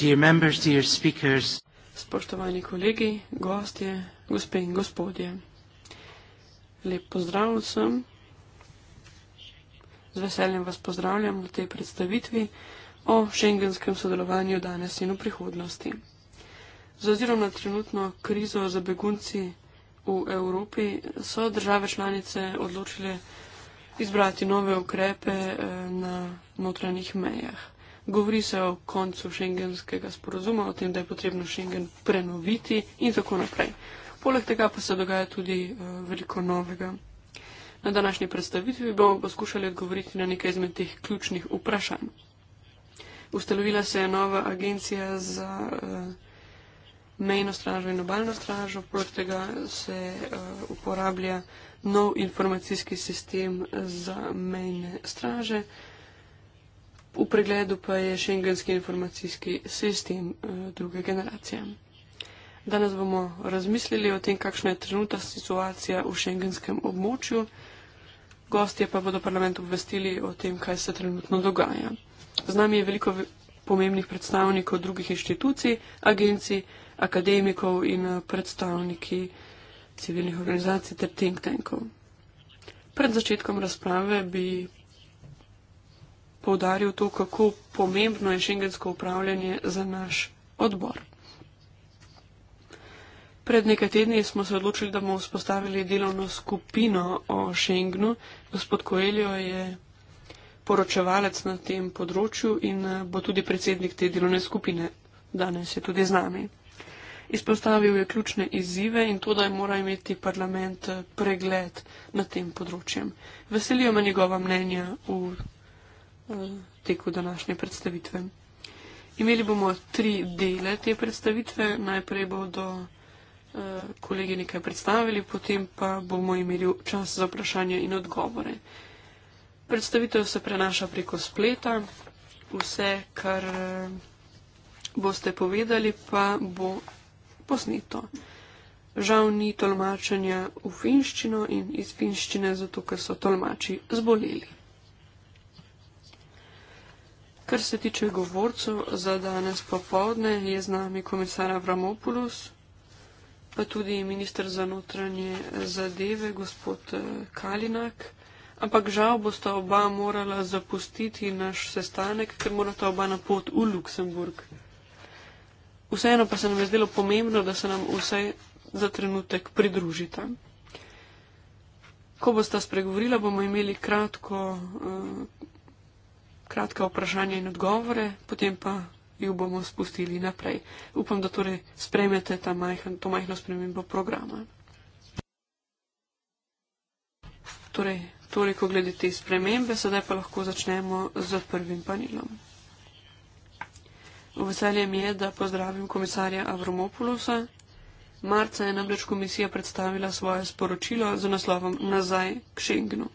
Dear members, dear speakers, Spoštovani kolegi, gostje, gospe in gospodje. Lep pozdrav vsem. Z veseljem vas pozdravljam v tej predstavitvi o šengenskem sodelovanju danes in v prihodnosti. Z ozirom na trenutno krizo za begunci v Evropi so države članice odločile izbrati nove ukrepe eh, na notranjih mejah. Govori se o koncu šengenskega sporozuma, o tem, da je potrebno šengen prenoviti in tako naprej. Poleg tega pa se dogaja tudi eh, veliko novega. Na današnji predstavitvi bomo poskušali odgovoriti na nekaj izmed teh ključnih vprašanj. Ustalovila se je nova agencija za uh, mejno stražo in obaljno stražo, proti tega se uh, uporablja nov informacijski sistem za mejne straže, uh, v pregledu pa je šengenski informacijski sistem eh, druge generacije. Danes bomo razmislili o tem, kakšna je trenutna situacija v šengenskem območju. Gostje pa bodo parlament obvestili o tem, kaj se trenutno dogaja. Z nami je veliko pomembnih predstavnikov drugih inštitucij, agencij, akademikov in eh, predstavniki civilnih organizacij ter think tankov. Pred začetkom razprave bi poudaril to, kako pomembno je šengensko upravljanje za naš odbor. Pred nekaj tedni smo se odločili, da bomo vzpostavili delovno skupino o Schengnu. Gospod Koeljo je poročevalec na tem področju in eh, bo tudi predsednik te delovne skupine. Danes je tudi z nami. Izpostavil je ključne izzive in to, da mora imeti parlament eh, pregled nad tem področjem. Veselijo me njegova mnenja v teku današnje predstavitve. Imeli bomo tri dele te predstavitve. Najprej bodo eh, kolegi nekaj predstavili, potem pa bomo imeli čas za vprašanje in odgovore. Predstavitev se prenaša preko spleta. Vse, kar eh, boste povedali, pa bo posneto. Žal ni tolmačenja v finščino in iz finščine, zato ker so tolmači zboleli. Kar se tiče govorcev za danes popovdne, je z nami komisar Avramopoulos, pa tudi ministr za notranje zadeve, gospod eh, Kalinak. Ampak žal bosta oba morala zapustiti naš sestanek, ker morata oba na pot v Luksemburg. Vseeno pa se nam je zdelo pomembno, da se nam vse za trenutek pridružita. Ko bosta spregovorila, bomo imeli kratko. Uh, kratka vprašanja in odgovore, potem pa jo bomo spustili naprej. Upam, da torej spremete majhen, to majhno spremembo programa. Torej, toliko glede te spremembe, sedaj pa lahko začnemo z prvim panelom. Veselje mi je, da pozdravim komisarja Avromopulosa. Marca je namreč komisija predstavila svoje sporočilo z naslovom Nazaj k Schengenu.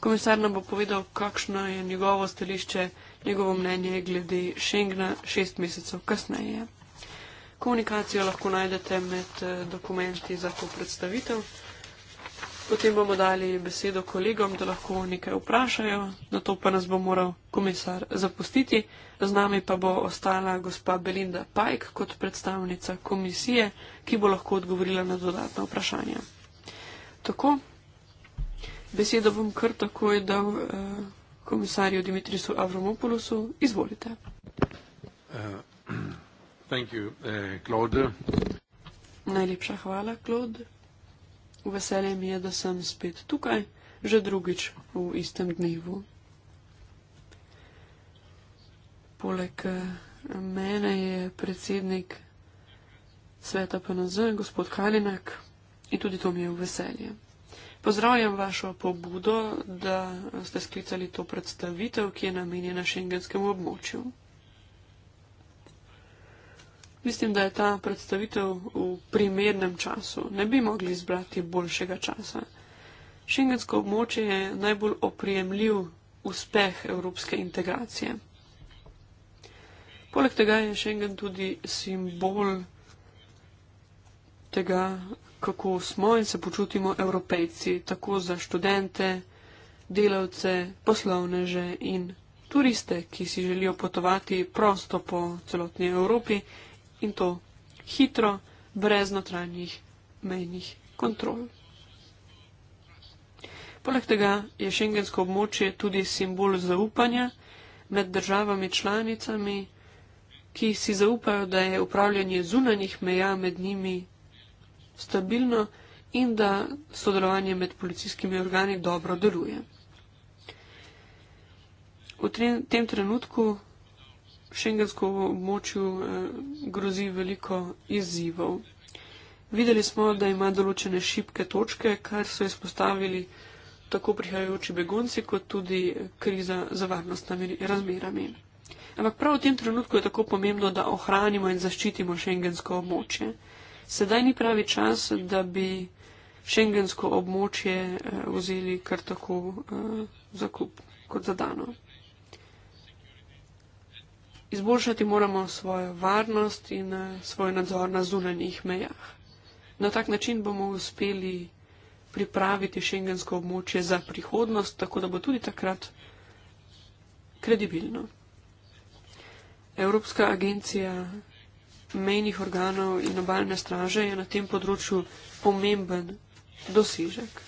Komisar nam bo povedal, kakšno je njegovo stališče, njegovo mnenje glede Schengna šest mesecev kasneje. Komunikacijo lahko najdete med eh, dokumenti za to predstavitev. Potem bomo dali besedo kolegom, da lahko nekaj vprašajo, na to pa nas bo moral komisar zapustiti. Z nami pa bo ostala gospa Belinda Pajk kot predstavnica komisije, ki bo lahko odgovorila na dodatna vprašanja. Tako, Besedo bom kar takoj dal eh, komisarju Dimitrisu Avramopoulosu. Izvolite. Uh, you, uh, Najlepša hvala, Klod. Veselje mi je, da sem spet tukaj, že drugič v istem dnevu. Poleg eh, mene je predsednik sveta PNZ, gospod Kalinak, in tudi to mi je v veselje. Pozdravljam vašo pobudo, da ste sklicali to predstavitev, ki je namenjena šengenskemu območju. Mislim, da je ta predstavitev v primernem času. Ne bi mogli izbrati boljšega časa. Šengensko območje je najbolj oprijemljiv uspeh evropske integracije. Poleg tega je Schengen tudi simbol tega kako smo in se počutimo evropejci, tako za študente, delavce, poslovneže in turiste, ki si želijo potovati prosto po celotni Evropi in to hitro, brez notranjih mejnih kontrol. Poleg tega je šengensko območje tudi simbol zaupanja med državami članicami, ki si zaupajo, da je upravljanje zunanjih meja med njimi stabilno in da sodelovanje med policijskimi organi dobro deluje. V tem trenutku v šengensko območju eh, grozi veliko izzivov. Videli smo, da ima določene šibke točke, kar so izpostavili tako prihajajoči begunci, kot tudi kriza za varnostnimi razmerami. Ampak prav v tem trenutku je tako pomembno, da ohranimo in zaščitimo šengensko območje sedaj ni pravi čas, da bi šengensko območje eh, vzeli kar tako eh, zakup kot zadano. Izboljšati moramo svojo varnost in eh, svoj nadzor na zunanjih mejah. Na tak način bomo uspeli pripraviti šengensko območje za prihodnost, tako da bo tudi takrat kredibilno. Evropska agencija mejnih organov in obaljne straže je na tem področju pomemben dosežek.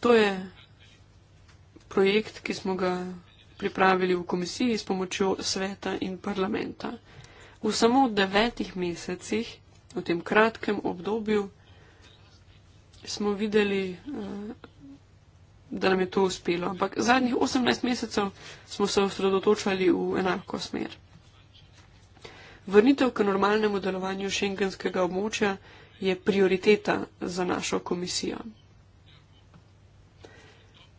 To je projekt, ki smo ga pripravili v komisiji s pomočjo sveta in parlamenta. V samo devetih mesecih, v tem kratkem obdobju, smo videli, eh, da nam je to uspelo. Ampak zadnjih 18 mesecev smo se osredotočali v enako smer. Vrnitev k normalnemu delovanju šengenskega območja je prioriteta za našo komisijo.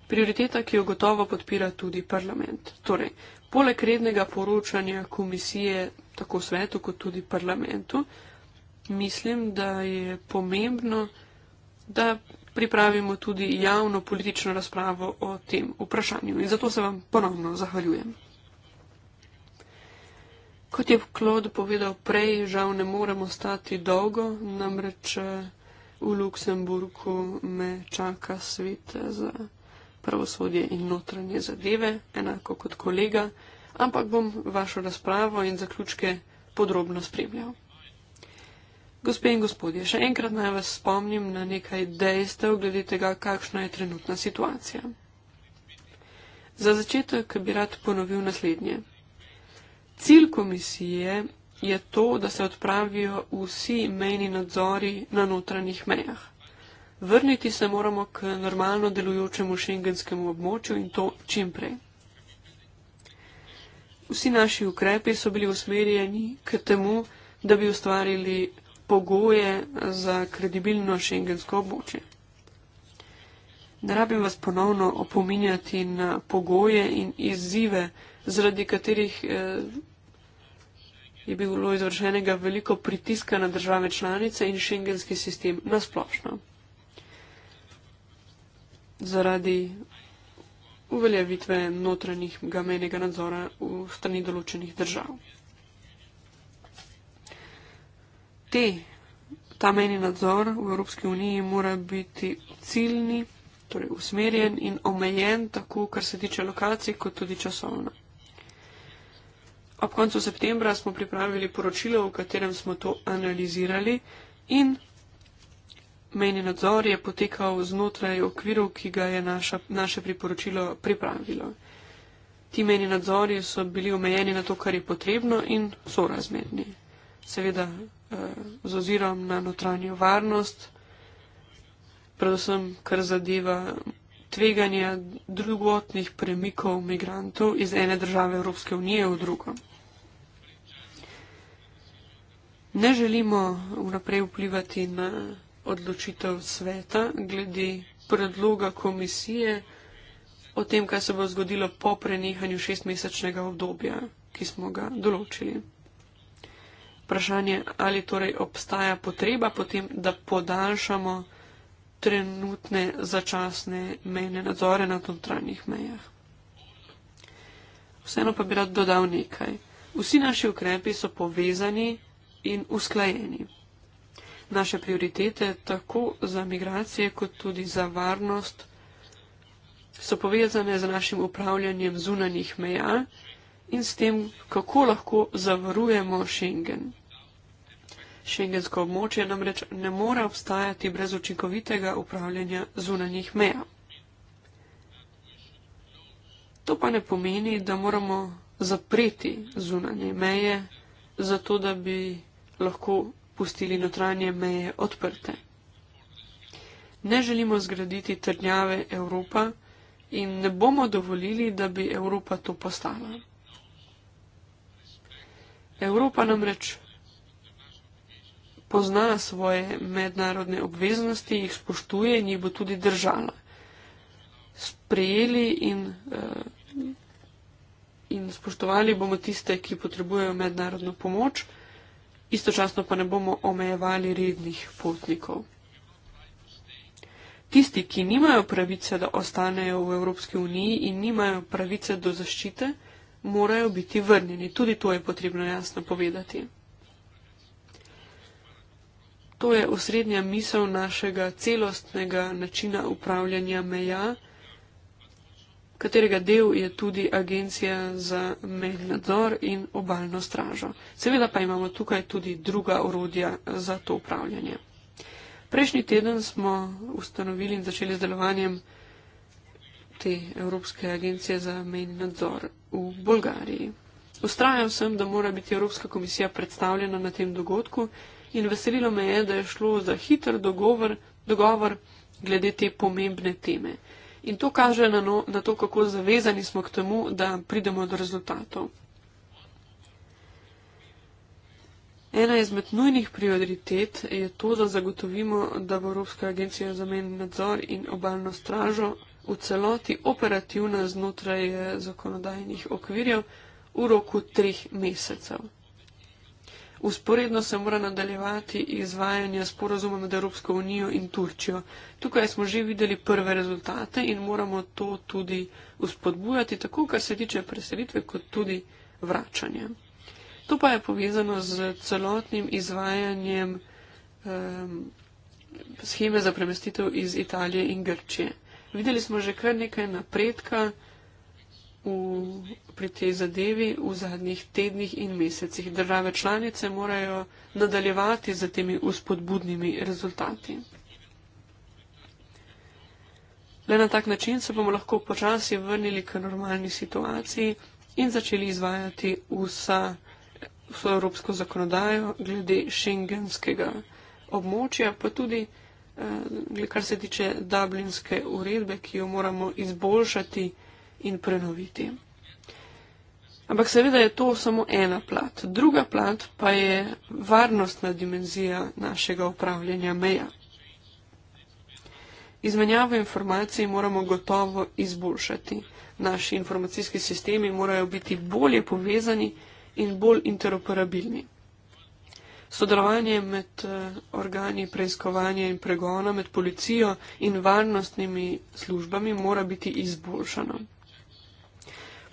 Prioriteta, ki jo gotovo podpira tudi parlament. Torej, poleg rednega poročanja komisije tako svetu kot tudi parlamentu, mislim, da je pomembno, da pripravimo tudi javno politično razpravo o tem vprašanju. In zato se vam ponovno zahvaljujem. Kot je Klod povedal prej, žal ne moremo stati dolgo, namreč eh, v Luksemburgu me čaka svet za pravosodje in notranje zadeve, enako kot kolega, ampak bom vašo razpravo in zaključke podrobno spremljal. Gospe in gospodje, še enkrat naj vas spomnim na nekaj dejstev glede tega, kakšna je trenutna situacija. Za začetek bi rad ponovil naslednje. Cilj komisije je to, da se odpravijo vsi mejni nadzori na notranjih mejah. Vrniti se moramo k normalno delujočemu šengenskemu območju in to čim prej. Vsi naši ukrepi so bili usmerjeni k temu, da bi ustvarili pogoje za kredibilno šengensko območje. Ne rabim vas ponovno opominjati na pogoje in izzive, zaradi katerih eh, je bilo izvršenega veliko pritiska na države članice in šengenski sistem nasplošno. Zaradi uveljavitve notranjih gamenega nadzora v strani določenih držav. Te, ta meni nadzor v Evropski uniji mora biti ciljni, torej usmerjen in omejen, tako kar se tiče lokacij, kot tudi časovno. Ob koncu septembra smo pripravili poročilo, v katerem smo to analizirali in mejni nadzor je potekal znotraj okvirov, ki ga je naša, naše priporočilo pripravilo. Ti mejni nadzori so bili omejeni na to, kar je potrebno in so razmerni. Seveda eh, z ozirom na notranjo varnost, predvsem kar zadeva tveganja drugotnih premikov migrantov iz ene države Evropske unije v drugo ne želimo vnaprej vplivati na odločitev sveta glede predloga komisije o tem, kaj se bo zgodilo po prenehanju šestmesečnega obdobja, ki smo ga določili. Vprašanje, ali torej obstaja potreba potem, da podaljšamo trenutne začasne mejne nadzore na notranjih mejah. Vseeno pa bi rad dodal nekaj. Vsi naši ukrepi so povezani in usklajeni. Naše prioritete tako za migracije kot tudi za varnost so povezane z našim upravljanjem zunanjih meja in s tem, kako lahko zavarujemo Schengen. Schengensko območje namreč ne more obstajati brez učinkovitega upravljanja zunanjih meja. To pa ne pomeni, da moramo zapreti zunanje meje, zato da bi lahko pustili notranje meje odprte. Ne želimo zgraditi trdnjave Evropa in ne bomo dovolili, da bi Evropa to postala. Evropa namreč pozna svoje mednarodne obveznosti, jih spoštuje in jih bo tudi držala. Sprejeli in, eh, in spoštovali bomo tiste, ki potrebujejo mednarodno pomoč istočasno pa ne bomo omejevali rednih potnikov. Tisti, ki nimajo pravice, da ostanejo v Evropski uniji in nimajo pravice do zaščite, morajo biti vrnjeni. Tudi to je potrebno jasno povedati. To je osrednja misel našega celostnega načina upravljanja meja katerega del je tudi Agencija za mednadzor in obaljno stražo. Seveda pa imamo tukaj tudi druga orodja za to upravljanje. Prejšnji teden smo ustanovili in začeli z delovanjem te Evropske agencije za mejni nadzor v Bolgariji. Ustrajam sem, da mora biti Evropska komisija predstavljena na tem dogodku in veselilo me je, da je šlo za hiter dogovor, dogovor glede te pomembne teme. In to kaže na, no, na to, kako zavezani smo k temu, da pridemo do rezultatov. Ena izmed nujnih prioritet je to, da zagotovimo, da bo Evropska agencija za menj nadzor in obaljno stražo v celoti operativna znotraj eh, zakonodajnih okvirjev v roku treh mesecev. Usporedno se mora nadaljevati izvajanje sporozuma med Evropsko unijo in Turčijo. Tukaj smo že videli prve rezultate in moramo to tudi uspodbujati, tako kar se tiče preselitve, kot tudi vračanja. To pa je povezano z celotnim izvajanjem um, scheme za premestitev iz Italije in Grčije. Videli smo že kar nekaj napredka v, pri tej zadevi v zadnjih tednih in mesecih. Države članice morajo nadaljevati z temi uspodbudnimi rezultati. Le na tak način se bomo lahko počasi vrnili k normalni situaciji in začeli izvajati vsa, vso evropsko zakonodajo glede šengenskega območja, pa tudi, eh, kar se tiče dublinske uredbe, ki jo moramo izboljšati in prenoviti. Ampak seveda je to samo ena plat. Druga plat pa je varnostna dimenzija našega upravljanja meja. Izmenjavo informacij moramo gotovo izboljšati. Naši informacijski sistemi morajo biti bolje povezani in bolj interoperabilni. Sodelovanje med eh, organi preiskovanja in pregona, med policijo in varnostnimi službami mora biti izboljšano.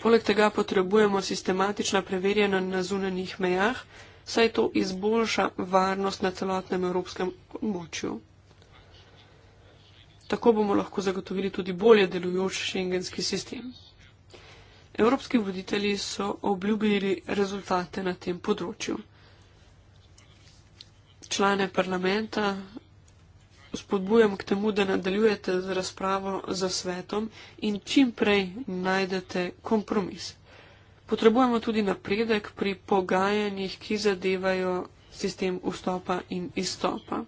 Poleg tega potrebujemo sistematična preverjanja na zunanjih mejah, saj to izboljša varnost na celotnem evropskem območju. Tako bomo lahko zagotovili tudi bolje delujoč šengenski sistem. Evropski voditelji so obljubili rezultate na tem področju. Člane parlamenta spodbujam k temu, da nadaljujete z razpravo za svetom in čim prej najdete kompromis. Potrebujemo tudi napredek pri pogajanjih, ki zadevajo sistem vstopa in izstopa.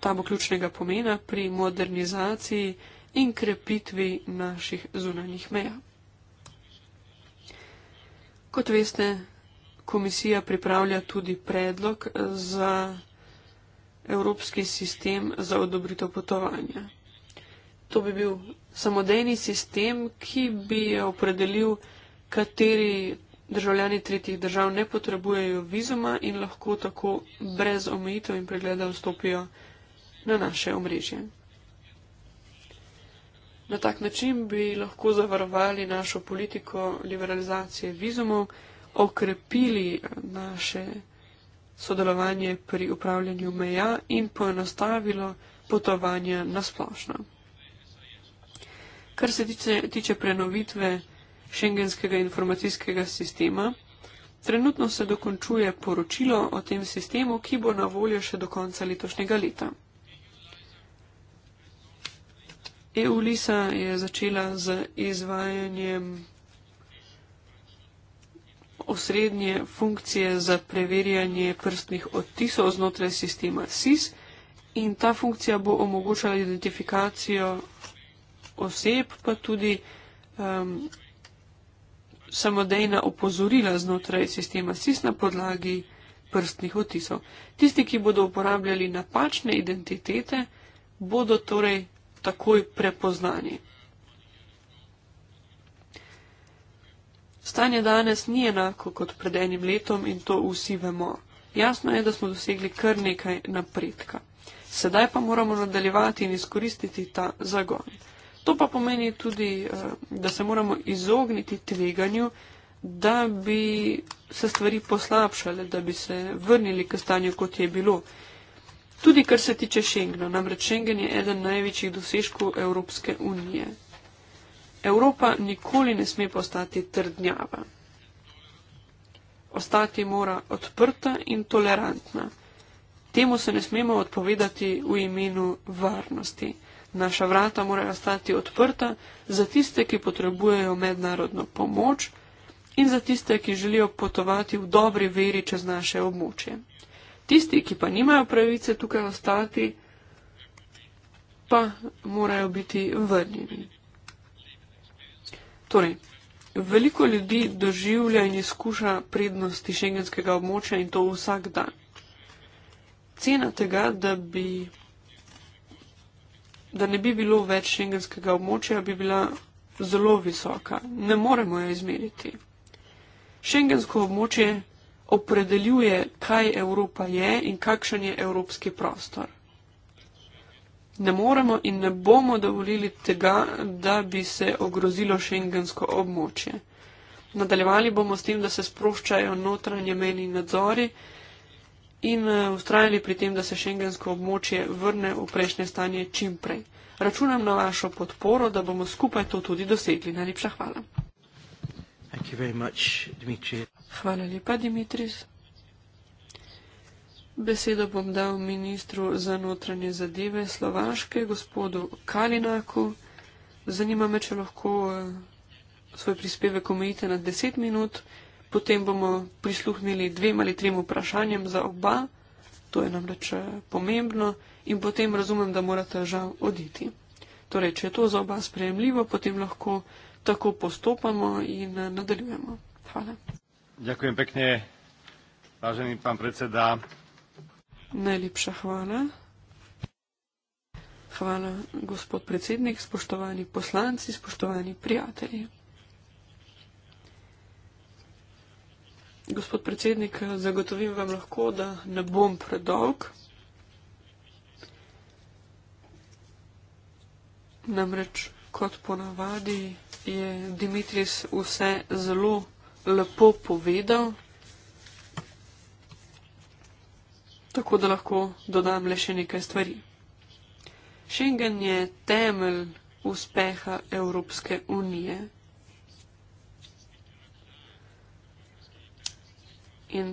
Ta bo ključnega pomena pri modernizaciji in krepitvi naših zunanjih meja. Kot veste, komisija pripravlja tudi predlog za evropski sistem za odobritev potovanja. To bi bil samodejni sistem, ki bi opredelil, kateri državljani tretjih držav ne potrebujejo vizuma in lahko tako brez omejitev in pregleda vstopijo na naše omrežje. Na tak način bi lahko zavarovali našo politiko liberalizacije vizumov, okrepili naše sodelovanje pri upravljanju meja in poenostavilo potovanje na splošno. Kar se tiče, tiče prenovitve šengenskega informacijskega sistema, trenutno se dokončuje poročilo o tem sistemu, ki bo na voljo še do konca letošnjega leta. EU-LISA je začela z izvajanjem osrednje funkcije za preverjanje prstnih odtisov znotraj sistema SIS in ta funkcija bo omogočala identifikacijo oseb, pa tudi um, samodejna opozorila znotraj sistema SIS na podlagi prstnih odtisov. Tisti, ki bodo uporabljali napačne identitete, bodo torej takoj prepoznani. Stanje danes ni enako kot pred enim letom in to vsi vemo. Jasno je, da smo dosegli kar nekaj napredka. Sedaj pa moramo nadaljevati in izkoristiti ta zagon. To pa pomeni tudi, eh, da se moramo izogniti tveganju, da bi se stvari poslabšale, da bi se vrnili k stanju, kot je bilo. Tudi kar se tiče Schengna, namreč Schengen je eden največjih dosežkov Evropske unije. Evropa nikoli ne sme postati trdnjava. Ostati mora odprta in tolerantna. Temu se ne smemo odpovedati v imenu varnosti. Naša vrata morajo stati odprta za tiste, ki potrebujejo mednarodno pomoč in za tiste, ki želijo potovati v dobri veri čez naše območje. Tisti, ki pa nimajo pravice tukaj ostati, pa morajo biti vrnjeni. Torej, veliko ljudi doživlja in izkuša prednosti šengenskega območja in to vsak dan. Cena tega, da, bi, da ne bi bilo več šengenskega območja, bi bila zelo visoka. Ne moremo jo izmeriti. Šengensko območje opredeljuje, kaj Evropa je in kakšen je evropski prostor. Ne moremo in ne bomo dovolili tega, da bi se ogrozilo šengensko območje. Nadaljevali bomo s tem, da se sproščajo notranje meni nadzori in eh, ustrajali pri tem, da se šengensko območje vrne v prejšnje stanje čim prej. Računam na vašo podporo, da bomo skupaj to tudi dosegli. Najlepša hvala. Hvala lepa, Dimitris. Besedo bom dal ministru za notranje zadeve Slovaške, gospodu Kalinaku. Zanima me, če lahko eh, svoj prispevek omejite na 10 minut, potem bomo prisluhnili dvema ali trem vprašanjem za oba, to je namreč eh, pomembno, in potem razumem, da morate žal oditi. Torej, če je to za oba sprejemljivo, potem lahko tako postopamo in eh, nadaljujemo. Hvala. Ďakujem pekne, vážený pán predseda. Najlepša hvala. Hvala, gospod predsednik, spoštovani poslanci, spoštovani prijatelji. Gospod predsednik, zagotovim vam lahko, da ne bom predolg. Namreč, kot ponavadi, je Dimitris vse zelo lepo povedal. tako da lahko dodam le še nekaj stvari. Schengen je temelj uspeha Evropske unije. In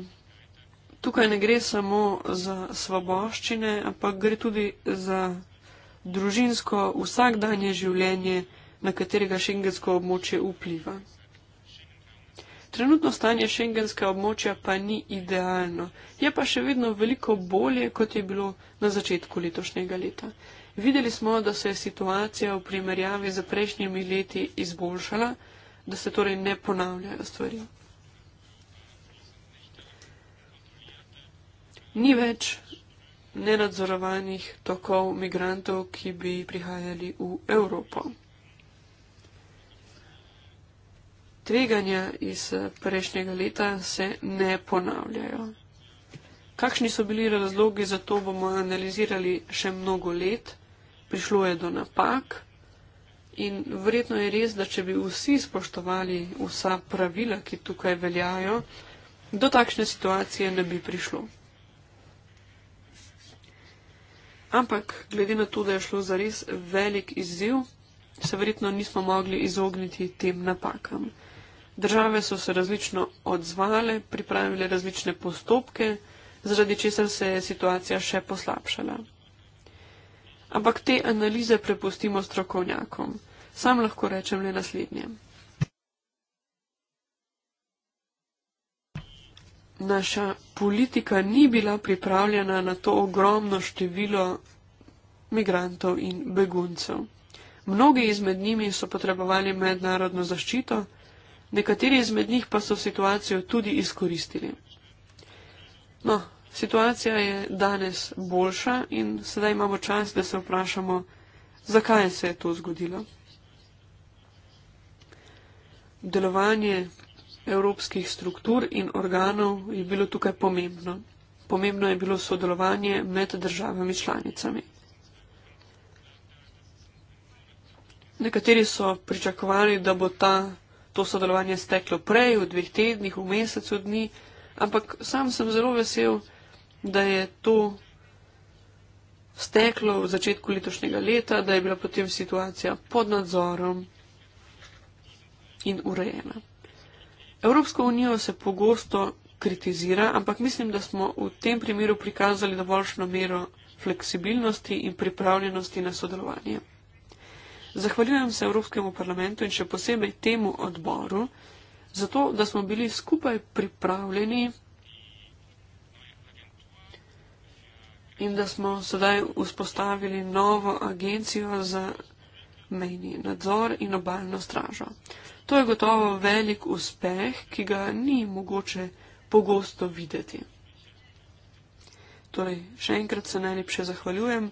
tukaj ne gre samo za svoboščine, ampak gre tudi za družinsko vsakdanje življenje, na katerega šengensko območje vpliva. Trenutno stanje šengenskega območja pa ni idealno, je pa še vedno veliko bolje, kot je bilo na začetku letošnjega leta. Videli smo, da se je situacija v primerjavi z prejšnjimi leti izboljšala, da se torej ne ponavljajo stvari. Ni več nenadzorovanih tokov migrantov, ki bi prihajali v Evropo. Tveganja iz prejšnjega leta se ne ponavljajo. Kakšni so bili razlogi za to, bomo analizirali še mnogo let. Prišlo je do napak in vredno je res, da če bi vsi spoštovali vsa pravila, ki tukaj veljajo, do takšne situacije ne bi prišlo. Ampak glede na to, da je šlo za res velik izziv, se verjetno nismo mogli izogniti tem napakam. Države so se različno odzvale, pripravile različne postopke, zaradi česar se je situacija še poslabšala. Ampak te analize prepustimo strokovnjakom. Sam lahko rečem le naslednje. Naša politika ni bila pripravljena na to ogromno število migrantov in beguncev. Mnogi izmed njimi so potrebovali mednarodno zaščito, nekateri izmed njih pa so situacijo tudi izkoristili. No, situacija je danes boljša in sedaj imamo čas, da se vprašamo, zakaj se je to zgodilo. Delovanje evropskih struktur in organov je bilo tukaj pomembno. Pomembno je bilo sodelovanje med državami članicami. Nekateri so pričakovali, da bo ta to sodelovanje steklo prej, v dveh tednih, v mesecu dni, ampak sam sem zelo vesel, da je to steklo v začetku letošnjega leta, da je bila potem situacija pod nadzorom in urejena. Evropsko unijo se pogosto kritizira, ampak mislim, da smo v tem primeru prikazali dovoljšno mero fleksibilnosti in pripravljenosti na sodelovanje. Zahvaljujem se Evropskemu parlamentu in še posebej temu odboru, zato da smo bili skupaj pripravljeni in da smo sedaj vzpostavili novo agencijo za mejni nadzor in obaljno stražo. To je gotovo velik uspeh, ki ga ni mogoče pogosto videti. Torej, še enkrat se najlepše zahvaljujem.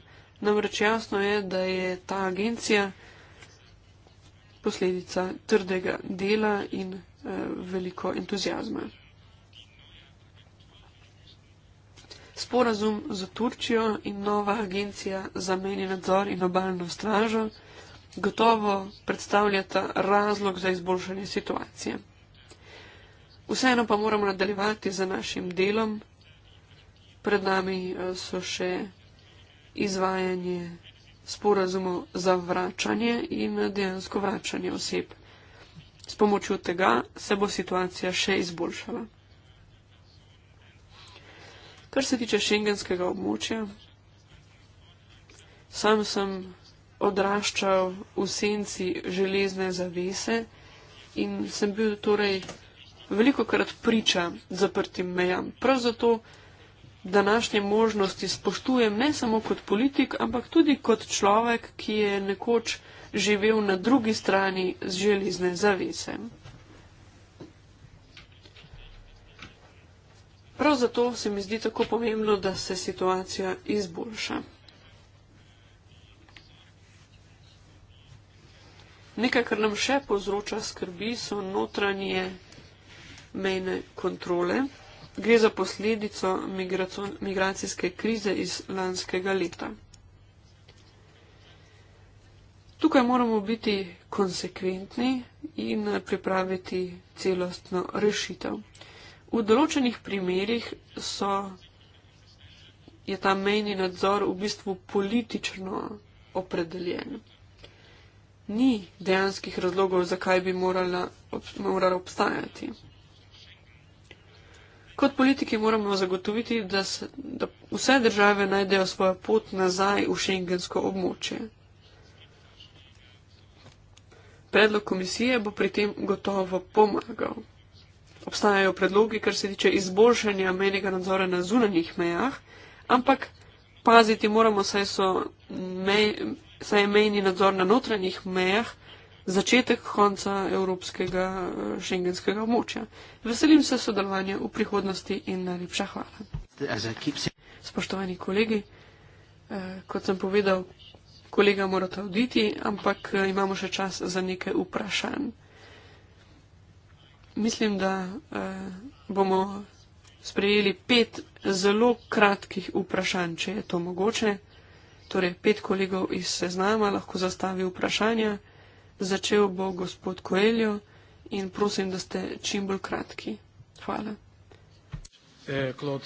Namreč jasno je, da je ta agencija posledica trdega dela in eh, veliko entuzijazma. Sporazum za Turčijo in nova agencija za meni nadzor in obaljno stražo gotovo predstavljata razlog za izboljšanje situacije. Vseeno pa moramo nadaljevati za našim delom. Pred nami eh, so še izvajanje sporazumu za vračanje in dejansko vračanje oseb. S pomočjo tega se bo situacija še izboljšala. Kar se tiče šengenskega območja, sam sem odraščal v senci železne zavese in sem bil torej veliko krat priča zaprtim mejam. Prav zato, današnje možnosti spoštujem ne samo kot politik, ampak tudi kot človek, ki je nekoč živel na drugi strani z železne zavese. Prav zato se mi zdi tako pomembno, da se situacija izboljša. Nekaj, kar nam še povzroča skrbi, so notranje mejne kontrole. Gre za posledico migracijske krize iz lanskega leta. Tukaj moramo biti konsekventni in pripraviti celostno rešitev. V določenih primerjih so, je ta mejni nadzor v bistvu politično opredeljen. Ni dejanskih razlogov, zakaj bi morala, ob, morala obstajati. Kot politiki moramo zagotoviti, da, se, da vse države najdejo svojo pot nazaj v šengensko območje. Predlog komisije bo pri tem gotovo pomagal. Obstajajo predlogi, kar se tiče izboljšanja menjega nadzora na zunanjih mejah, ampak paziti moramo, saj, mej, saj je menjni nadzor na notranjih mejah začetek konca evropskega eh, šengenskega območja. Veselim se sodelovanja v prihodnosti in najlepša hvala. Spoštovani kolegi, eh, kot sem povedal, kolega morate oditi, ampak eh, imamo še čas za nekaj vprašanj. Mislim, da bomo sprejeli pet zelo kratkih vprašanj, če je to mogoče. Torej, pet kolegov iz seznama lahko zastavi vprašanja. Začel bo gospod Koeljo in prosim, da ste čim bolj kratki. Hvala. Klod,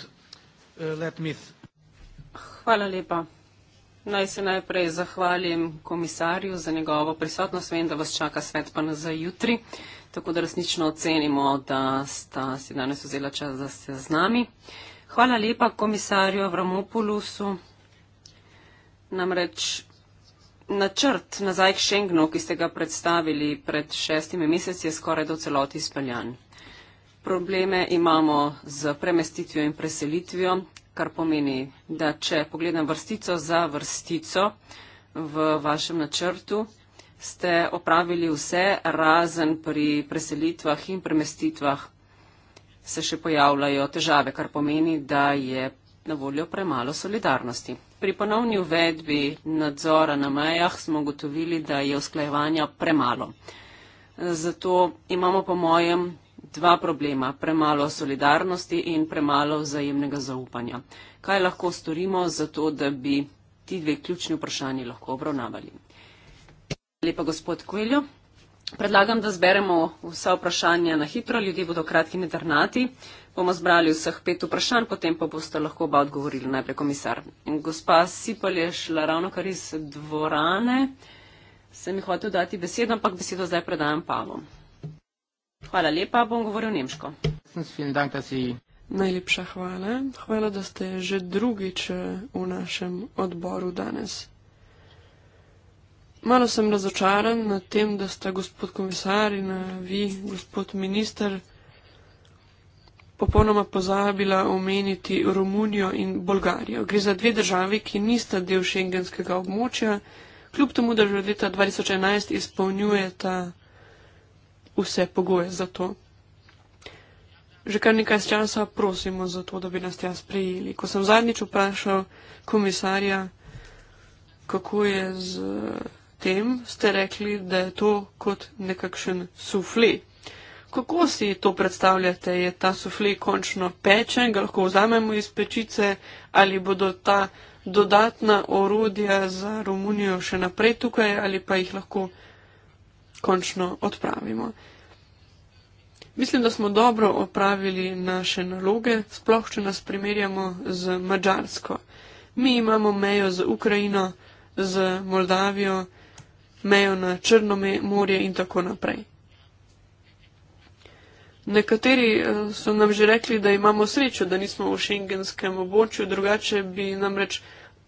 eh, eh, let me... Hvala lepa. Naj se najprej zahvalim komisarju za njegovo prisotnost. Vem, da vas čaka svet pa na za jutri, tako da resnično ocenimo, da sta si danes vzela čas, da ste z nami. Hvala lepa komisarju Avramopoulosu. Namreč načrt nazaj k Schengenu, ki ste ga predstavili pred šestimi meseci, je skoraj do celoti speljan. Probleme imamo z premestitvijo in preselitvijo, kar pomeni, da če pogledam vrstico za vrstico v vašem načrtu, ste opravili vse razen pri preselitvah in premestitvah se še pojavljajo težave, kar pomeni, da je na voljo premalo solidarnosti. Pri ponovni uvedbi nadzora na mejah smo gotovili, da je usklajevanja premalo. Zato imamo po mojem dva problema, premalo solidarnosti in premalo vzajemnega zaupanja. Kaj lahko storimo za to, da bi ti dve ključni vprašanji lahko obravnavali? Lepa gospod Kveljo, Predlagam, da zberemo vsa vprašanja na hitro, ljudje bodo kratki nedrnati. Bomo zbrali vseh pet vprašanj, potem pa boste lahko oba odgovorili najprej komisar. In gospa Sipal je šla ravno kar iz dvorane. Sem mi hotel dati besedo, ampak besedo zdaj predajam Pavlu. Hvala lepa, bom govoril nemško. Najlepša hvala. Hvala, da ste že drugič eh, v našem odboru danes. Malo sem razočaran nad tem, da sta gospod komisar in eh, vi, gospod minister, popolnoma pozabila omeniti Romunijo in Bolgarijo. Gre za dve državi, ki nista del šengenskega območja, kljub temu, da že od leta 2011 izpolnjujeta vse pogoje za to. Že kar nekaj časa prosimo za to, da bi nas tja sprejeli. Ko sem zadnjič vprašal komisarja, kako je z tem ste rekli, da je to kot nekakšen sufle. Kako si to predstavljate? Je ta sufle končno pečen, ga lahko vzamemo iz pečice ali bodo ta dodatna orodja za Romunijo še naprej tukaj ali pa jih lahko končno odpravimo? Mislim, da smo dobro opravili naše naloge, sploh če nas primerjamo z Mačarsko. Mi imamo mejo z Ukrajino, z Moldavijo, mejo na Črnome morje in tako naprej. Nekateri eh, so nam že rekli, da imamo srečo, da nismo v šengenskem območju, drugače bi namreč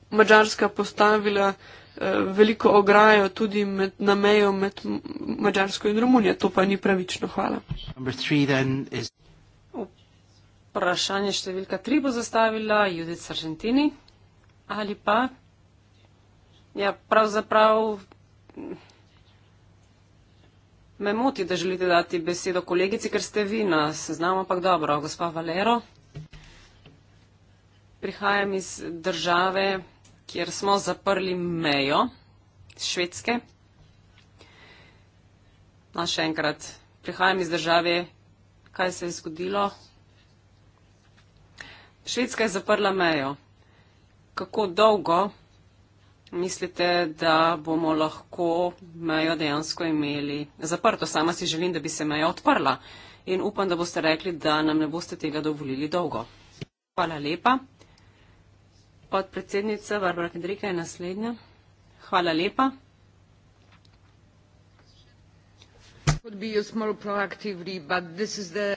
Mačarska postavila eh, veliko ograjo tudi med, na mejo med Mačarsko in Romunijo. To pa ni pravično. Hvala. Vprašanje številka tri bo zastavila Judica Argentini ali pa ja, pravzaprav Me moti, da želite dati besedo kolegici, ker ste vi na seznamu, ampak dobro, gospa Valero. Prihajam iz države, kjer smo zaprli mejo Švedske. No, še enkrat, prihajam iz države, kaj se je zgodilo. Švedska je zaprla mejo. Kako dolgo mislite, da bomo lahko mejo dejansko imeli zaprto? Sama si želim, da bi se meja odprla in upam, da boste rekli, da nam ne boste tega dovolili dolgo. Hvala lepa. Podpredsednica Barbara Kendrika je naslednja. Hvala lepa. Could be a small proactively, but this is the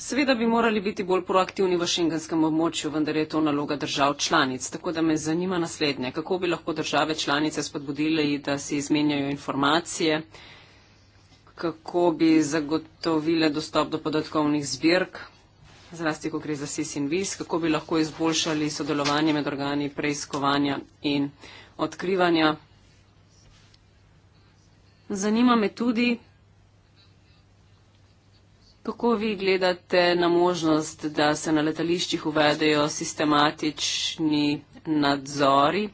Seveda bi morali biti bolj proaktivni v šengenskem območju, vendar je to naloga držav članic. Tako da me zanima naslednje. Kako bi lahko države članice spodbudili, da si izmenjajo informacije? Kako bi zagotovile dostop do podatkovnih zbirk, zlasti, ko gre za SIS in VIS? Kako bi lahko izboljšali sodelovanje med organi preiskovanja in odkrivanja? Zanima me tudi, Kako vi gledate na možnost, da se na letališčih uvedejo sistematični nadzori?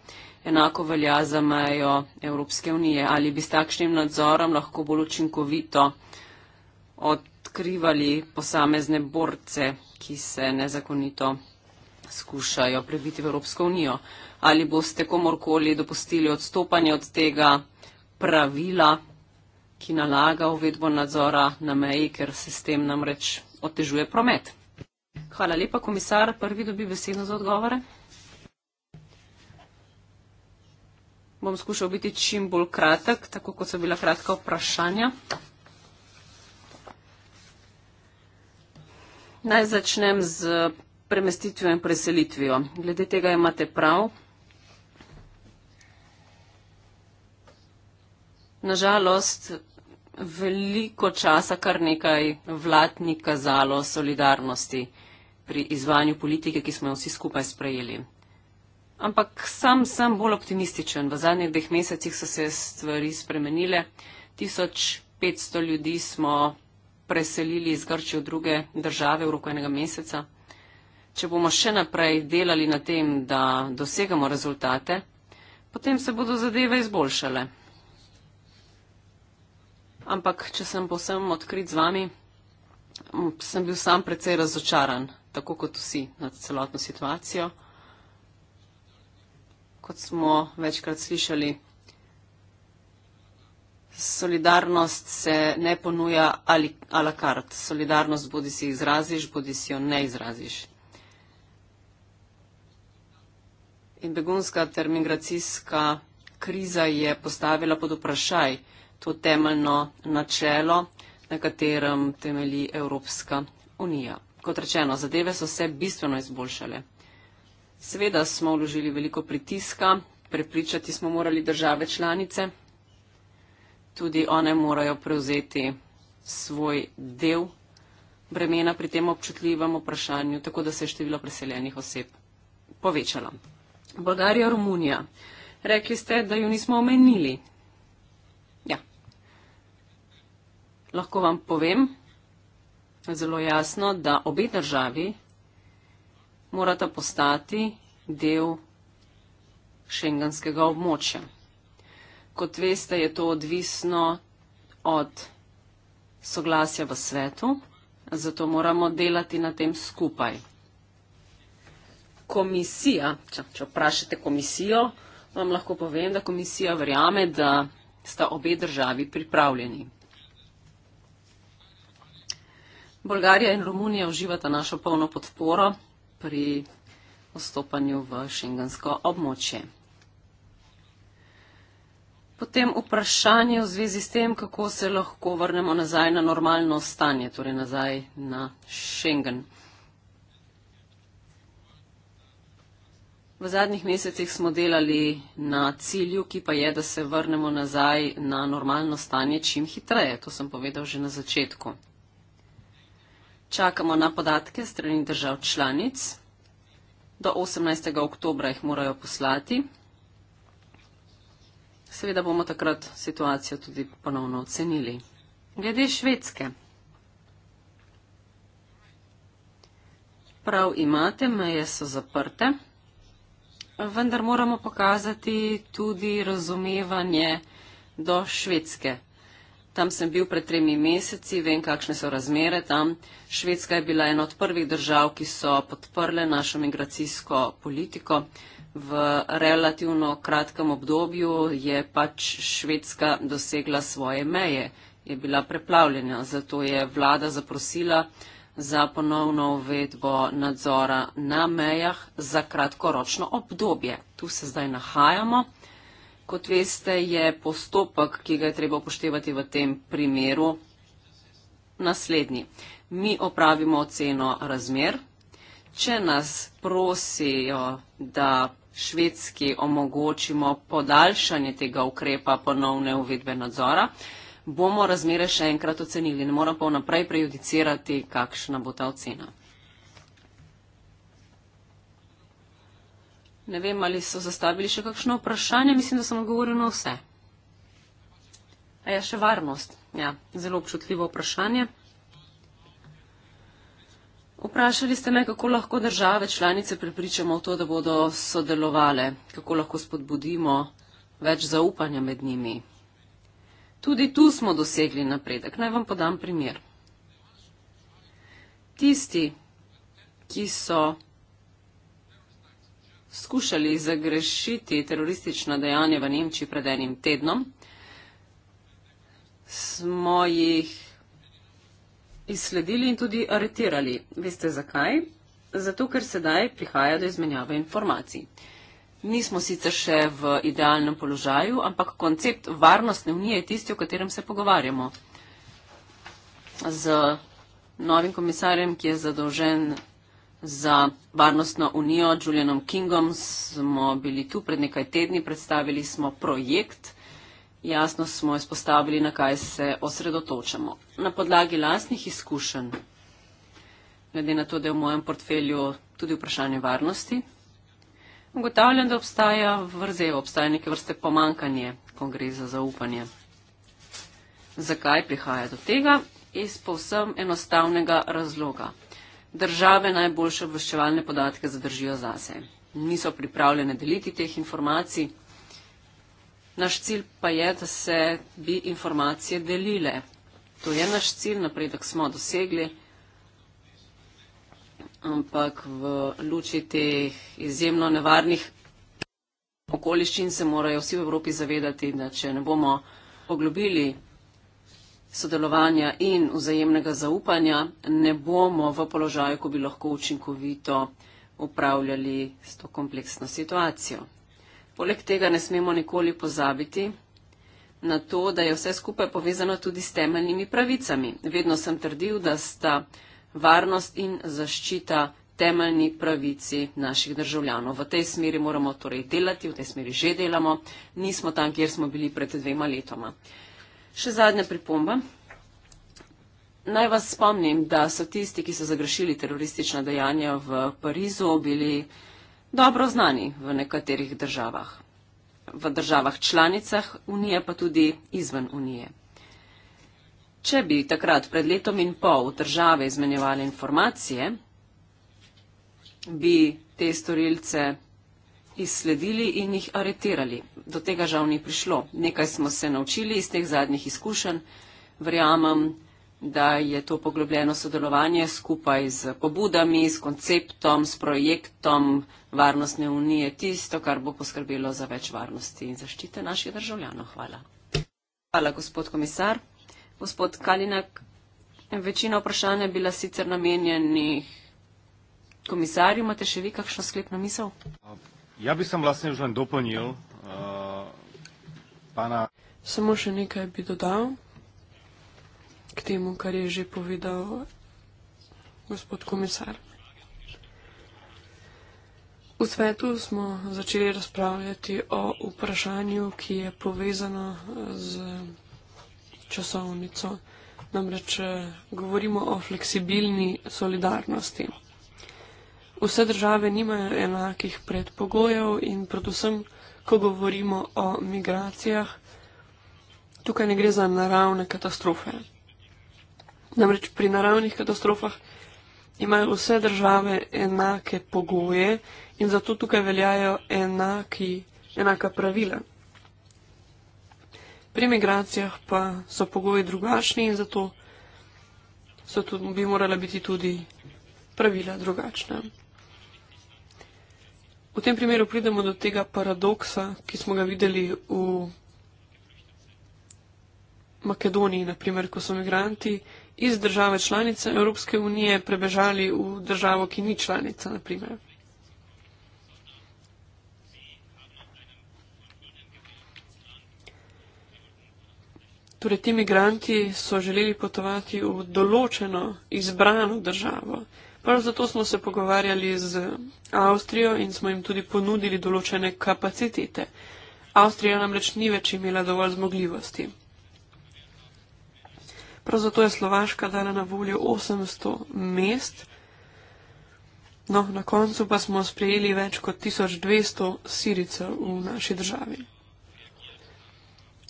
Enako velja za mejo Evropske unije. Ali bi s takšnim nadzorom lahko bolj učinkovito odkrivali posamezne borce, ki se nezakonito skušajo prebiti v Evropsko unijo? Ali boste komorkoli dopustili odstopanje od tega pravila? ki nalaga uvedbo nadzora na meji, ker sistem namreč otežuje promet. Hvala lepa, komisar. Prvi dobi besedo za odgovore. Bom skušal biti čim bolj kratek, tako kot so bila kratka vprašanja. Naj začnem z premestitvijo in preselitvijo. Glede tega imate prav. na žalost veliko časa kar nekaj vlad ni kazalo solidarnosti pri izvajanju politike, ki smo jo vsi skupaj sprejeli. Ampak sam sem bolj optimističen. V zadnjih dveh mesecih so se stvari spremenile. 1500 ljudi smo preselili iz Grčije v druge države v roku enega meseca. Če bomo še naprej delali na tem, da dosegamo rezultate, potem se bodo zadeve izboljšale ampak če sem povsem odkrit z vami, sem bil sam precej razočaran, tako kot vsi, nad celotno situacijo. Kot smo večkrat slišali, solidarnost se ne ponuja ali a la carte. Solidarnost bodi si izraziš, bodi si jo ne izraziš. In begunska ter migracijska kriza je postavila pod vprašaj to temeljno načelo, na katerem temelji Evropska unija. Kot rečeno, zadeve so se bistveno izboljšale. Seveda smo vložili veliko pritiska, prepričati smo morali države članice, tudi one morajo prevzeti svoj del bremena pri tem občutljivem vprašanju, tako da se je število preseljenih oseb povečalo. Bolgarija, Romunija. Rekli ste, da ju nismo omenili. lahko vam povem zelo jasno, da obe državi morata postati del šengenskega območja. Kot veste, je to odvisno od soglasja v svetu, zato moramo delati na tem skupaj. Komisija, če, če vprašate komisijo, vam lahko povem, da komisija verjame, da sta obe državi pripravljeni. Bolgarija in Romunija uživata našo polno podporo pri vstopanju v šengensko območje. Potem vprašanje v zvezi s tem, kako se lahko vrnemo nazaj na normalno stanje, torej nazaj na šengen. V zadnjih mesecih smo delali na cilju, ki pa je, da se vrnemo nazaj na normalno stanje čim hitreje. To sem povedal že na začetku. Čakamo na podatke strani držav članic. Do 18. oktobra jih morajo poslati. Seveda bomo takrat situacijo tudi ponovno ocenili. Glede švedske. Prav imate, meje so zaprte, vendar moramo pokazati tudi razumevanje do švedske. Tam sem bil pred tremi meseci, vem, kakšne so razmere tam. Švedska je bila ena od prvih držav, ki so podprle našo migracijsko politiko. V relativno kratkem obdobju je pač Švedska dosegla svoje meje, je bila preplavljena, zato je vlada zaprosila za ponovno uvedbo nadzora na mejah za kratkoročno obdobje. Tu se zdaj nahajamo. Kot veste, je postopek, ki ga je treba upoštevati v tem primeru, naslednji. Mi opravimo oceno razmer. Če nas prosijo, da švedski omogočimo podaljšanje tega ukrepa ponovne uvedbe nadzora, bomo razmere še enkrat ocenili. Ne moramo pa vnaprej prejudicirati, kakšna bo ta ocena. Ne vem, ali so zastavili še kakšno vprašanje, mislim, da sem odgovoril na vse. A ja, še varnost. Ja, zelo občutljivo vprašanje. Vprašali ste me, kako lahko države članice prepričamo v to, da bodo sodelovale, kako lahko spodbudimo več zaupanja med njimi. Tudi tu smo dosegli napredek. Naj vam podam primer. Tisti, ki so skušali zagrešiti teroristično dejanje v Nemčiji pred enim tednom, smo jih izsledili in tudi aretirali. Veste zakaj? Zato, ker sedaj prihaja do izmenjave informacij. Nismo sicer še v idealnem položaju, ampak koncept varnostne unije je tisti, o katerem se pogovarjamo. Z novim komisarjem, ki je zadolžen za varnostno unijo Julianom Kingom smo bili tu pred nekaj tedni, predstavili smo projekt, jasno smo izpostavili, na kaj se osredotočamo. Na podlagi lastnih izkušenj, glede na to, da je v mojem portfelju tudi vprašanje varnosti, ugotavljam, da obstaja vrzel, obstaja neke vrste pomankanje, ko gre za zaupanje. Zakaj prihaja do tega? Iz povsem enostavnega razloga države najboljše obveščevalne podatke zadržijo zase. Niso pripravljene deliti teh informacij. Naš cilj pa je, da se bi informacije delile. To je naš cilj, napredek smo dosegli, ampak v luči teh izjemno nevarnih okoliščin se morajo vsi v Evropi zavedati, da če ne bomo poglobili sodelovanja in vzajemnega zaupanja, ne bomo v položaju, ko bi lahko učinkovito upravljali s to kompleksno situacijo. Poleg tega ne smemo nikoli pozabiti na to, da je vse skupaj povezano tudi s temeljnimi pravicami. Vedno sem trdil, da sta varnost in zaščita temeljni pravici naših državljanov. V tej smeri moramo torej delati, v tej smeri že delamo, nismo tam, kjer smo bili pred dvema letoma. Še zadnja pripomba. Naj vas spomnim, da so tisti, ki so zagrešili teroristična dejanja v Parizu, bili dobro znani v nekaterih državah. V državah članicah Unije, pa tudi izven Unije. Če bi takrat, pred letom in pol, države izmenjevali informacije, bi te storilce izsledili in jih aretirali do tega žal ni prišlo. Nekaj smo se naučili iz teh zadnjih izkušenj. Verjamem, da je to poglobljeno sodelovanje skupaj z pobudami, s konceptom, s projektom Varnostne unije tisto, kar bo poskrbelo za več varnosti in zaščite naših državljanov. Hvala. Hvala, gospod komisar. Gospod Kalinak, večina vprašanj je bila sicer namenjenih komisarju. Imate še vi kakšno sklepno misel? Ja bi sem vlastne už len doplnil uh, pana. Samo še nekaj bi dodal k temu, kar je že povedal gospod komisar. V svetu smo začeli razpravljati o vprašanju, ki je povezano z časovnico. Namreč eh, govorimo o fleksibilni solidarnosti. Vse države nimajo enakih predpogojev in predvsem ko govorimo o migracijah, tukaj ne gre za naravne katastrofe. Namreč pri naravnih katastrofah imajo vse države enake pogoje in zato tukaj veljajo enaki, enaka pravila. Pri migracijah pa so pogoji drugačni in zato so tudi, bi morala biti tudi pravila drugačna. V tem primeru pridemo do tega paradoksa, ki smo ga videli v Makedoniji, naprimer, ko so migranti iz države članice Evropske unije prebežali v državo, ki ni članica, naprimer. Torej, ti migranti so želeli potovati v določeno, izbrano državo. Prav zato smo se pogovarjali z Avstrijo in smo jim tudi ponudili določene kapacitete. Avstrija namreč ni več imela dovolj zmogljivosti. Prav zato je Slovaška dala na voljo 800 mest. No, na koncu pa smo sprejeli več kot 1200 siricev v naši državi.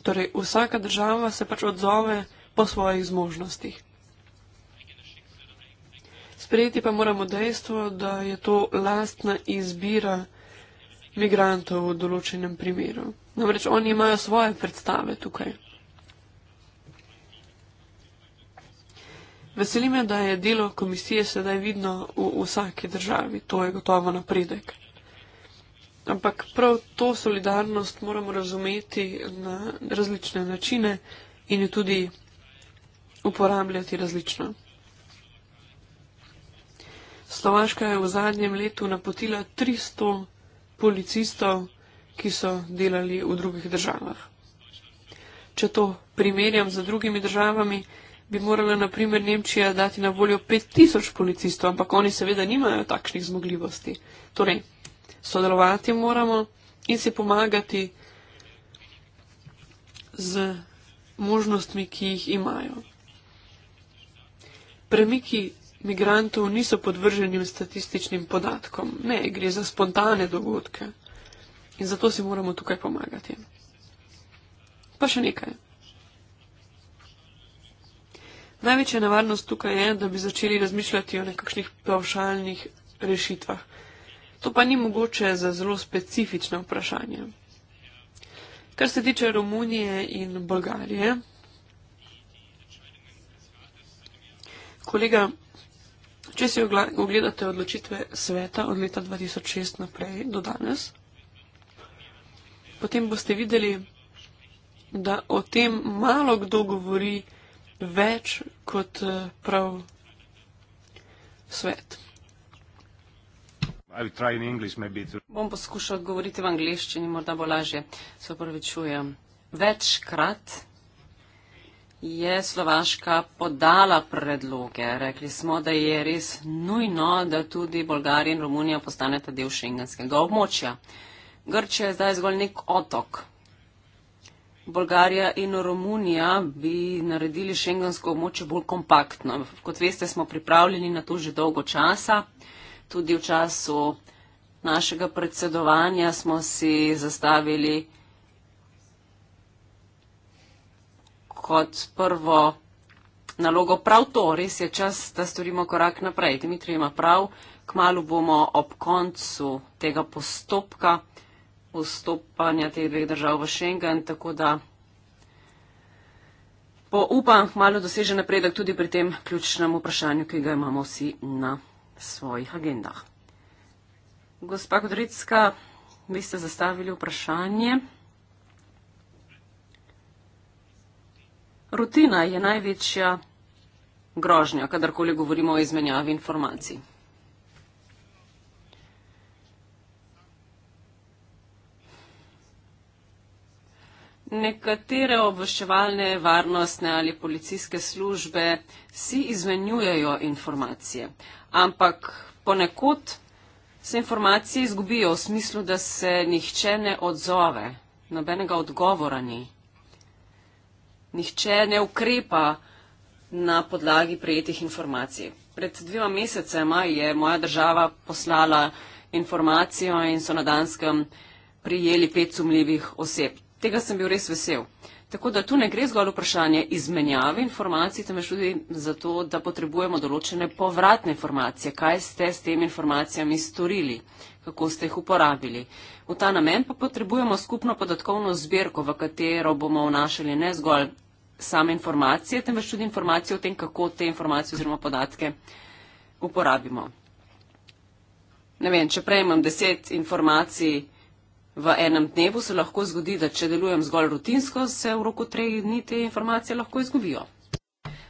Torej, vsaka država se pač odzove po svojih zmožnostih. Sprejeti pa moramo dejstvo, da je to lastna izbira migrantov v določenem primeru. Namreč oni imajo svoje predstave tukaj. Veseli me, da je delo komisije sedaj vidno v vsaki državi. To je gotovo napredek. Ampak prav to solidarnost moramo razumeti na različne načine in jo tudi uporabljati različno. Slovaška je v zadnjem letu napotila 300 policistov, ki so delali v drugih državah. Če to primerjam z drugimi državami, bi morala naprimer Nemčija dati na voljo 5000 policistov, ampak oni seveda nimajo takšnih zmogljivosti. Torej, sodelovati moramo in si pomagati z možnostmi, ki jih imajo. Premiki Migrantov niso podvrženi statističnim podatkom, ne, gre za spontane dogodke in zato si moramo tukaj pomagati. Pa še nekaj. Največja nevarnost tukaj je, da bi začeli razmišljati o nekakšnih plavšalnih rešitvah. To pa ni mogoče za zelo specifično vprašanje. Kar se tiče Romunije in Bolgarije, kolega Če si ogledate odločitve sveta od leta 2006 naprej do danes, potem boste videli, da o tem malo kdo govori več kot eh, prav svet. Bom poskušal govoriti v angleščini, morda bo lažje, se opravičujem. Večkrat je Slovaška podala predloge. Rekli smo, da je res nujno, da tudi Bolgarija in Romunija postaneta del šengenskega območja. Grče je zdaj zgolj nek otok. Bolgarija in Romunija bi naredili šengensko območje bolj kompaktno. Kot veste, smo pripravljeni na to že dolgo časa. Tudi v času našega predsedovanja smo si zastavili kot prvo nalogo prav to, res je čas, da storimo korak naprej. Dimitri ima prav, kmalo bomo ob koncu tega postopka vstopanja teh dveh držav v Schengen, tako da bo upam kmalo dosežen napredek tudi pri tem ključnem vprašanju, ki ga imamo vsi na svojih agendah. Gospa Kodricka, vi ste zastavili vprašanje. Rutina je največja grožnja, kadarkoli govorimo o izmenjavi informacij. Nekatere obveščevalne, varnostne ali policijske službe si izmenjujejo informacije, ampak ponekod se informacije izgubijo v smislu, da se nihče ne odzove, nobenega odgovora ni nihče ne ukrepa na podlagi prejetih informacij. Pred dvima mesecema je moja država poslala informacijo in so na Danskem prijeli pet sumljivih oseb. Tega sem bil res vesel. Tako da tu ne gre zgolj vprašanje izmenjave informacij, temveč tudi zato, da potrebujemo določene povratne informacije, kaj ste s temi informacijami storili, kako ste jih uporabili. V ta namen pa potrebujemo skupno podatkovno zbirko, v katero bomo vnašali ne zgolj same informacije, temveč tudi informacije o tem, kako te informacije oziroma podatke uporabimo. Ne vem, če prejmem deset informacij v enem dnevu, se lahko zgodi, da če delujem zgolj rutinsko, se v roku treh dni te informacije lahko izgubijo.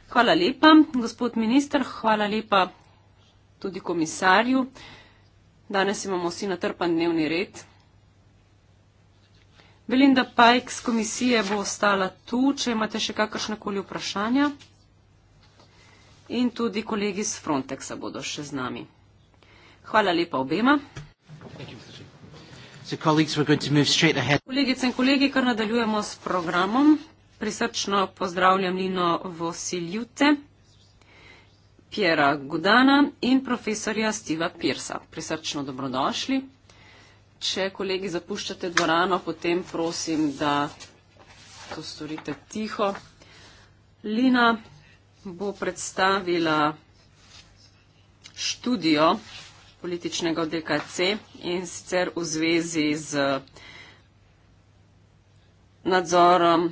Hvala lepa, gospod minister, hvala lepa tudi komisarju. Danes imamo vsi natrpan dnevni red. Belinda Pajk z komisije bo ostala tu, če imate še kakršnakoli vprašanja. In tudi kolegi z Frontexa bodo še z nami. Hvala lepa obema. Kolegice in kolegi, kar nadaljujemo s programom. Prisrčno pozdravljam Lino Vosiljute, Pjera Gudana in profesorja Steva Pirsa. Prisrčno dobrodošli. Če kolegi zapuščate dvorano, potem prosim, da to storite tiho. Lina bo predstavila študijo političnega DKC in sicer v zvezi z nadzorom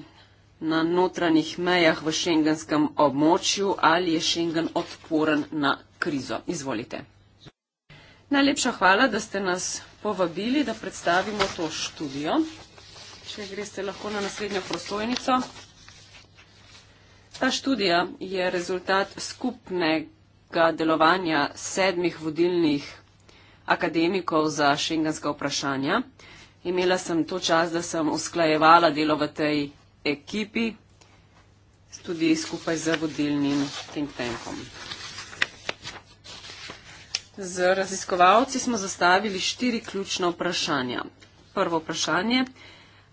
na notranjih mejah v šengenskem območju ali je Schengen odporen na krizo. Izvolite. Najlepša hvala, da ste nas povabili, da predstavimo to študijo. Če greste lahko na naslednjo prostojnico. Ta študija je rezultat skupnega delovanja sedmih vodilnih akademikov za šengenska vprašanja. Imela sem to čas, da sem usklajevala delo v tej ekipi, tudi skupaj z vodilnim think tankom. Z raziskovalci smo zastavili štiri ključna vprašanja. Prvo vprašanje,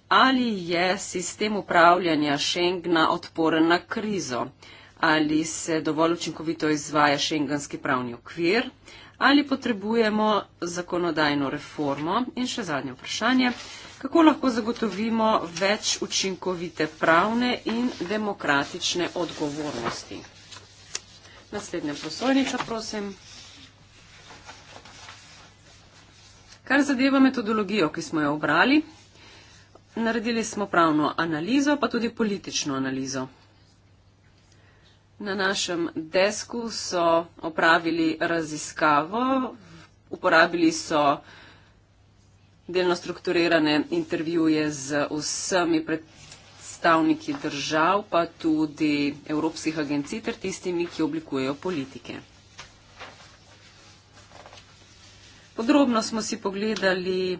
ali je sistem upravljanja Schengna odporen na krizo, ali se dovolj učinkovito izvaja šengenski pravni okvir, ali potrebujemo zakonodajno reformo in še zadnje vprašanje, kako lahko zagotovimo več učinkovite pravne in demokratične odgovornosti. Naslednja prosojnica, prosim. Kar zadeva metodologijo, ki smo jo obrali, naredili smo pravno analizo, pa tudi politično analizo. Na našem desku so opravili raziskavo, uporabili so delno strukturirane intervjuje z vsemi predstavniki držav, pa tudi evropskih agencij ter tistimi, ki oblikujejo politike. Podrobno smo si pogledali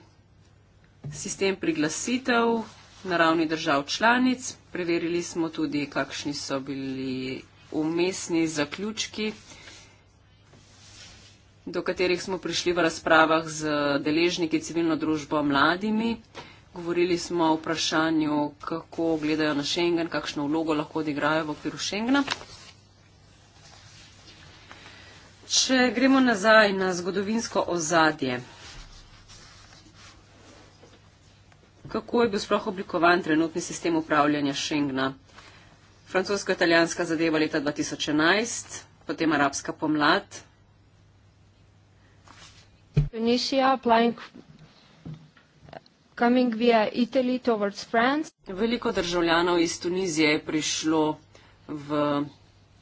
sistem priglasitev na ravni držav članic, preverili smo tudi, kakšni so bili umestni zaključki, do katerih smo prišli v razpravah z deležniki civilno družbo mladimi. Govorili smo o vprašanju, kako gledajo na Schengen, kakšno vlogo lahko odigrajo v okviru Schengena. Če gremo nazaj na zgodovinsko ozadje, kako je bil sploh oblikovan trenutni sistem upravljanja Schengna? Francosko-italijanska zadeva leta 2011, potem arabska pomlad. Veliko državljanov iz Tunizije je prišlo v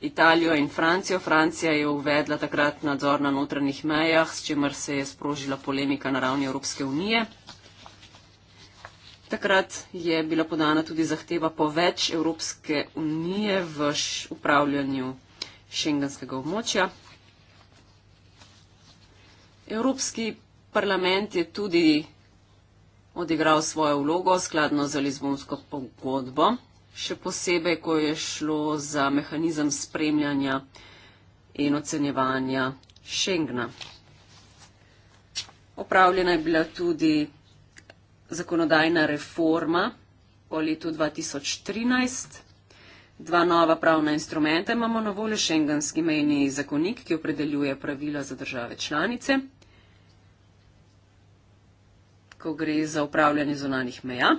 Italijo in Francijo. Francija je uvedla takrat nadzor na notranjih mejah, s čemer se je sprožila polemika na ravni Evropske unije. Takrat je bila podana tudi zahteva po več Evropske unije v upravljanju šengenskega območja. Evropski parlament je tudi odigral svojo vlogo skladno z Lizbonsko pogodbo še posebej, ko je šlo za mehanizem spremljanja in ocenjevanja Schengna. Opravljena je bila tudi zakonodajna reforma po letu 2013. Dva nova pravna instrumenta imamo na voljo, šengenski mejni zakonik, ki opredeljuje pravila za države članice, ko gre za upravljanje zunanih meja.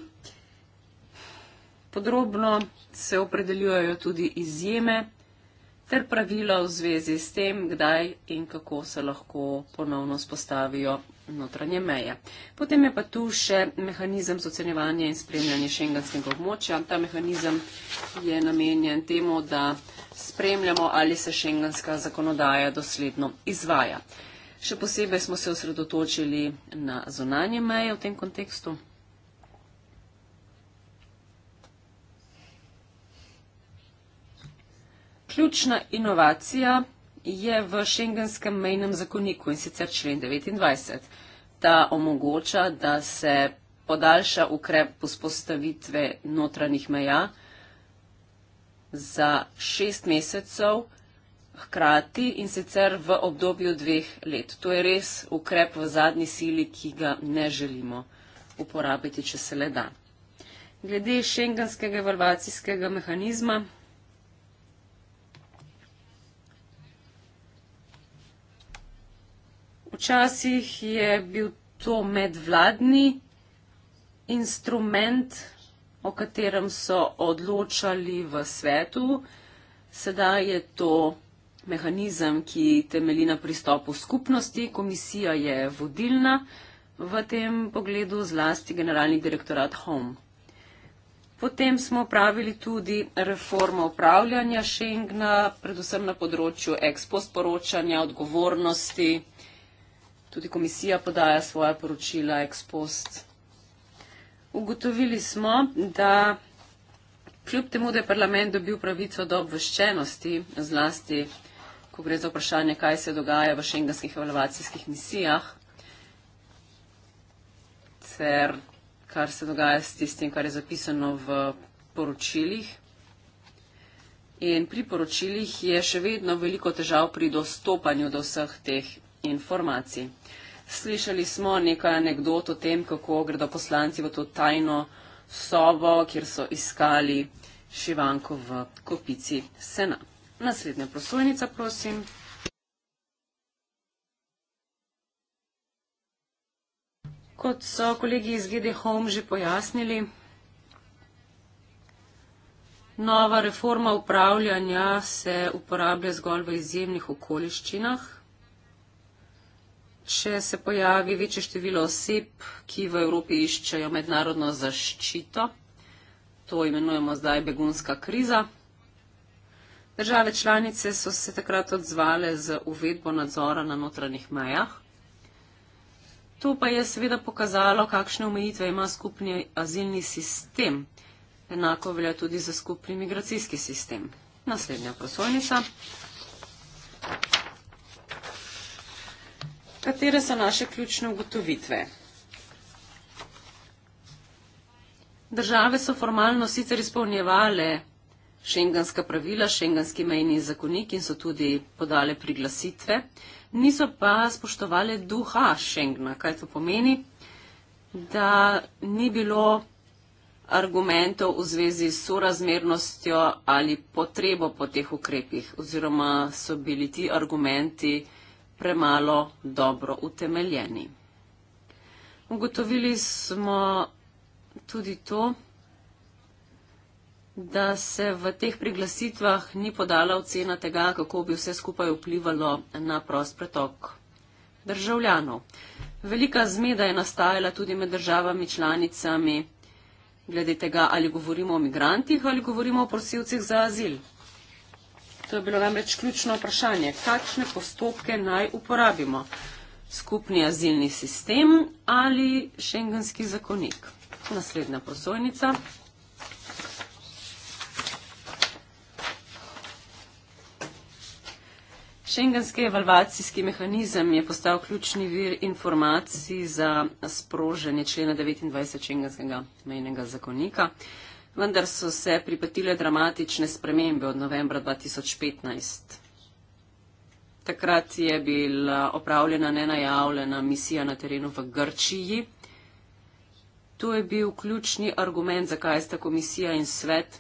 Podrobno se opredeljujejo tudi izjeme ter pravila v zvezi s tem, kdaj in kako se lahko ponovno spostavijo notranje meje. Potem je pa tu še mehanizem za ocenjevanje in spremljanje šengenskega območja. Ta mehanizem je namenjen temu, da spremljamo, ali se šengenska zakonodaja dosledno izvaja. Še posebej smo se osredotočili na zunanje meje v tem kontekstu. Ključna inovacija je v šengenskem mejnem zakoniku in sicer člen 29. Ta omogoča, da se podaljša ukrep vzpostavitve notranjih meja za šest mesecev hkrati in sicer v obdobju dveh let. To je res ukrep v zadnji sili, ki ga ne želimo uporabiti, če se le da. Glede šengenskega evalvacijskega mehanizma včasih je bil to medvladni instrument, o katerem so odločali v svetu, sedaj je to mehanizem, ki temeli na pristopu skupnosti, komisija je vodilna v tem pogledu zlasti generalni direktorat Home. Potem smo pravili tudi reformo upravljanja Schengna, predvsem na področju ekspost poročanja, odgovornosti. Tudi komisija podaja svoje poročila ex post. Ugotovili smo, da kljub temu, da je parlament dobil pravico do obveščenosti, zlasti, ko gre za vprašanje, kaj se dogaja v šengenskih evalvacijskih misijah, ter kar se dogaja s tistim, kar je zapisano v poročilih. In pri poročilih je še vedno veliko težav pri dostopanju do vseh teh informacij. Slišali smo nekaj anegdot o tem, kako gredo poslanci v to tajno sobo, kjer so iskali Šivanko v kopici Sena. Naslednja prosojnica, prosim. Kot so kolegi iz GD Home že pojasnili, nova reforma upravljanja se uporablja zgolj v izjemnih okoliščinah če se pojavi večje število oseb, ki v Evropi iščejo mednarodno zaščito. To imenujemo zdaj begunska kriza. Države članice so se takrat odzvale z uvedbo nadzora na notranjih mejah. To pa je seveda pokazalo, kakšne omejitve ima skupni azilni sistem. Enako velja tudi za skupni migracijski sistem. Naslednja prosojnica. Katere so naše ključne ugotovitve? Države so formalno sicer izpolnjevale šengenska pravila, šengenski mejni zakonik in so tudi podale priglasitve, niso pa spoštovale duha šengna. Kaj to pomeni? Da ni bilo argumentov v zvezi s sorazmernostjo ali potrebo po teh ukrepih, oziroma so bili ti argumenti premalo dobro utemeljeni. Ugotovili smo tudi to, da se v teh priglasitvah ni podala ocena tega, kako bi vse skupaj vplivalo na prost pretok državljanov. Velika zmeda je nastajala tudi med državami članicami glede tega, ali govorimo o migrantih ali govorimo o prosilcih za azil. To je bilo namreč ključno vprašanje, kakšne postopke naj uporabimo. Skupni azilni sistem ali šengenski zakonik. Naslednja prosojnica. Šengenski evalvacijski mehanizem je postal ključni vir informacij za sproženje člena 29. šengenskega mejnega zakonika. Uh, vendar so se pripetile dramatične spremembe od novembra 2015. Takrat je bila opravljena nenajavljena misija na terenu v Grčiji. To je bil ključni argument, zakaj sta komisija in svet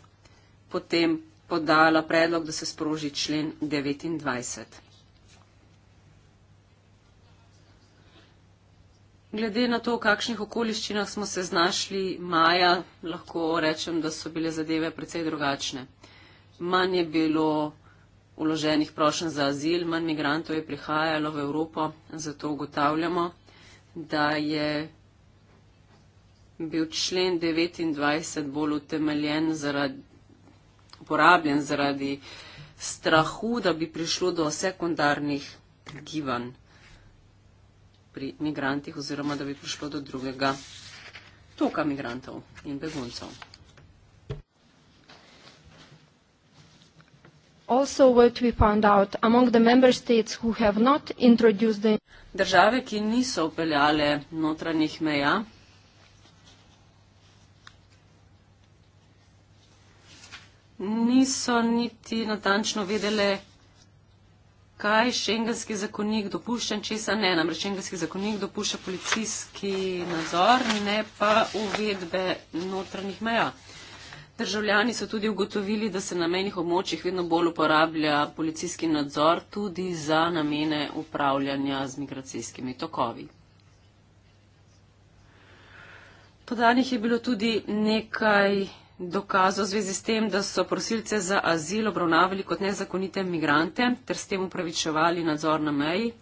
potem podala predlog, da se sproži člen 29. Glede na to, v kakšnih okoliščinah smo se znašli maja, lahko rečem, da so bile zadeve precej drugačne. Manj je bilo uloženih prošen za azil, manj migrantov je prihajalo v Evropo, zato ugotavljamo, da je bil člen 29 bolj utemeljen, uporabljen zaradi, zaradi strahu, da bi prišlo do sekundarnih gibanj pri migrantih oziroma da bi prišlo do drugega toka migrantov in beguncev. Also what we found out among the member states who have not introduced the države, ki niso upeljale notranjih meja, niso niti natančno vedele, kaj šengenski zakonik dopušča, česa ne. Namreč šengenski zakonik dopušča policijski nadzor, ne pa uvedbe notranjih meja. Državljani so tudi ugotovili, da se na menih območjih vedno bolj uporablja policijski nadzor tudi za namene upravljanja z migracijskimi tokovi. Podanih je bilo tudi nekaj dokazov v zvezi s tem, da so prosilce za azil obravnavali kot nezakonite migrante ter s tem upravičevali nadzor na meji.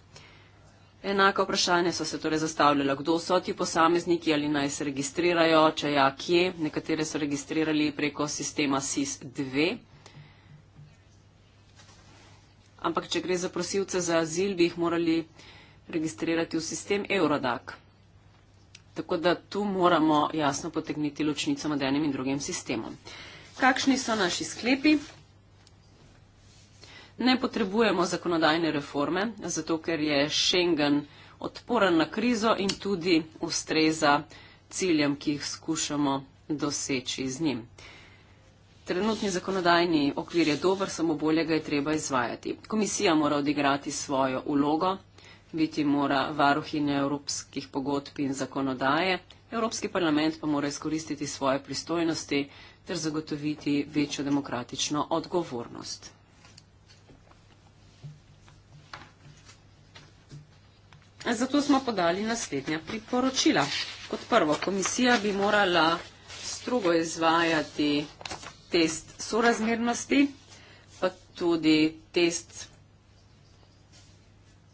Enaka vprašanja so se torej zastavljala, kdo so ti posamezniki ali naj se registrirajo, če ja, kje. Nekatere so registrirali preko sistema SIS-2. Ampak, če gre za prosilce za azil, bi jih morali registrirati v sistem Eurodac. Tako da tu moramo jasno potegniti ločnico med enim in drugim sistemom. Kakšni so naši sklepi? Ne potrebujemo zakonodajne reforme, zato ker je Schengen odporen na krizo in tudi ustreza ciljem, ki jih skušamo doseči z njim. Trenutni zakonodajni okvir je dober, samo bolje ga je treba izvajati. Komisija mora odigrati svojo ulogo, biti mora varuhinja evropskih pogodb in zakonodaje, Evropski parlament pa mora izkoristiti svoje pristojnosti ter zagotoviti večjo demokratično odgovornost. Zato smo podali naslednja priporočila. Kot prvo, komisija bi morala strogo izvajati test sorazmernosti, pa tudi test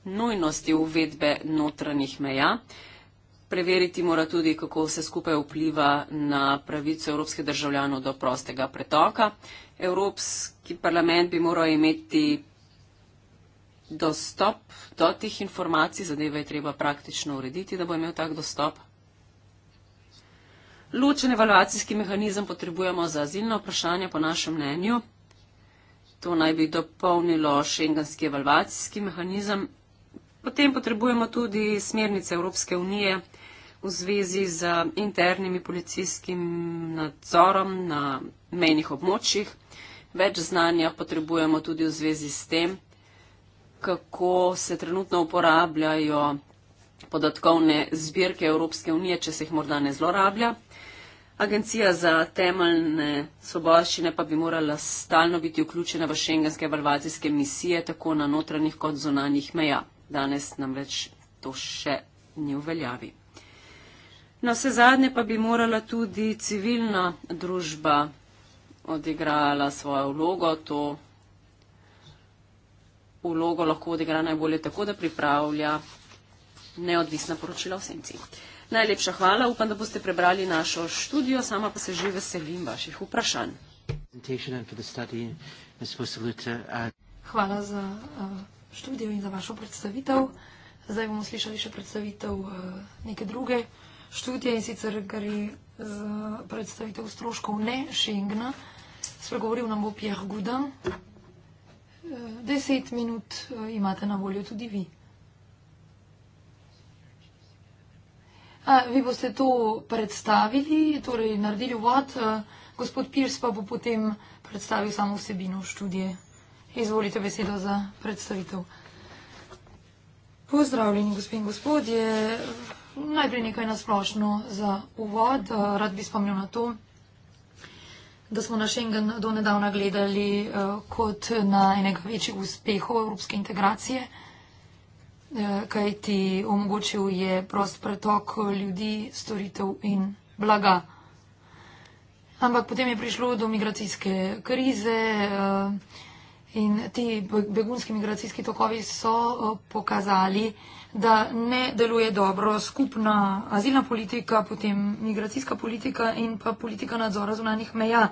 nujnosti uvedbe notranjih meja. Preveriti mora tudi, kako vse skupaj vpliva na pravico evropskih državljanov do prostega pretoka. Evropski parlament bi moral imeti dostop do tih informacij, zadeve je treba praktično urediti, da bo imel tak dostop. Ločen evaluacijski mehanizem potrebujemo za azilno vprašanje, po našem mnenju. To naj bi dopolnilo šengenski evaluacijski mehanizem. Potem potrebujemo tudi smernice Evropske unije v zvezi z internimi policijskim nadzorom na menjih območjih. Več znanja potrebujemo tudi v zvezi s tem, kako se trenutno uporabljajo podatkovne zbirke Evropske unije, če se jih morda ne zlorablja. Agencija za temeljne svoboščine pa bi morala stalno biti vključena v šengenske evalvacijske misije, tako na notranjih kot zunanjih mejah. Danes namreč to še ni uveljavi. Na no, vse zadnje pa bi morala tudi civilna družba odigrala svojo vlogo. To vlogo lahko odigra najbolje tako, da pripravlja neodvisna poročila v senci. Najlepša hvala, upam, da boste prebrali našo študijo, sama pa se že veselim vaših vprašanj. Uh, hvala za. Uh študijo in za vašo predstavitev. Zdaj bomo slišali še predstavitev eh, neke druge študije in sicer gre za eh, predstavitev stroškov ne Schengna. Spregovoril nam bo Pierre Gudan. Eh, deset minut imate na voljo tudi vi. A, vi boste to predstavili, torej naredili vod, gospod Pirs pa bo potem predstavil samo vsebino študije. Izvolite besedo za predstavitev. Pozdravljeni, gospod in gospodje. Najprej nekaj nasplošno za uvod. Rad bi spomnil na to, da smo na Schengen do nedavna gledali eh, kot na enega večjih uspehov evropske integracije, eh, kajti omogočil je prost pretok ljudi, storitev in blaga. Ampak potem je prišlo do migracijske krize, eh, In ti begunski migracijski tokovi so eh, pokazali, da ne deluje dobro skupna azilna politika, potem migracijska politika in pa politika nadzora zunanjih meja.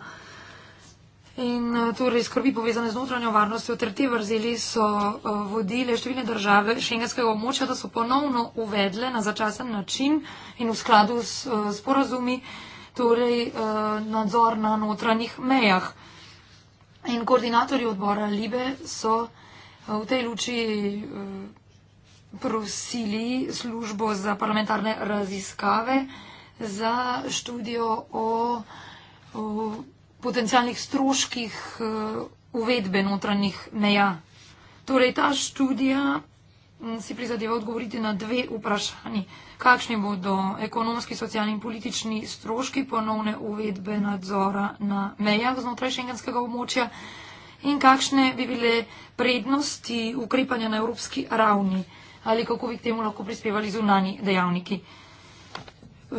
In eh, torej skrbi povezane z notranjo varnostjo ter te vrzeli so eh, vodile številne države šengenskega območja, da so ponovno uvedle na začasen način in v skladu s sporazumi torej, nadzor na notranjih mejah. In koordinatorji odbora Libe so eh, v tej luči eh, prosili službo za parlamentarne raziskave za študijo o, o potencijalnih stroških eh, uvedbe notranjih meja. Torej, ta študija Mm, si prizadeva odgovoriti na dve vprašanji. Kakšni bodo ekonomski, socialni in politični stroški ponovne uvedbe nadzora na mejah znotraj šengenskega območja in kakšne bi bile prednosti ukrepanja na evropski ravni ali kako bi k temu lahko prispevali zunani dejavniki. E,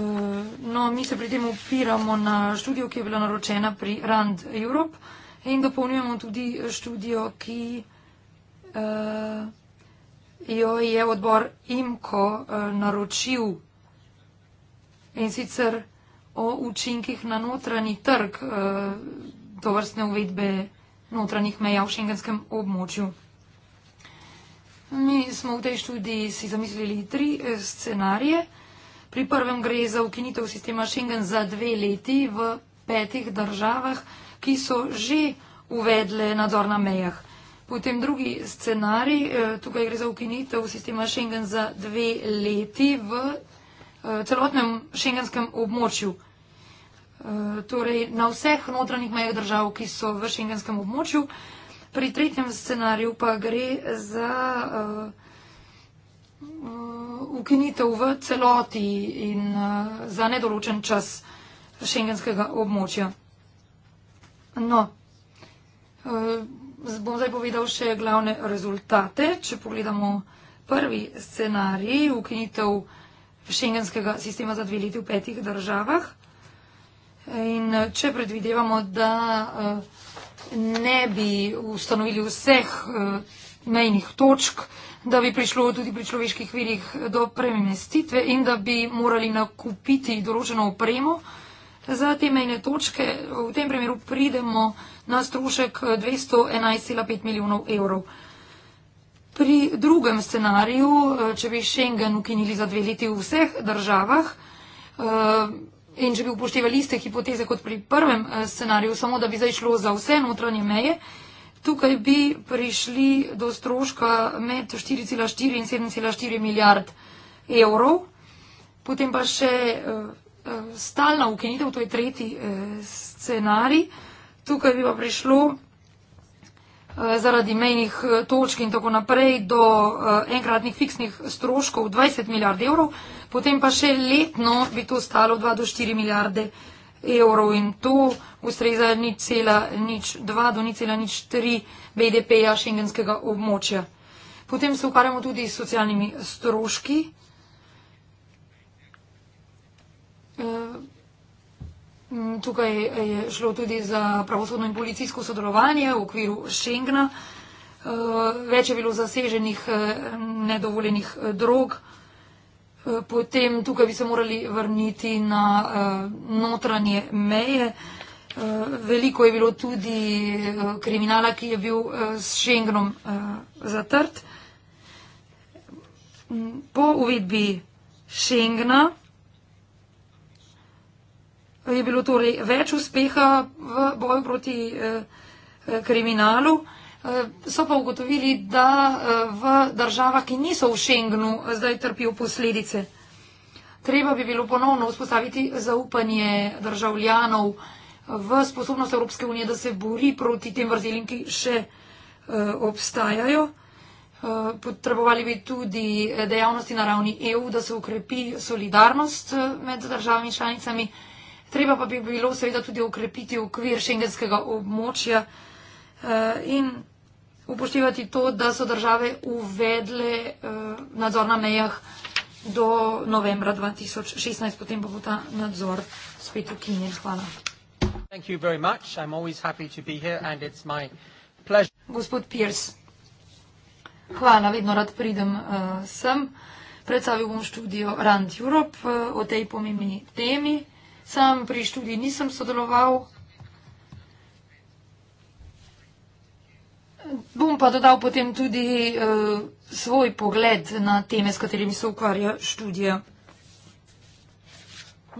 no, mi se pri tem opiramo na študijo, ki je bila naročena pri Rand Europe in dopolnjujemo tudi študijo, ki. Uh, jo je odbor IMKO eh, naročil in sicer o učinkih na notranji trg eh, to vrstne uvedbe notranjih meja v šengenskem območju. Mi smo v tej študiji si zamislili tri eh, scenarije. Pri prvem gre za ukinitev sistema Schengen za dve leti v petih državah, ki so že uvedle nadzor na mejah. Potem drugi scenarij, eh, tukaj gre za ukinitev sistema Schengen za dve leti v eh, celotnem šengenskem območju. Eh, torej na vseh notranjih mejah držav, ki so v šengenskem območju. Pri tretjem scenariju pa gre za ukinitev v celoti in za nedoločen čas šengenskega območja. No bom zdaj povedal še glavne rezultate. Če pogledamo prvi scenarij, ukinitev šengenskega sistema za dve leti v petih državah. In če predvidevamo, da eh, ne bi ustanovili vseh eh, mejnih točk, da bi prišlo tudi pri človeških virih do premestitve in da bi morali nakupiti določeno opremo, za te mejne točke, v tem primeru pridemo na strošek 211,5 milijonov evrov. Pri drugem scenariju, če bi Schengen ukinili za dve leti v vseh državah eh, in če bi upoštevali iste hipoteze kot pri prvem eh, scenariju, samo da bi zdaj šlo za vse notranje meje, tukaj bi prišli do stroška med 4,4 in 7,4 milijard evrov. Potem pa še eh, Eh, stalna ukinitev, to je tretji eh, scenarij, tukaj bi pa prišlo eh, zaradi mejnih eh, točk in tako naprej do eh, enkratnih fiksnih stroškov 20 milijard evrov, potem pa še letno bi to stalo 2 do 4 milijarde evrov in to ustreza nič cela nič 2 do nič cela nič 3 BDP-ja šengenskega območja. Potem se ukvarjamo tudi s socialnimi stroški. Eh, tukaj je šlo tudi za pravosodno in policijsko sodelovanje v okviru Schengna. Eh, več je bilo zaseženih eh, nedovoljenih drog. Potem tukaj bi se morali vrniti na notranje meje. Veliko je bilo tudi kriminala, ki je bil s Schengnom zatrt. Po uvedbi Schengna je bilo torej več uspeha v boju proti eh, kriminalu. Eh, so pa ugotovili, da eh, v državah, ki niso v Schengnu, zdaj trpijo posledice. Treba bi bilo ponovno vzpostaviti zaupanje državljanov v sposobnost Evropske unije, da se bori proti tem vrzelim, ki še obstajajo. Potrebovali bi tudi dejavnosti na ravni EU, da se ukrepi solidarnost med državami in članicami. Treba pa bi bilo seveda tudi ukrepiti okvir šengenskega območja eh, in upoštevati to, da so države uvedle eh, nadzor na mejah do novembra 2016, potem pa bo ta nadzor spet ukinjen. Hvala. Thank you very much. I'm always happy to be here and it's my pleasure. Gospod Pierce, hvala, vedno rad pridem uh, sem. Predstavil bom študijo Rand Europe uh, o tej pomembni temi. Sam pri študiji nisem sodeloval. Bom pa dodal potem tudi uh, svoj pogled na teme, s katerimi se ukvarja študija.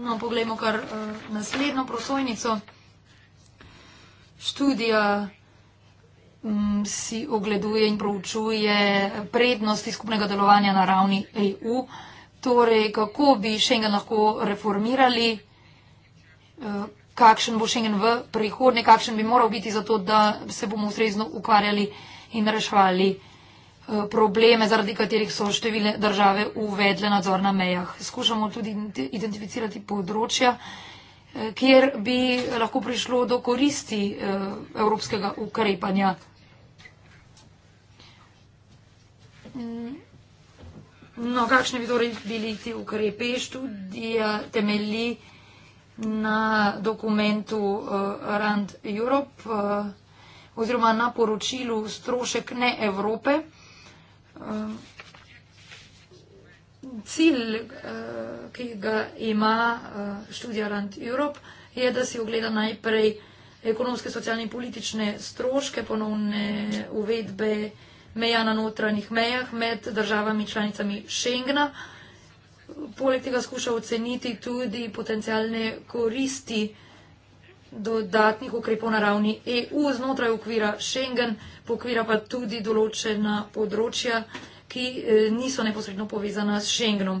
No, poglejmo kar uh, naslednjo prosojnico. Študija um, si ogleduje in proučuje prednosti skupnega delovanja na ravni EU, torej kako bi Schengen lahko reformirali. Eh, kakšen bo Schengen v prihodnje, kakšen bi moral biti zato, da se bomo ustrezno ukvarjali in reševali eh, probleme, zaradi katerih so številne države uvedle nadzor na mejah. Skušamo tudi identificirati področja, eh, kjer bi lahko prišlo do koristi evropskega ukrepanja. Mm. No, kakšni bi torej bili ti ukrepi, študija temelji na dokumentu uh, Rand Europe uh, oziroma na poročilu Strošek ne Evrope. Uh, cilj, uh, ki ga ima uh, študija Rand Europe, je, da si ogleda najprej ekonomske, socialne in politične stroške ponovne uvedbe meja na notranjih mejah med državami članicami Schengena. Uh, poleg tega skuša oceniti tudi potencijalne koristi dodatnih ukrepov na ravni EU znotraj okvira Schengen, pokvira pa tudi določena področja, ki eh, niso neposredno povezana s Schengenom.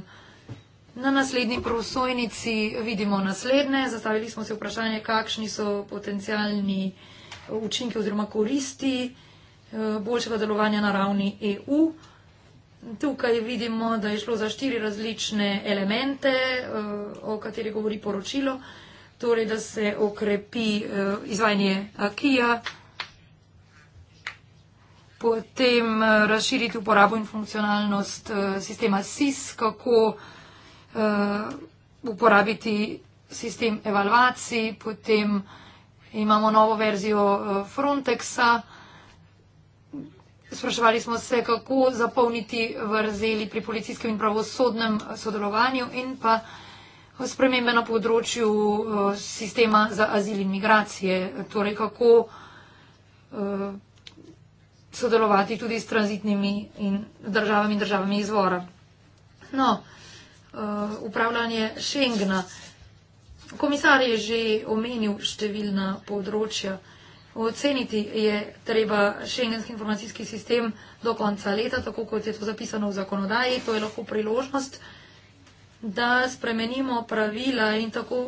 Na naslednji prosojnici vidimo naslednje. Zastavili smo se vprašanje, kakšni so potencijalni učinki oziroma koristi eh, boljšega delovanja na ravni EU. Tukaj vidimo, da je šlo za štiri različne elemente, eh, o kateri govori poročilo, torej da se okrepi eh, izvajanje akija, potem eh, razširiti uporabo in funkcionalnost sistema SIS, kako uporabiti sistem evalvacij, potem imamo novo verzijo Frontexa, Spraševali smo se, kako zapolniti vrzeli pri policijskem in pravosodnem sodelovanju in pa spremembe na področju eh, sistema za azil in migracije. Torej, kako eh, sodelovati tudi s tranzitnimi in državami in državami izvora. No, eh, upravljanje Schengna. Komisar je že omenil številna področja. Oceniti je treba šengenski informacijski sistem do konca leta, tako kot je to zapisano v zakonodaji. To je lahko priložnost, da spremenimo pravila in tako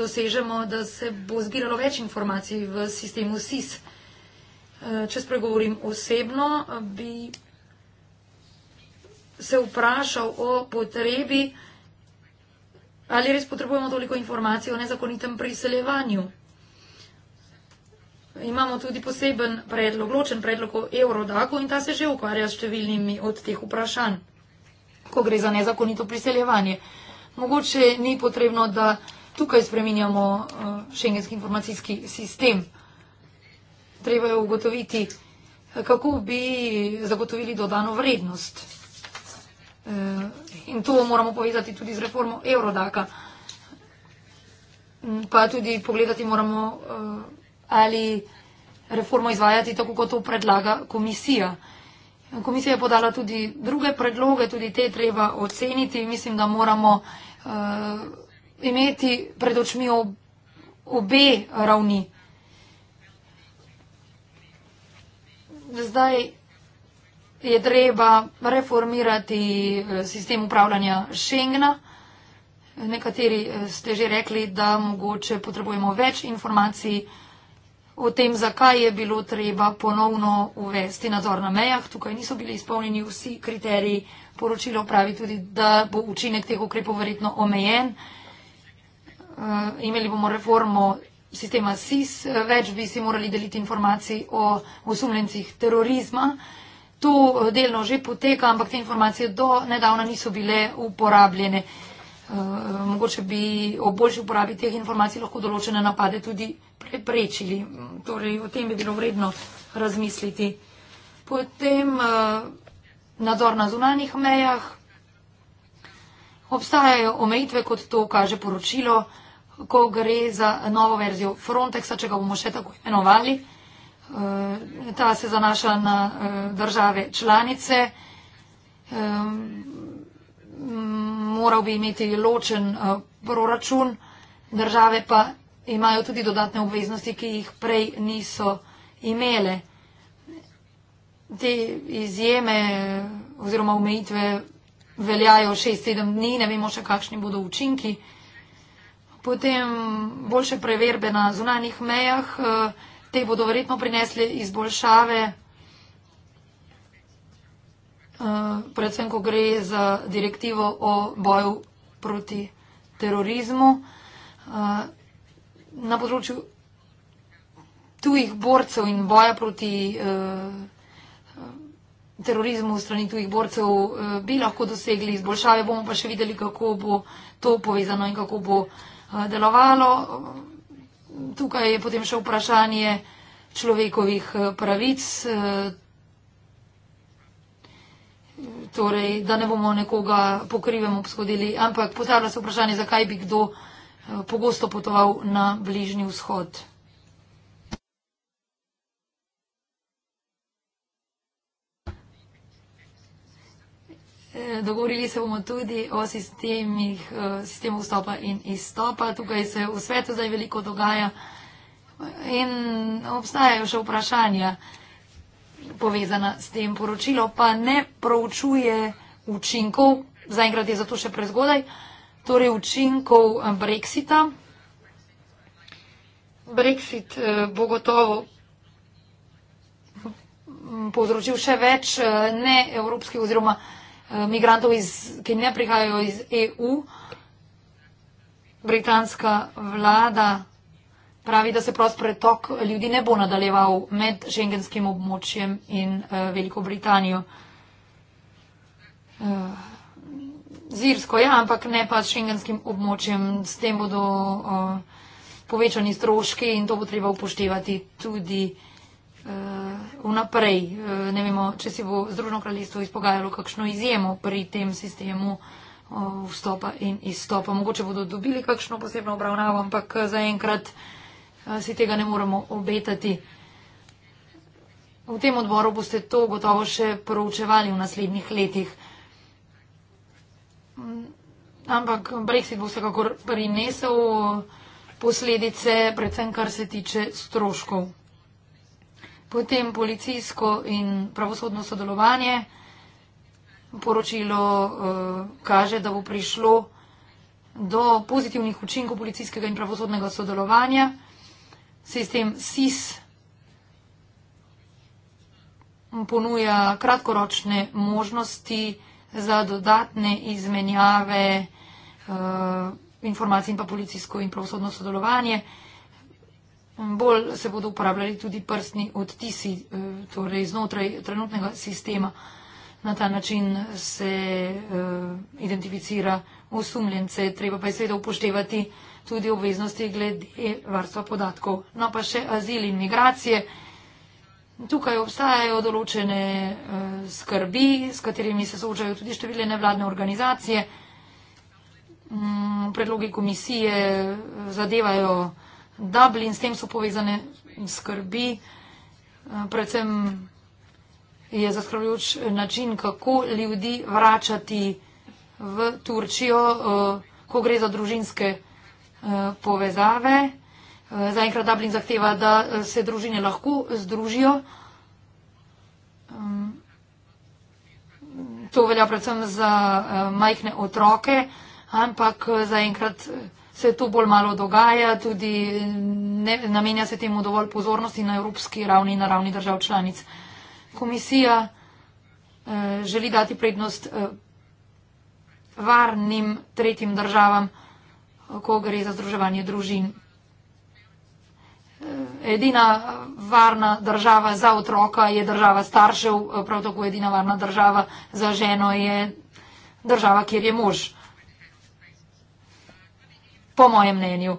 dosežemo, da se bo zbiralo več informacij v sistemu SIS. E, če spregovorim osebno, bi se vprašal o potrebi, ali res potrebujemo toliko informacij o nezakonitem priseljevanju imamo tudi poseben predlog, ločen predlog o Eurodaku in ta se že ukvarja s številnimi od teh vprašanj, ko gre za nezakonito priseljevanje. Mogoče ni potrebno, da tukaj spreminjamo eh, šengenski informacijski sistem. Treba je ugotoviti, eh, kako bi zagotovili dodano vrednost. Eh, in to moramo povezati tudi z reformo Eurodaka. Pa tudi pogledati moramo ali reformo izvajati tako, kot to predlaga komisija. Komisija je podala tudi druge predloge, tudi te treba oceniti. Mislim, da moramo uh, imeti pred očmi ob, obe ravni. Zdaj je treba reformirati eh, sistem upravljanja Schengna. Nekateri eh, ste že rekli, da mogoče potrebujemo več informacij. Uh, o tem, zakaj je bilo treba ponovno uvesti nadzor na mejah. Tukaj niso bili izpolnjeni vsi kriteriji. Poročilo pravi tudi, da bo učinek teh ukrepov verjetno omejen. Eh, imeli bomo reformo sistema SIS, več bi si morali deliti informacij o osumljencih terorizma. To delno že poteka, ampak te informacije do nedavna niso bile uporabljene. Eh, mogoče bi o boljši uporabi teh informacij lahko določene napade tudi preprečili. Torej, o tem bi bilo vredno razmisliti. Potem eh, nadzor na zunanjih mejah. Obstajajo omejitve, kot to kaže poročilo, ko gre za novo verzijo Frontexa, če ga bomo še tako imenovali. Eh, ta se zanaša na države članice moral bi imeti ločen eh, proračun, države pa imajo tudi dodatne obveznosti, ki jih prej niso imele. Te izjeme eh, oziroma omejitve veljajo 6-7 dni, ne vemo še, kakšni bodo učinki. Potem boljše preverbe na zunanjih mejah, eh, te bodo verjetno prinesli izboljšave. Eh, predvsem ko gre za direktivo o boju proti terorizmu. Eh, na področju tujih borcev in boja proti eh, terorizmu v strani tujih borcev bi lahko dosegli izboljšave, bomo pa še videli, kako bo to povezano in kako bo delovalo. Tukaj je potem še vprašanje človekovih pravic, torej, da ne bomo nekoga pokrivem obshodili, ampak postavlja se vprašanje, zakaj bi kdo eh, pogosto potoval na Bližnji vzhod. Eh, dogovorili se bomo tudi o sistemih, eh, sistemu vstopa in izstopa. Tukaj se v svetu zdaj veliko dogaja in obstajajo še vprašanja povezana s tem poročilo, pa ne proučuje učinkov, zaenkrat je zato še prezgodaj, torej učinkov eh, Brexita. Brexit eh, bo gotovo mm, povzročil še več eh, neevropskih oziroma migrantov, iz, ki ne prihajajo iz EU. Britanska vlada pravi, da se prost pretok ljudi ne bo nadaljeval med šengenskim območjem in uh, Veliko Britanijo. Uh, eh, zirsko je, ja, ampak ne pa s šengenskim območjem. S tem bodo uh, povečani stroški in to bo treba upoštevati tudi uh, vnaprej. Uh, ne vemo, če si bo Združeno kraljestvo izpogajalo kakšno izjemo pri tem sistemu vstopa in izstopa. Mogoče bodo dobili kakšno posebno obravnavo, ampak zaenkrat uh, si tega ne moremo obetati. V tem odboru boste to gotovo še proučevali v naslednjih letih. Mm, ampak Brexit bo vsekakor prinesel posledice, predvsem kar se tiče stroškov. Potem policijsko in pravosodno sodelovanje. Poročilo e, kaže, da bo prišlo do pozitivnih učinkov policijskega in pravosodnega sodelovanja sistem SIS ponuja kratkoročne možnosti za dodatne izmenjave eh, informacij in pa policijsko in pravosodno sodelovanje. Bolj se bodo uporabljali tudi prstni odtisi, eh, torej znotraj trenutnega sistema. Na ta način se eh, identificira osumljence. Treba pa je seveda upoštevati, tudi obveznosti glede varstva podatkov. No pa še azil in migracije. Tukaj obstajajo določene uh, skrbi, s katerimi se soočajo tudi številne nevladne organizacije. Um, predlogi komisije eh, zadevajo Dublin, s tem so povezane skrbi. Uh, predvsem je zaskrbljujoč način, kako ljudi vračati v Turčijo, uh, ko gre za družinske. Eh, povezave. Eh, zaenkrat Dublin zahteva, da eh, se družine lahko združijo. To velja predvsem za majhne otroke, ampak zaenkrat se to bolj malo dogaja, tudi ne, namenja se temu dovolj pozornosti na evropski ravni in na ravni držav članic. Komisija želi dati prednost varnim tretjim državam ko gre za združevanje družin. Edina varna država za otroka je država staršev, prav tako edina varna država za ženo je država, kjer je mož. Po mojem mnenju.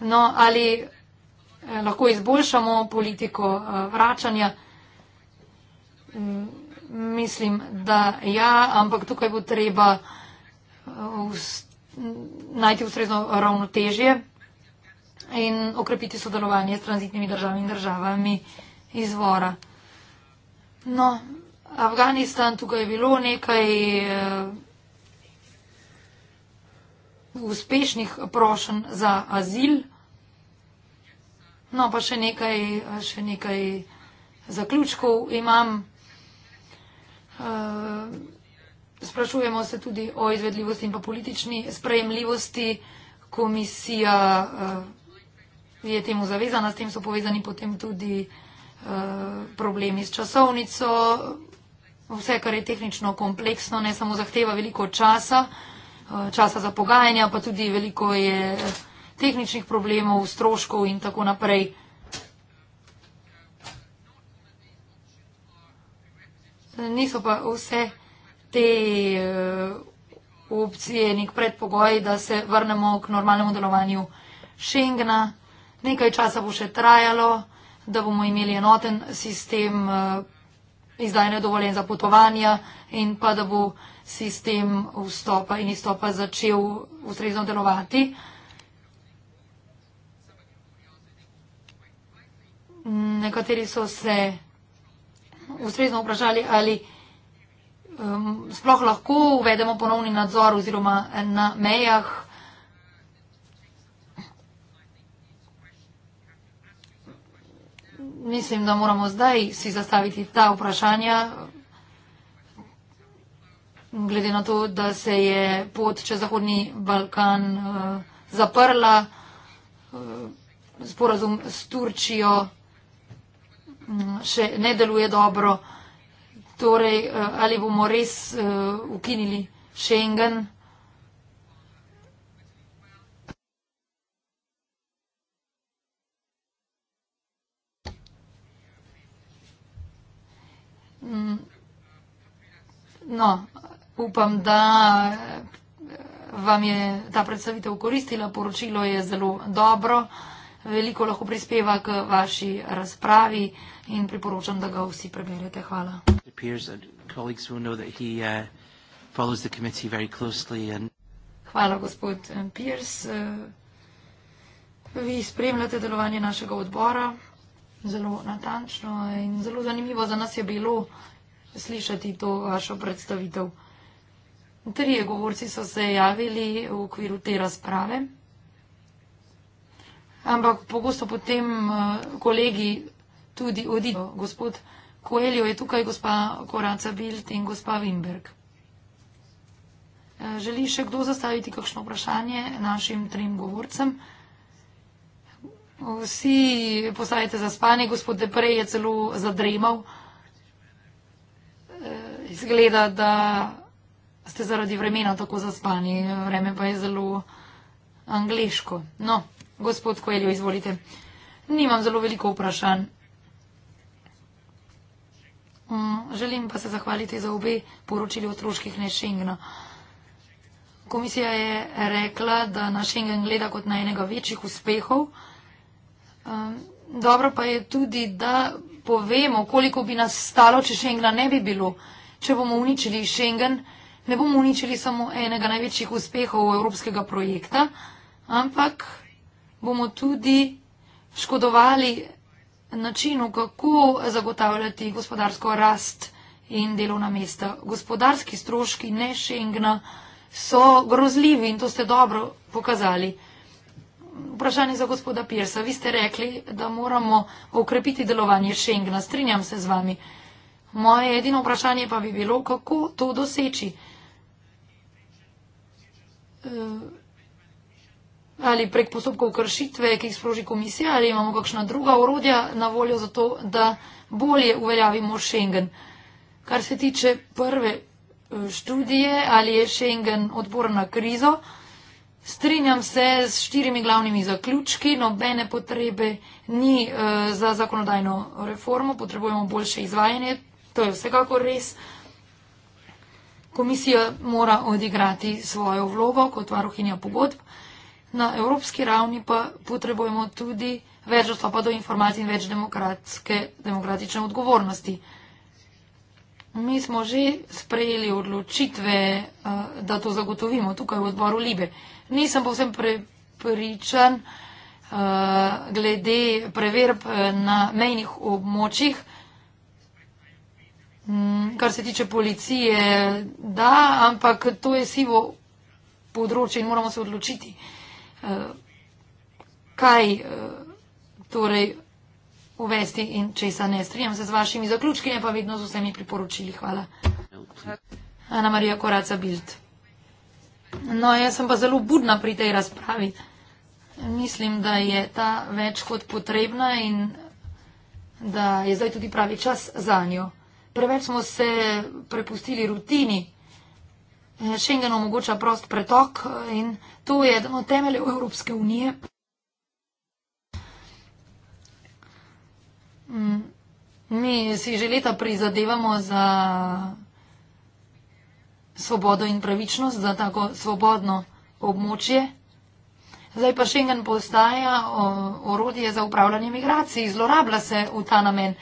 No, ali eh, lahko izboljšamo politiko eh, vračanja? Mm, mislim, da ja, ampak tukaj bo treba ustaviti eh, najti ustrezno ravnotežje in okrepiti sodelovanje s tranzitnimi državami in državami izvora. No, Afganistan, tukaj je bilo nekaj eh, uspešnih prošen za azil, no pa še nekaj, še nekaj zaključkov imam. Eh, Sprašujemo se tudi o izvedljivosti in pa politični sprejemljivosti. Komisija eh, je temu zavezana, s tem so povezani potem tudi eh, problemi s časovnico. Vse, kar je tehnično kompleksno, ne samo zahteva veliko časa, eh, časa za pogajanja, pa tudi veliko je tehničnih problemov, stroškov in tako naprej. Niso pa vse te uh, opcije nek predpogoj, da se vrnemo k normalnemu delovanju Schengena. Nekaj časa bo še trajalo, da bomo imeli enoten sistem uh, izdajanja dovoljen za potovanja in pa da bo sistem vstopa in izstopa začel ustrezno delovati. Nekateri so se ustrezno vprašali, ali um, sploh lahko uvedemo ponovni nadzor oziroma na mejah. Mislim, da moramo zdaj si zastaviti ta vprašanja, glede na to, da se je pot čez Zahodni Balkan uh, zaprla, uh, sporazum s Turčijo um, še ne deluje dobro. Uh, Torej, eh, ali bomo res uh, ukinili Schengen? Mm. No, upam, da eh, vam je ta predstavitev koristila. Poročilo je zelo dobro, veliko lahko prispeva k vaši razpravi in priporočam, da ga vsi preberete. Hvala. Uh, Hvala, gospod eh, Piers. Eh, vi spremljate delovanje našega odbora zelo natančno in zelo zanimivo za nas je bilo slišati to vašo predstavitev. Trije govorci so se javili v okviru te razprave, ampak pogosto potem eh, kolegi tudi odidejo. Gospod Koeljo je tukaj, gospa Koraca Bild in gospa Wimberg. Eh, želi še kdo zastaviti kakšno vprašanje našim trem govorcem? Vsi postajate zaspani, gospod Deprej je celo zadremal. Eh, izgleda, da ste zaradi vremena tako zaspani, vreme pa je zelo angliško. No, gospod Koeljo, izvolite. Nimam zelo veliko vprašanj. Mm, želim pa se zahvaliti za obe poročili otroških nešengna. Komisija je rekla, da na Schengen gleda kot na enega večjih uspehov. Dobro pa je tudi, da povemo, koliko bi nas stalo, če Schengena ne bi bilo. Če bomo uničili Schengen, ne bomo uničili samo enega največjih uspehov evropskega projekta, ampak bomo tudi škodovali načinu, kako zagotavljati gospodarsko rast in delovna mesta. Gospodarski stroški ne šengna so grozljivi in to ste dobro pokazali. Vprašanje za gospoda Pirsa. Vi ste rekli, da moramo okrepiti delovanje šengna. Strinjam se z vami. Moje edino vprašanje pa bi bilo, kako to doseči. Uh, ali prek postopkov kršitve, ki jih sproži komisija, ali imamo kakšna druga urodja na voljo za to, da bolje uveljavimo Schengen. Kar se tiče prve eh, študije, ali je Schengen odbor na krizo, strinjam se s štirimi glavnimi zaključki, nobene potrebe ni eh, za zakonodajno reformo, potrebujemo boljše izvajanje, to je vsekako res. Komisija mora odigrati svojo vlogo kot varuhinja pogodb na evropski ravni pa potrebujemo tudi več dostopa do informacij in več demokratične odgovornosti. Mi smo že sprejeli odločitve, eh, da to zagotovimo tukaj v odboru Libe. Nisem povsem prepričan eh, glede preverb eh, na mejnih območjih, mm, kar se tiče policije, da, ampak to je sivo področje in moramo se odločiti. Eh, kaj eh, torej uvesti in česa ne. Strinjam se z vašimi zaključki, ne pa vedno z vsemi priporočili. Hvala. Ana Marija Koraca Bild. No, jaz sem pa zelo budna pri tej razpravi. Mislim, da je ta več kot potrebna in da je zdaj tudi pravi čas za njo. Preveč smo se prepustili rutini. Eh, Schengen omogoča prost pretok eh, in to je eden od temeljev Evropske unije. Mm, mi si že leta prizadevamo za svobodo in pravičnost, za tako svobodno območje. Zdaj pa Schengen postaja orodje za upravljanje migracij, zlorablja se v ta namen.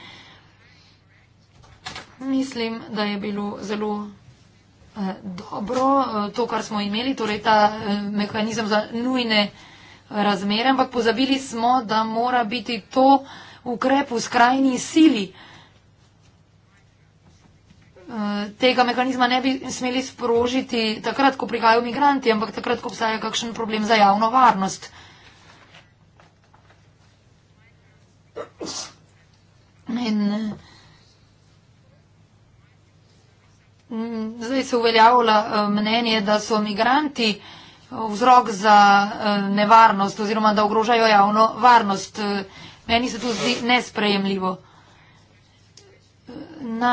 Mislim, da je bilo zelo. Eh, dobro, eh, to, kar smo imeli, torej ta eh, mehanizem za nujne razmere, ampak pozabili smo, da mora biti to ukrep v skrajni sili. Tega mehanizma ne bi smeli sprožiti takrat, ko prihajajo migranti, ampak takrat, ko obstaja kakšen problem za javno varnost. In, Mm, zdaj se uveljavlja eh, mnenje, da so migranti eh, vzrok za eh, nevarnost oziroma da ogrožajo javno varnost. Meni se to zdi nesprejemljivo. Na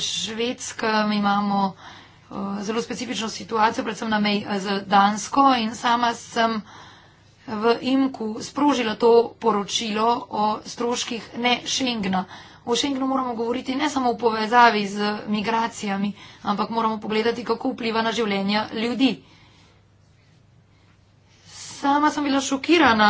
Švedskem imamo zelo specifično situacijo, predvsem na meji z Dansko in sama sem v Imku sprožila to poročilo o stroških ne Schengna o Schengenu moramo govoriti ne samo v povezavi z migracijami, ampak moramo pogledati, kako vpliva na življenja ljudi. Sama sem bila šokirana,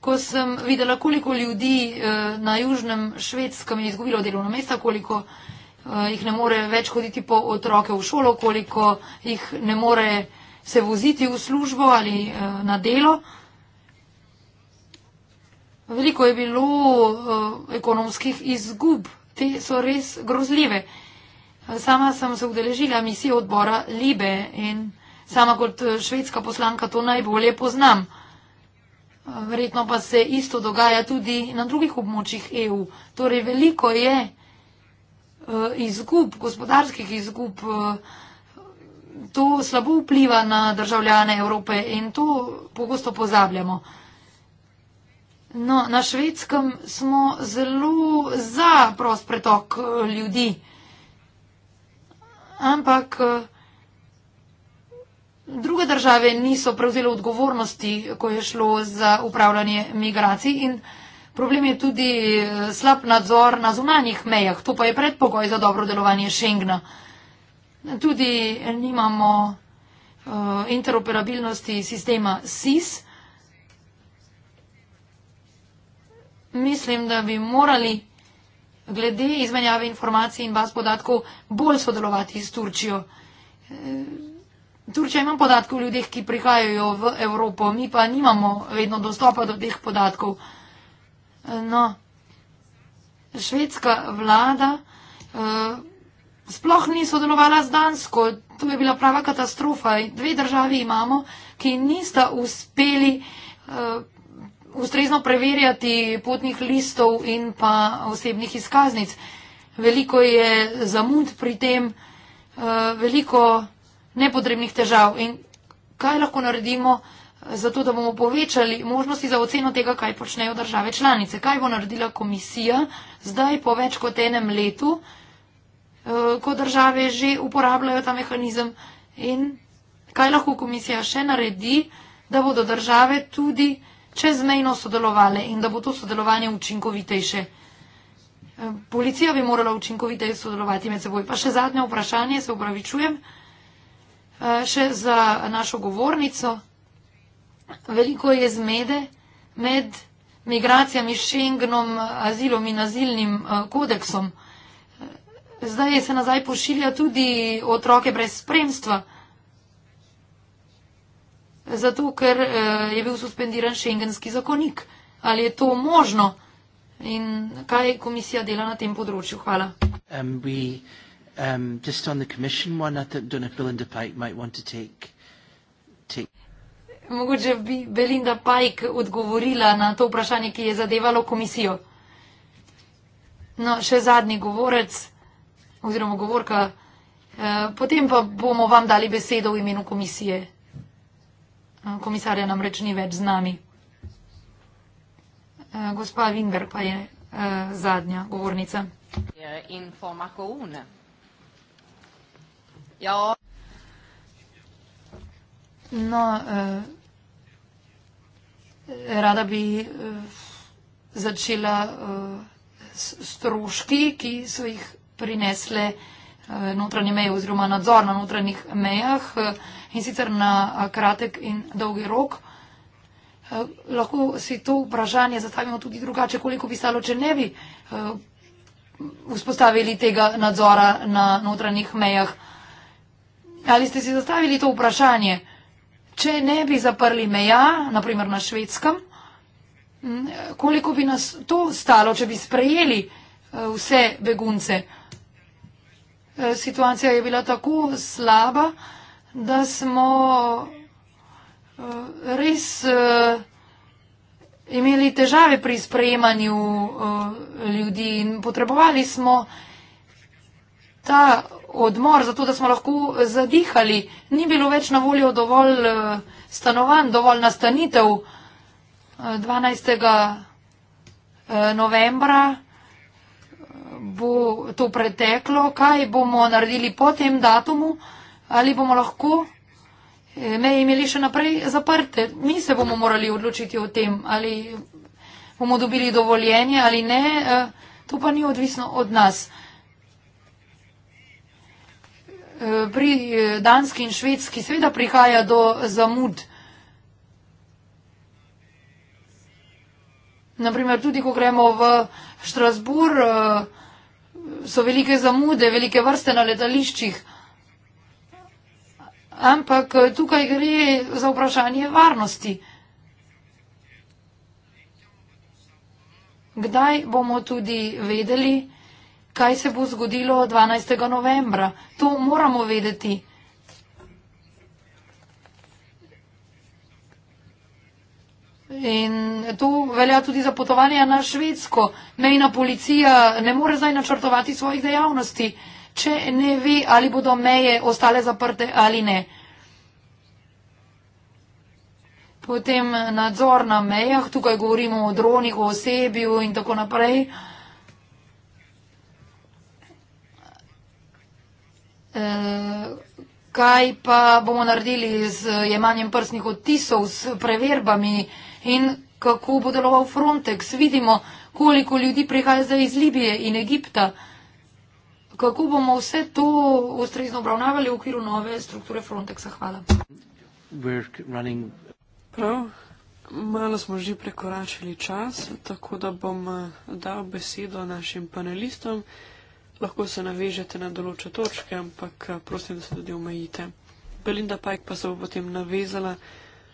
ko sem videla, koliko ljudi eh, na južnem švedskem je izgubilo delovno mesto, koliko eh, jih ne more več hoditi po otroke v šolo, koliko jih ne more se voziti v službo ali eh, na delo veliko je bilo uh, ekonomskih izgub. Te so res grozljive. Sama sem se udeležila misije odbora Libe in sama kot eh, švedska poslanka to najbolje poznam. Eh, verjetno pa se isto dogaja tudi na drugih območjih EU. Torej veliko je izgub, gospodarskih izgub, to slabo vpliva na državljane Evrope in to pogosto pozabljamo. No, na švedskem smo zelo za prost pretok eh, ljudi. Ampak eh, druge države niso prevzele odgovornosti, ko je šlo za upravljanje migracij in problem je tudi eh, slab nadzor na zunanjih mejah. To pa je predpogoj za dobro delovanje Schengna. Tudi nimamo uh, interoperabilnosti sistema SIS. mislim, da bi morali glede izmenjave informacij in baz podatkov bolj sodelovati s Turčijo. Turčija ima podatke o ljudeh, ki prihajajo v Evropo, mi pa nimamo vedno dostopa do teh podatkov. No, švedska vlada uh, sploh ni sodelovala z Dansko, to bi bila prava katastrofa. Dve državi imamo, ki nista uspeli uh, ustrezno preverjati potnih listov in pa osebnih izkaznic. Veliko je zamud pri tem, eh, veliko nepotrebnih težav. In kaj lahko naredimo eh, za to, da bomo povečali možnosti za oceno tega, kaj počnejo države članice? Kaj bo naredila komisija zdaj po več kot enem letu, eh, ko države že uporabljajo ta mehanizem? In kaj lahko komisija še naredi, da bodo države tudi čezmejno sodelovale in da bo to sodelovanje učinkovitejše. E, policija bi morala učinkoviteje sodelovati med seboj. Pa še zadnje vprašanje, se upravičujem, e, še za našo govornico. Veliko je zmede med migracijami s Schengenom, azilom in azilnim e, kodeksom. Zdaj se nazaj pošilja tudi otroke brez spremstva zato ker uh, je bil suspendiran šengenski zakonik. Ali je to možno in kaj komisija dela na tem področju? Hvala. Um, we... Um, just on the commission one, I th don't know if Belinda Pike might want to take. take. Mogoče bi Belinda Pike odgovorila na to vprašanje, ki je zadevalo komisijo. No, še zadnji govorec oziroma govorka, uh, potem pa bomo vam dali besedo v imenu komisije. Eh, komisarja namreč ni več z nami. Eh, gospa Winger pa je eh, zadnja govornica. Ja, ja. No, rada bi začela s stroški, ki so jih prinesle notranje meje oziroma nadzor na notranjih mejah in sicer na eh, kratek in dolgi rok. Eh, lahko si to vprašanje zastavimo tudi drugače, koliko bi stalo, če ne bi eh, vzpostavili tega nadzora na notranjih mejah. Ali ste si zastavili to vprašanje, če ne bi zaprli meja, naprimer na švedskem, koliko bi nas to stalo, če bi sprejeli vse begunce? Situacija je bila tako slaba, da smo eh, res eh, imeli težave pri sprejemanju eh, ljudi in potrebovali smo ta odmor, zato da smo lahko zadihali. Ni bilo več na voljo dovolj stanovanj, dovolj nastanitev 12. novembra. Bo to preteklo, kaj bomo naredili po tem datumu? ali bomo lahko eh, meje imeli še naprej zaprte. Mi se bomo morali odločiti o tem, ali bomo dobili dovoljenje ali ne. Eh, to pa ni odvisno od nas. Eh, pri Danski in Švedski seveda prihaja do zamud. Naprimer, tudi ko gremo v Štrasbur, so velike zamude, velike vrste na letališčih ampak eh, tukaj gre za vprašanje varnosti. Kdaj bomo tudi vedeli, kaj se bo zgodilo 12. novembra? To moramo vedeti. In to velja tudi za potovanje na Švedsko. Mejna policija ne more zdaj načrtovati svojih dejavnosti nihče ne ve, ali bodo meje ostale zaprte ali ne. Potem nadzor na mejah, tukaj govorimo o dronih, o osebju in tako naprej. E, kaj pa bomo naredili z jemanjem prsnih odtisov, s preverbami in kako bo deloval Frontex? Vidimo, koliko ljudi prihaja zdaj iz Libije in Egipta kako bomo vse to ustrezno obravnavali v okviru nove strukture Frontexa. Hvala. Prav, malo smo že prekoračili čas, tako da bom eh, dal besedo našim panelistom. Lahko se navežete na določe točke, ampak eh, prosim, da se tudi omejite. Belinda Pajk pa se bo potem navezala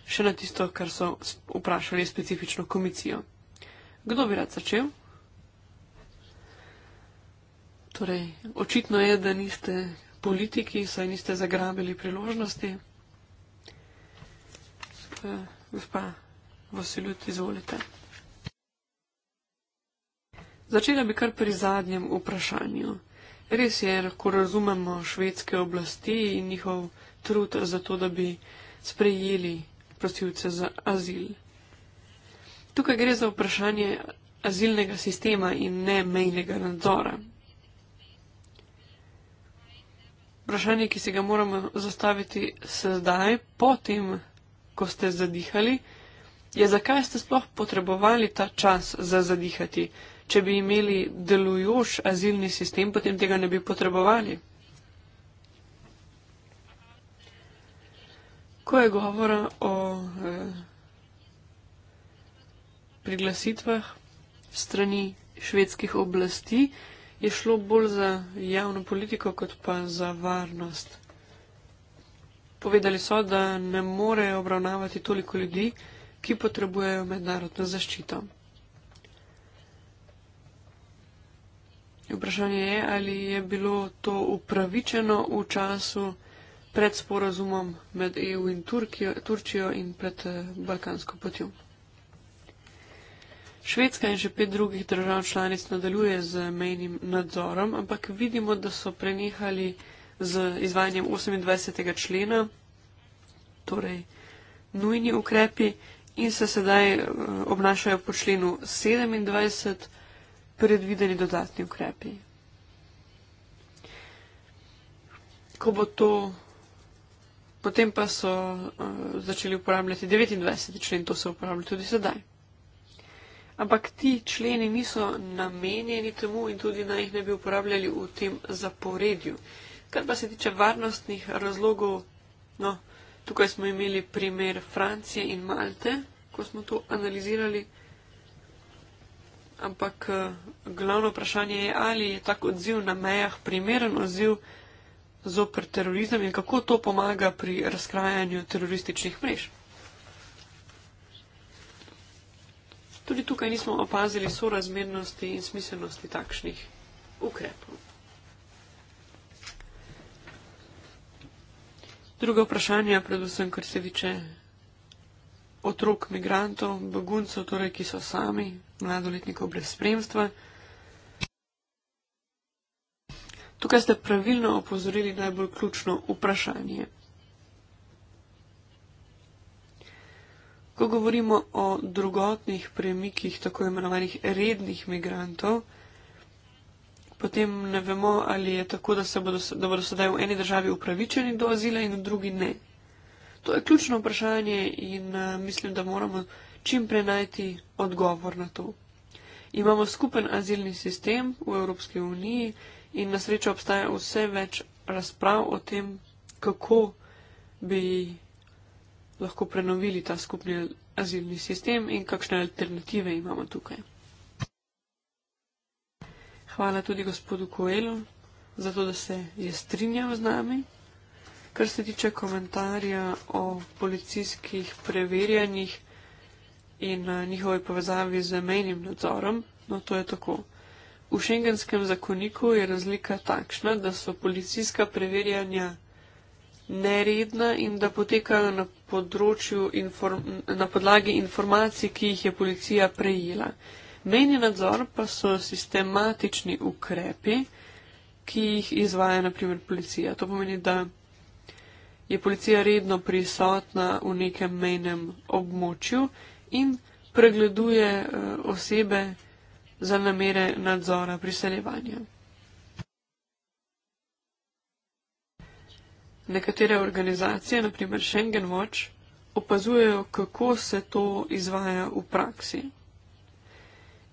še na tisto, kar so vprašali specifično komisijo. Kdo bi rad začel? Torej, očitno je, da niste politiki, saj niste zagrabili priložnosti. Gospa Vasiljut, izvolite. Začela bi kar pri zadnjem vprašanju. Res je, ko razumemo švedske oblasti in njihov trud za to, da bi sprejeli prosilce za azil. Tukaj gre za vprašanje azilnega sistema in ne mejnega nadzora. vprašanje, ki se ga moramo zastaviti sedaj, potem, ko ste zadihali, je, zakaj ste sploh potrebovali ta čas za zadihati. Če bi imeli delujoč azilni sistem, potem tega ne bi potrebovali. Ko je govora o eh, priglasitvah strani švedskih oblasti, je šlo bolj za javno politiko, kot pa za varnost. Povedali so, da ne morejo obravnavati toliko ljudi, ki potrebujejo mednarodno zaščito. Vprašanje je, ali je bilo to upravičeno v času pred sporazumom med EU in Turkijo, Turčijo in pred eh, Balkansko potjo. Švedska in že pet drugih držav članic nadaljuje z mejnim nadzorom, ampak vidimo, da so prenehali z izvajanjem 28. člena, torej nujni ukrepi in se sedaj eh, obnašajo po členu 27 predvideni dodatni ukrepi. Ko bo to, potem pa so uh, začeli uporabljati 29. člen, to se uporablja tudi sedaj. Ampak ti členi niso namenjeni temu in tudi naj jih ne bi uporabljali v tem zaporedju. Kar pa se tiče varnostnih razlogov, no, tukaj smo imeli primer Francije in Malte, ko smo to analizirali. Ampak eh, glavno vprašanje je, ali je tak odziv na mejah primeren odziv zopr terorizem in kako to pomaga pri razkrajanju terorističnih mrež. Tudi tukaj nismo opazili sorazmernosti in smiselnosti takšnih ukrepov. Druga vprašanja, predvsem kar se tiče otrok migrantov, beguncev, torej ki so sami, mladoletnikov brez spremstva. Tukaj ste pravilno opozorili najbolj ključno vprašanje. Ko govorimo o drugotnih premikih, tako imenovanih rednih migrantov, potem ne vemo, ali je tako, da, se bodo, da bodo sedaj v eni državi upravičeni do azila in v drugi ne. To je ključno vprašanje in uh, mislim, da moramo čim prej najti odgovor na to. Imamo skupen azilni sistem v Evropski uniji in na srečo obstaja vse več razprav o tem, kako bi lahko prenovili ta skupni azilni sistem in kakšne alternative imamo tukaj. Hvala tudi gospodu Koelu za to, da se je strinjal z nami. Kar se tiče komentarja o policijskih preverjanjih in njihovoj povezavi z menjim nadzorom, no to je tako. V šengenskem zakoniku je razlika takšna, da so policijska preverjanja neredna in da potekajo na, inform, na podlagi informacij, ki jih je policija prejela. Menji nadzor pa so sistematični ukrepi, ki jih izvaja naprimer policija. To pomeni, da je policija redno prisotna v nekem menjem območju in pregleduje eh, osebe za namere nadzora priseljevanja. Nekatere organizacije, naprimer Schengen Watch, opazujejo, kako se to izvaja v praksi.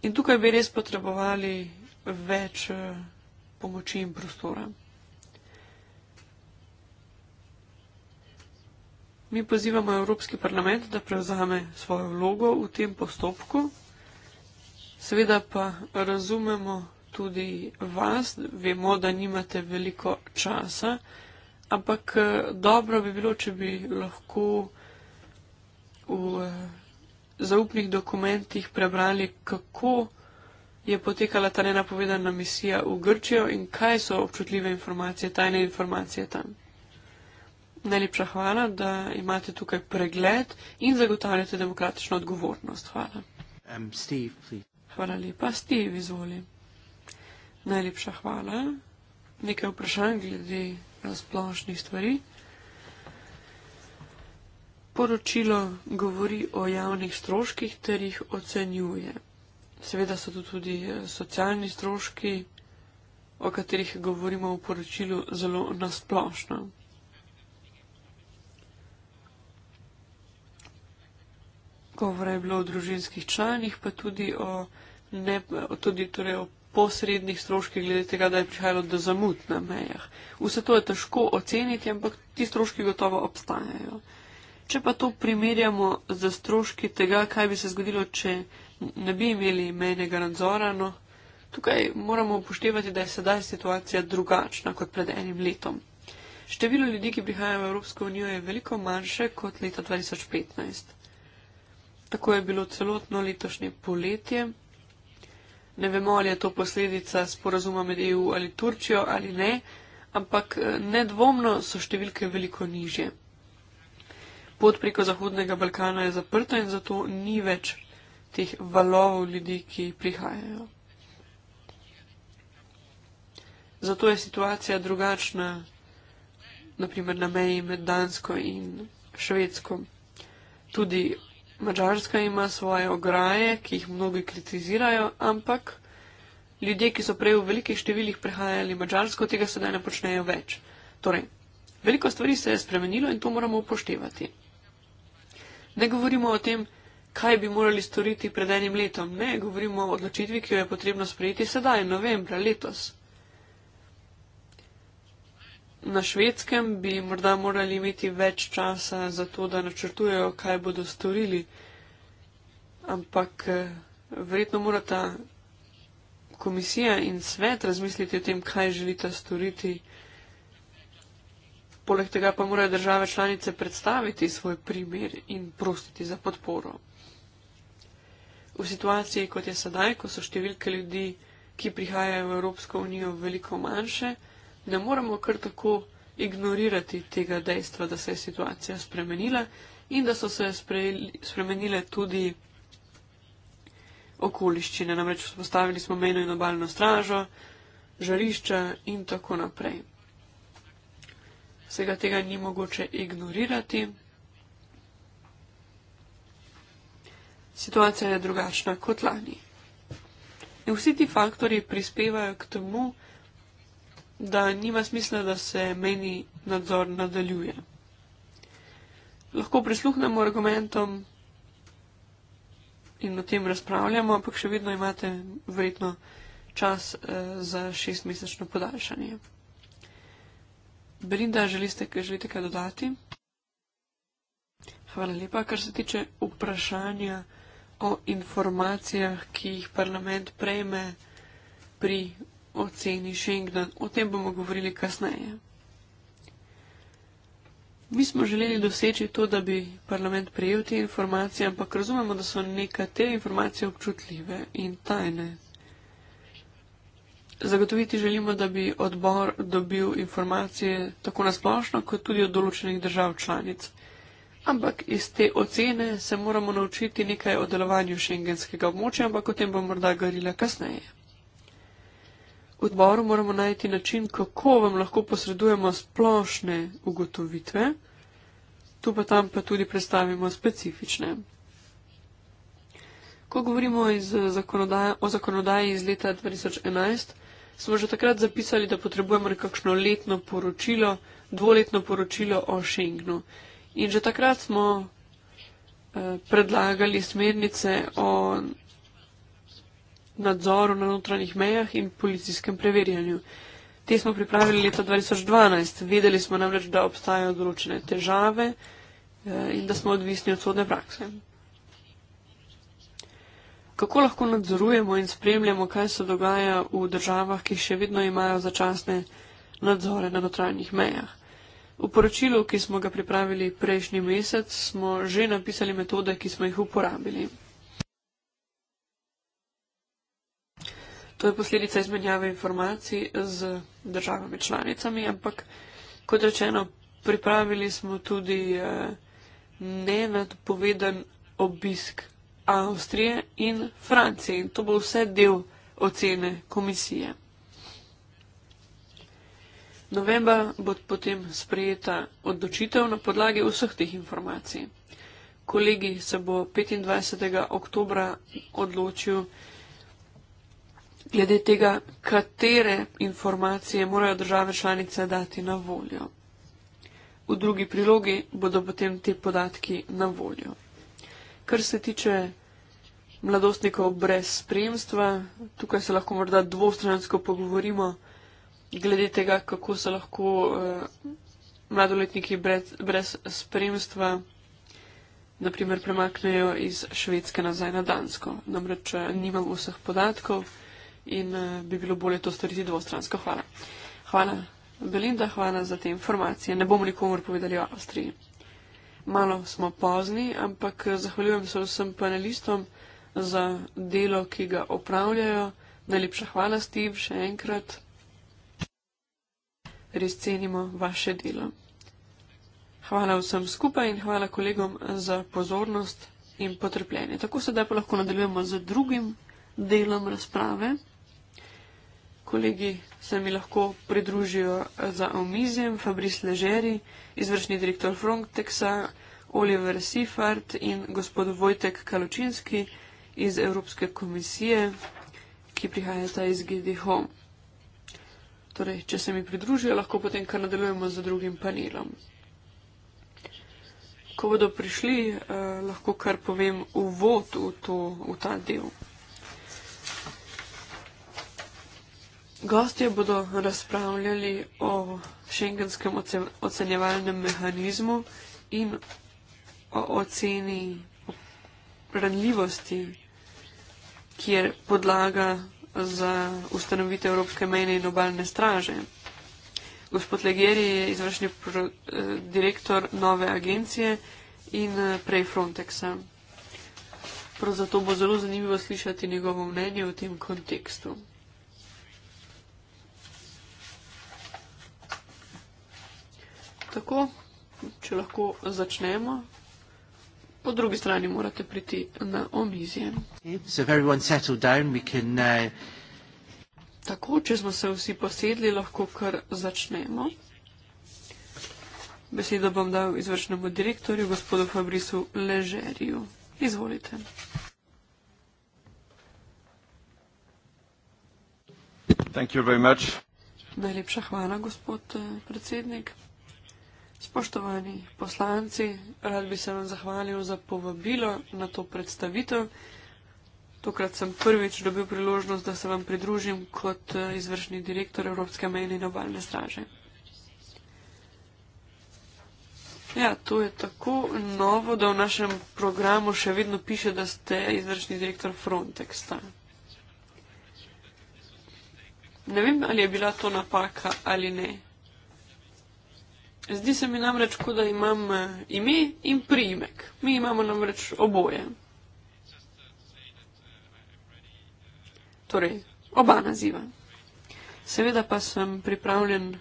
In tukaj bi res potrebovali več eh, pomoči in prostora. Mi pozivamo Evropski parlament, da prevzame svojo vlogo v tem postopku. Seveda pa razumemo tudi vas, vemo, da nimate veliko časa ampak eh, dobro bi bilo, če bi lahko v eh, zaupnih dokumentih prebrali, kako je potekala ta nenapovedana misija v Grčijo in kaj so občutljive informacije, tajne informacije tam. Najlepša hvala, da imate tukaj pregled in zagotavljate demokratično odgovornost. Hvala. Um, Steve, hvala lepa. Steve, izvoli. Najlepša hvala. Nekaj vprašanj glede razplošnih stvari. Poročilo govori o javnih stroških ter jih ocenjuje. Seveda so tu tudi eh, socialni stroški, o katerih govorimo v poročilu zelo nasplošno. Govora je bilo o družinskih članih, pa tudi o, ne, tudi torej o posrednih stroških, glede tega, da je prihajalo do zamud na mejah. Vse to je težko oceniti, ampak ti stroški gotovo obstajajo. Če pa to primerjamo z stroški tega, kaj bi se zgodilo, če ne bi imeli mejnega nadzora, no, tukaj moramo upoštevati, da je sedaj situacija drugačna kot pred enim letom. Število ljudi, ki prihajajo v Evropsko unijo, je veliko manjše kot leta 2015. Tako je bilo celotno letošnje poletje. Ne vemo, ali je to posledica sporazuma med EU ali Turčijo ali ne, ampak eh, nedvomno so številke veliko niže. Pot preko Zahodnega Balkana je zaprta in zato ni več teh valov ljudi, ki prihajajo. Zato je situacija drugačna, naprimer na meji med Dansko in Švedsko. Tudi Mačarska ima svoje ograje, ki jih mnogi kritizirajo, ampak ljudje, ki so prej v velikih številih prehajali Mačarsko, tega sedaj ne počnejo več. Torej, veliko stvari se je spremenilo in to moramo upoštevati. Ne govorimo o tem, kaj bi morali storiti pred enim letom, ne govorimo o odločitvi, ki jo je potrebno sprejeti sedaj, novembra, letos na švedskem bi morda morali imeti več časa za to, da načrtujejo, kaj bodo storili. Ampak eh, verjetno morata komisija in svet razmisliti o tem, kaj želita storiti. Poleg tega pa morajo države članice predstaviti svoj primer in prositi za podporo. V situaciji, kot je sedaj, ko so številke ljudi, ki prihajajo v Evropsko unijo, veliko manjše, ne moremo kar tako ignorirati tega dejstva, da se je situacija spremenila in da so se spremenile tudi okoliščine. Namreč vzpostavili smo mejno in obaljno stražo, žarišča in tako naprej. Vsega tega ni mogoče ignorirati. Situacija je drugačna kot lani. In vsi ti faktori prispevajo k temu, da nima smisla, da se meni nadzor nadaljuje. Lahko prisluhnemo argumentom in o tem razpravljamo, ampak še vedno imate verjetno čas eh, za šestmesečno podaljšanje. Brinda, želite, želite kaj dodati? Hvala lepa, kar se tiče vprašanja o informacijah, ki jih parlament prejme pri oceni Schengen, o tem bomo govorili kasneje. Mi smo želeli doseči to, da bi parlament prejel te informacije, ampak razumemo, da so nekatere informacije občutljive in tajne. Zagotoviti želimo, da bi odbor dobil informacije tako nasplošno, kot tudi od določenih držav članic. Ampak iz te ocene se moramo naučiti nekaj o delovanju šengenskega območja, ampak o tem bo morda garila kasneje odboru moramo najti način, kako vam lahko posredujemo splošne ugotovitve, tu pa tam pa tudi predstavimo specifične. Ko govorimo zakonodaj, o zakonodaji iz leta 2011, smo že takrat zapisali, da potrebujemo nekakšno letno poročilo, dvoletno poročilo o Schengnu. In že takrat smo eh, predlagali smernice o nadzoru na notranjih mejah in policijskem preverjanju. Te smo pripravili leta 2012. Vedeli smo namreč, da obstajajo določene težave eh, in da smo odvisni od sodne prakse. Kako lahko nadzorujemo in spremljamo, kaj se dogaja v državah, ki še vedno imajo začasne nadzore na notranjih mejah? V poročilu, ki smo ga pripravili prejšnji mesec, smo že napisali metode, ki smo jih uporabili. To je posledica izmenjave informacij z državami članicami, ampak kot rečeno, pripravili smo tudi eh, nenadpoveden obisk Avstrije in Francije in to bo vse del ocene komisije. Novembra bo potem sprejeta odločitev na podlagi vseh teh informacij. Kolegi se bo 25. oktobra odločil, glede tega, katere informacije morajo države članice dati na voljo. V drugi prilogi bodo potem te podatki na voljo. Kar se tiče mladostnikov brez spremstva, tukaj se lahko morda dvostransko pogovorimo glede tega, kako se lahko eh, mladoletniki brez, brez spremstva naprimer premaknejo iz Švedske nazaj na Dansko. Namreč eh, nimam vseh podatkov in eh, bi bilo bolje to storiti dvostransko. Hvala. Hvala, Belinda, hvala za te informacije. Ne bomo nikomor povedali o Avstriji. Malo smo pozni, ampak eh, zahvaljujem se vsem panelistom za delo, ki ga opravljajo. Najlepša hvala, Steve, še enkrat. Res cenimo vaše delo. Hvala vsem skupaj in hvala kolegom za pozornost in potrpljenje. Tako sedaj pa lahko nadaljujemo z drugim delom razprave kolegi se mi lahko pridružijo eh, za omizjem Fabrice Ležeri, izvršni direktor Frontexa, Oliver Sifart in gospod Vojtek Kalučinski iz Evropske komisije, ki prihajata iz GDHO. Torej, če se mi pridružijo, lahko potem kar nadaljujemo z drugim panelom. Ko bodo prišli, eh, lahko kar povem uvod v, to, v ta del. Gostje bodo razpravljali o šengenskem ocenjevalnem mehanizmu in o oceni ranljivosti, ki je podlaga za ustanovitev Evropske mejne in obalne straže. Gospod Legeri je izvršni direktor nove agencije in prej Frontexa. Prav zato bo zelo zanimivo slišati njegovo mnenje v tem kontekstu. Tako, če lahko začnemo. Po drugi strani morate priti na omizje. Uh, Tako, če smo se vsi posedli, lahko kar začnemo. Besedo bom dal izvršnemu direktorju, gospodu Fabrisu Ležerju. Izvolite. Najlepša hvala, gospod eh, predsednik. Spoštovani poslanci, rad bi se vam zahvalil za povabilo na to predstavitev. Tokrat sem prvič dobil priložnost, da se vam pridružim kot eh, izvršni direktor Evropske mejne in obalne straže. Ja, to je tako novo, da v našem programu še vedno piše, da ste izvršni direktor Frontexa. Ne vem, ali je bila to napaka ali ne zdi se mi namreč, kot da imam eh, ime in priimek. Mi imamo namreč oboje. Torej, oba naziva. Seveda pa sem pripravljen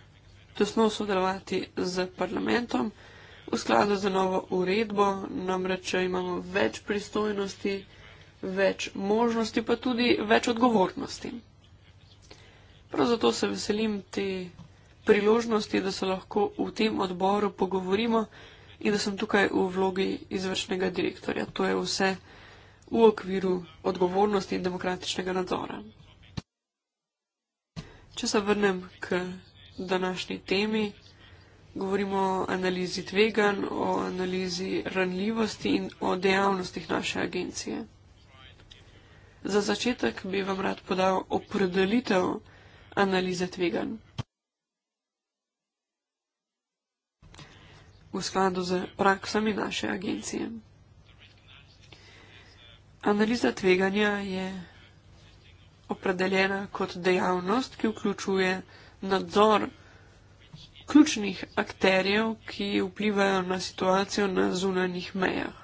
tesno sodelovati z parlamentom v skladu z novo uredbo, namreč eh, imamo več pristojnosti, več možnosti, pa tudi več odgovornosti. Prav zato se veselim te priložnosti, da se lahko v tem odboru pogovorimo in da sem tukaj v vlogi izvršnega direktorja. To je vse v okviru odgovornosti in demokratičnega nadzora. Če se vrnem k današnji temi, govorimo o analizi tvegan, o analizi ranljivosti in o dejavnostih naše agencije. Za začetek bi vam rad podal opredelitev analize tvegan. v skladu z praksami naše agencije. Analiza tveganja je opredeljena kot dejavnost, ki vključuje nadzor ključnih akterjev, ki vplivajo na situacijo na zunanjih mejah.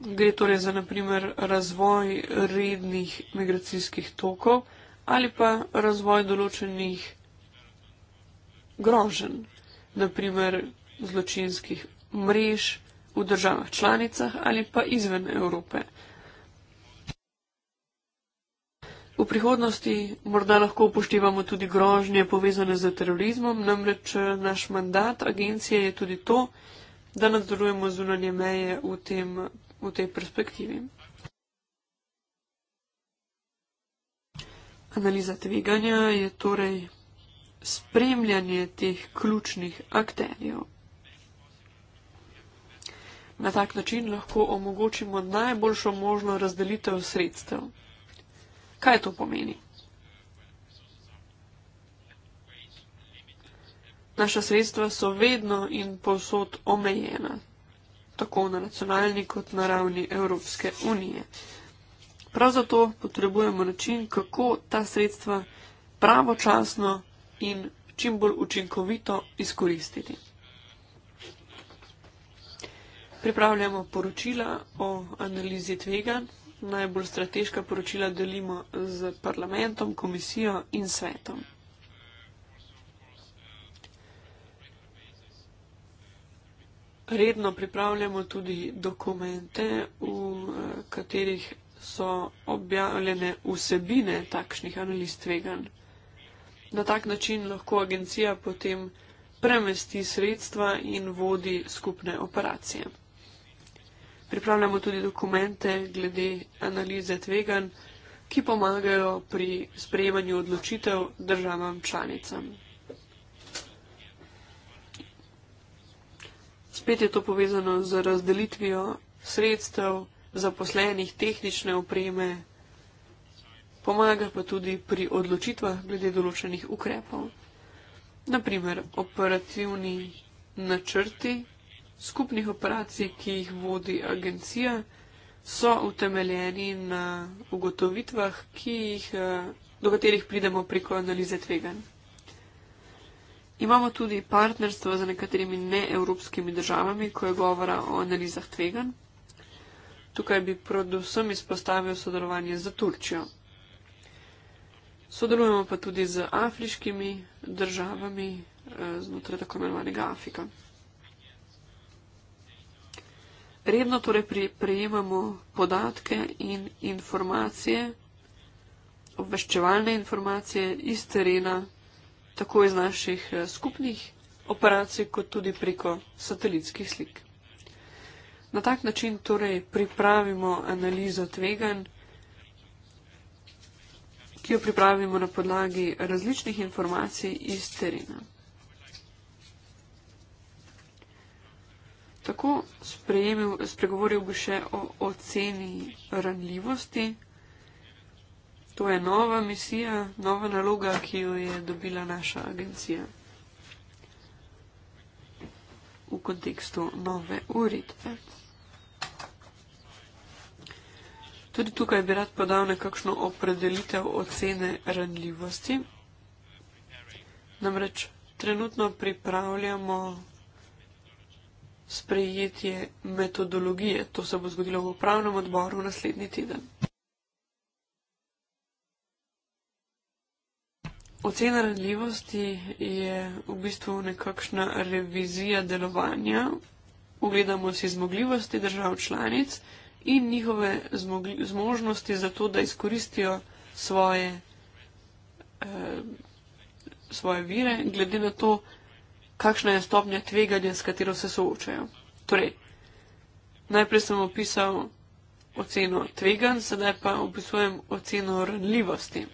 Gre torej za naprimer razvoj rednih migracijskih tokov ali pa razvoj določenih groženj, naprimer zločinskih mrež v državah članicah ali pa izven Evrope. V prihodnosti morda lahko upoštevamo tudi grožnje povezane z terorizmom, namreč eh, naš mandat agencije je tudi to, da nadzorujemo zunanje meje v, tem, v tej perspektivi. Analiza tveganja je torej spremljanje teh ključnih akterjev. Na tak način lahko omogočimo najboljšo možno razdelitev sredstev. Kaj to pomeni? Naša sredstva so vedno in povsod omejena, tako na nacionalni kot na ravni Evropske unije. Prav zato potrebujemo način, kako ta sredstva pravočasno in čim bolj učinkovito izkoristiti. Pripravljamo poročila o analizi tvegan. Najbolj strateška poročila delimo z parlamentom, komisijo in svetom. Redno pripravljamo tudi dokumente, v eh, katerih so objavljene vsebine takšnih analiz tveganj. Na tak način lahko agencija potem premesti sredstva in vodi skupne operacije. Pripravljamo tudi dokumente glede analize tvegan, ki pomagajo pri sprejemanju odločitev državam članicam. Spet je to povezano z razdelitvijo sredstev, zaposlenih, tehnične opreme, pomaga pa tudi pri odločitvah glede določenih ukrepov. Naprimer, operativni načrti skupnih operacij, ki jih vodi agencija, so utemeljeni na ugotovitvah, jih, eh, do katerih pridemo preko analize tvegan. Imamo tudi partnerstvo z nekaterimi neevropskimi državami, ko je govora o analizah tvegan. Tukaj bi predvsem izpostavil sodelovanje z Turčijo, Sodelujemo pa tudi z afriškimi državami eh, znotraj tako imenovanega Afrika. Redno torej prejemamo podatke in informacije, obveščevalne informacije iz terena, tako iz naših eh, skupnih operacij, kot tudi preko satelitskih slik. Na tak način torej pripravimo analizo tveganj, ki jo pripravimo na podlagi različnih informacij iz terena. Tako sprejemil, spregovoril bi še o oceni ranljivosti. To je nova misija, nova naloga, ki jo je dobila naša agencija v kontekstu nove uredbe. Tudi tukaj bi rad podal nekakšno opredelitev ocene ranljivosti. Namreč trenutno pripravljamo sprejetje metodologije. To se bo zgodilo v upravnem odboru naslednji teden. Ocena ranljivosti je v bistvu nekakšna revizija delovanja. Ugledamo si zmogljivosti držav članic, in njihove zmožnosti za to, da izkoristijo svoje, eh, svoje vire, glede na to, kakšna je stopnja tveganja, s katero se soočajo. Torej, najprej sem opisal oceno tvegan, sedaj pa opisujem oceno ranljivosti.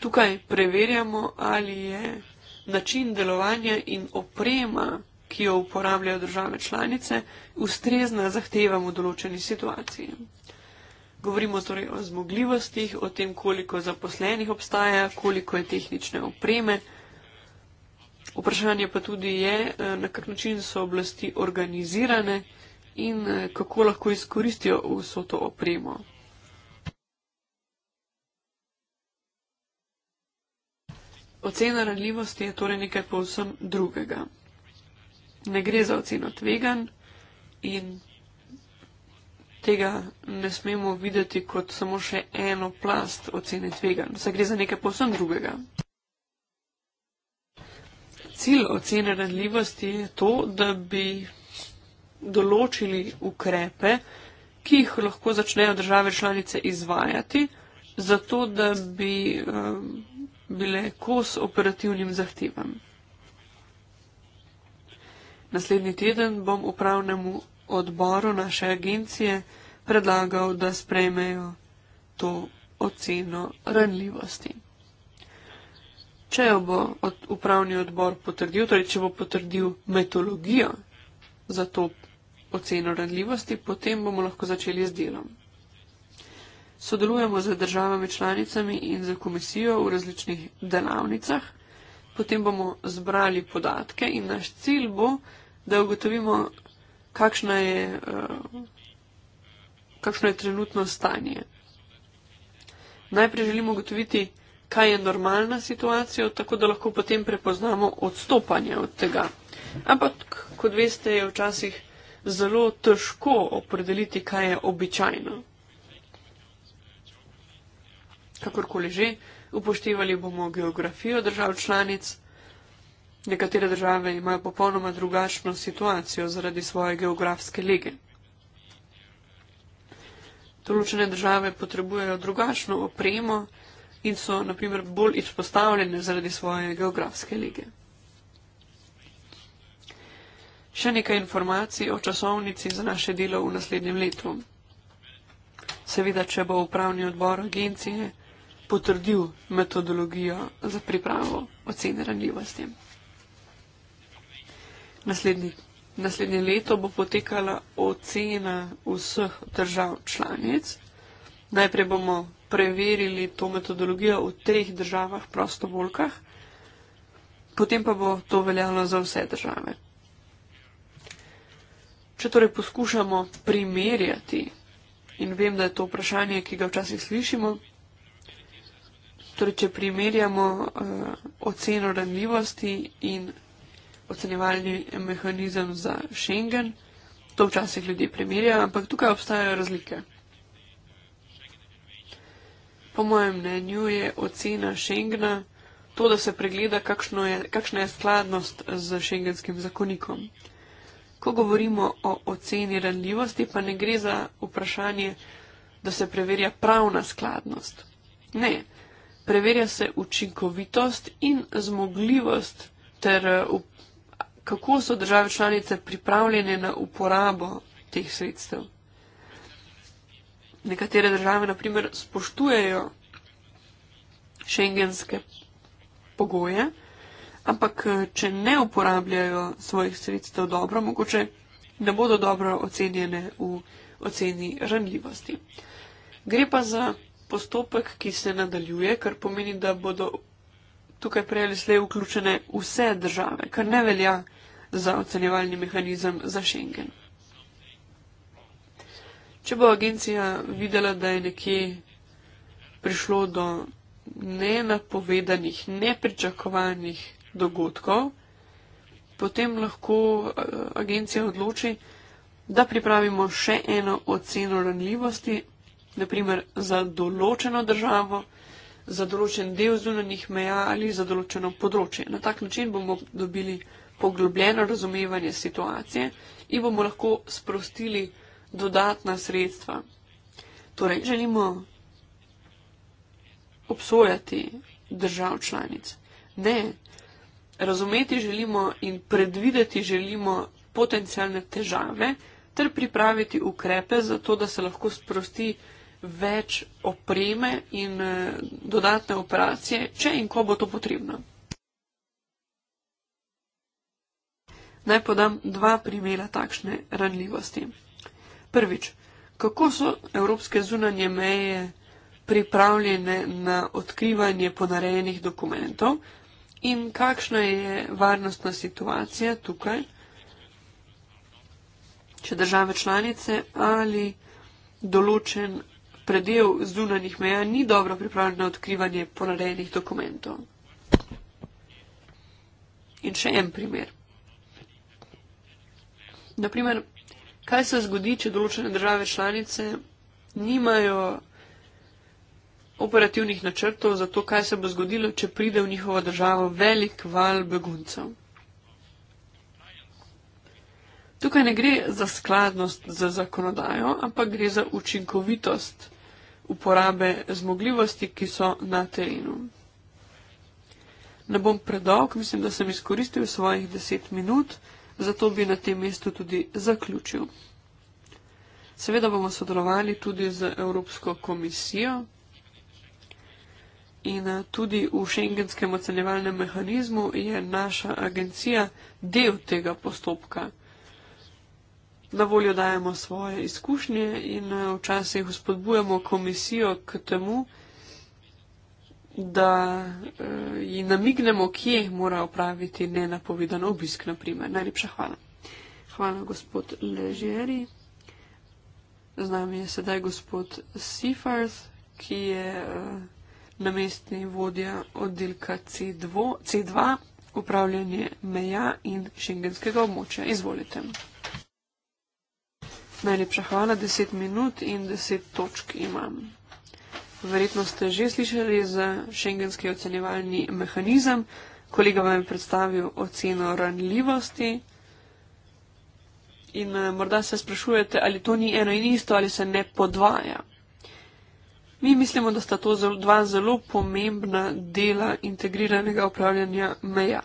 Tukaj preverjamo, ali je način delovanja in oprema ki jo uporabljajo države članice, ustrezna zahtevam v določeni situaciji. Govorimo torej o zmogljivostih, o tem, koliko zaposlenih obstaja, koliko je tehnične opreme. Vprašanje pa tudi je, eh, na kak način so oblasti organizirane in eh, kako lahko izkoristijo vso to opremo. Ocena ranljivosti je torej nekaj povsem drugega ne gre za oceno tvegan in tega ne smemo videti kot samo še eno plast ocene tvegan, saj gre za nekaj povsem drugega. Cilj ocene radljivosti je to, da bi določili ukrepe, ki jih lahko začnejo države članice izvajati, zato da bi um, bile kos operativnim zahtevam. Naslednji teden bom upravnemu odboru naše agencije predlagal, da sprejmejo to oceno ranljivosti. Če jo bo od upravni odbor potrdil, torej če bo potrdil metodologijo za to oceno ranljivosti, potem bomo lahko začeli z delom. Sodelujemo z državami članicami in z komisijo v različnih delavnicah, potem bomo zbrali podatke in naš cilj bo, da ugotovimo, kakšno je, eh, kakšno je trenutno stanje. Najprej želimo ugotoviti, kaj je normalna situacija, tako da lahko potem prepoznamo odstopanje od tega. Ampak, kot veste, je včasih zelo težko opredeliti, kaj je običajno. Kakorkoli že, upoštevali bomo geografijo držav članic, Nekatere države imajo popolnoma drugačno situacijo zaradi svoje geografske lige. Določene države potrebujejo drugačno opremo in so, naprimer, bolj izpostavljene zaradi svoje geografske lige. Še nekaj informacij o časovnici za naše delo v naslednjem letu. Seveda, če bo upravni odbor agencije potrdil metodologijo za pripravo ocene ranljivosti. Naslednji, naslednje leto bo potekala ocena vseh držav članic. Najprej bomo preverili to metodologijo v treh državah prostovoljkah, potem pa bo to veljalo za vse države. Če torej poskušamo primerjati in vem, da je to vprašanje, ki ga včasih slišimo, torej če primerjamo uh, oceno ranljivosti in ocenjevalni mehanizem za Schengen. To včasih ljudje primerjajo, ampak tukaj obstajajo razlike. Po mojem mnenju je ocena Schengena to, da se pregleda, je, kakšna je skladnost z šengenskim zakonikom. Ko govorimo o oceni randljivosti, pa ne gre za vprašanje, da se preverja pravna skladnost. Ne, preverja se učinkovitost in zmogljivost ter uporabnost uh, kako so države članice pripravljene na uporabo teh sredstev. Nekatere države, naprimer, spoštujejo šengenske pogoje, ampak eh, če ne uporabljajo svojih sredstev dobro, mogoče ne bodo dobro ocenjene v oceni ranljivosti. Gre pa za postopek, ki se nadaljuje, kar pomeni, da bodo tukaj prej ali slej vključene vse države, kar ne velja za ocenjevalni mehanizem za Schengen. Če bo agencija videla, da je nekje prišlo do nenapovedanih, nepričakovanih dogodkov, potem lahko eh, agencija odloči, da pripravimo še eno oceno ranljivosti, naprimer za določeno državo, za določen del zunanjih meja ali za določeno področje. Na tak način bomo dobili poglobljeno razumevanje situacije in bomo lahko sprostili dodatna sredstva. Torej, želimo obsojati držav članic. Ne, razumeti želimo in predvideti želimo potencialne težave ter pripraviti ukrepe za to, da se lahko sprosti več opreme in eh, dodatne operacije, če in ko bo to potrebno. Naj podam dva primera takšne ranljivosti. Prvič, kako so evropske zunanje meje pripravljene na odkrivanje ponarejenih dokumentov in kakšna je varnostna situacija tukaj, če države članice ali določen predel zunanih meja ni dobro pripravljen na odkrivanje ponarejenih dokumentov. In še en primer. Naprimer, kaj se zgodi, če določene države članice nimajo operativnih načrtov za to, kaj se bo zgodilo, če pride v njihovo državo velik val beguncev. Tukaj ne gre za skladnost z zakonodajo, ampak gre za učinkovitost uporabe zmogljivosti, ki so na terenu. Ne bom predolg, mislim, da sem izkoristil svojih deset minut, zato bi na tem mestu tudi zaključil. Seveda bomo sodelovali tudi z Evropsko komisijo in eh, tudi v šengenskem ocenjevalnem mehanizmu je naša agencija del tega postopka na voljo dajemo svoje izkušnje in eh, včasih spodbujamo komisijo k temu, da eh, ji namignemo, kje mora opraviti nenapovedan obisk, naprimer. Najlepša hvala. Hvala, gospod Ležeri. Z nami je sedaj gospod Seifarth, ki je uh, namestni vodja oddelka C2, C2, upravljanje meja in šengenskega območja. Izvolite. Najlepša hvala, 10 minut in 10 točk imam. Verjetno ste že slišali za šengenski ocenjevalni mehanizem. Kolega vam je predstavil oceno ranljivosti. In eh, morda se sprašujete, ali to ni eno in isto, ali se ne podvaja. Mi mislimo, da sta to dva zelo pomembna dela integriranega upravljanja meja.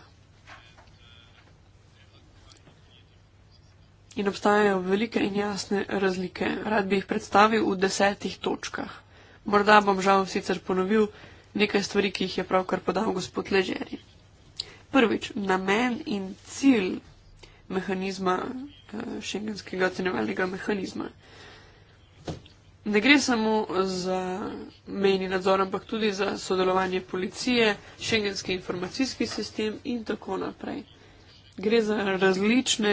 in obstajajo velike in jasne razlike. Rad bi jih predstavil v desetih točkah. Morda bom žal sicer ponovil nekaj stvari, ki jih je pravkar podal gospod Ležeri. Prvič, namen in cilj mehanizma, eh, šengenskega ocenevalnega mehanizma. Ne gre samo za mejni nadzor, ampak tudi za sodelovanje policije, šengenski informacijski sistem in tako naprej gre za različne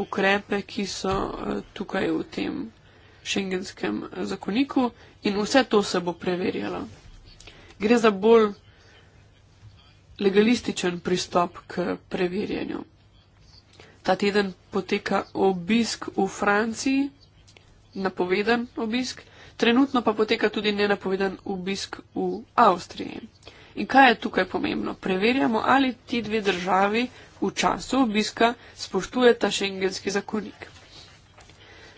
ukrepe, ki so eh, tukaj v tem šengenskem eh, zakoniku in vse to se bo preverjalo. Gre za bolj legalističen pristop k preverjanju. Ta teden poteka obisk v Franciji, napovedan obisk, trenutno pa poteka tudi nenapovedan obisk v Avstriji. In kaj je tukaj pomembno? Preverjamo, ali ti dve državi v času obiska spoštujeta šengenski zakonik.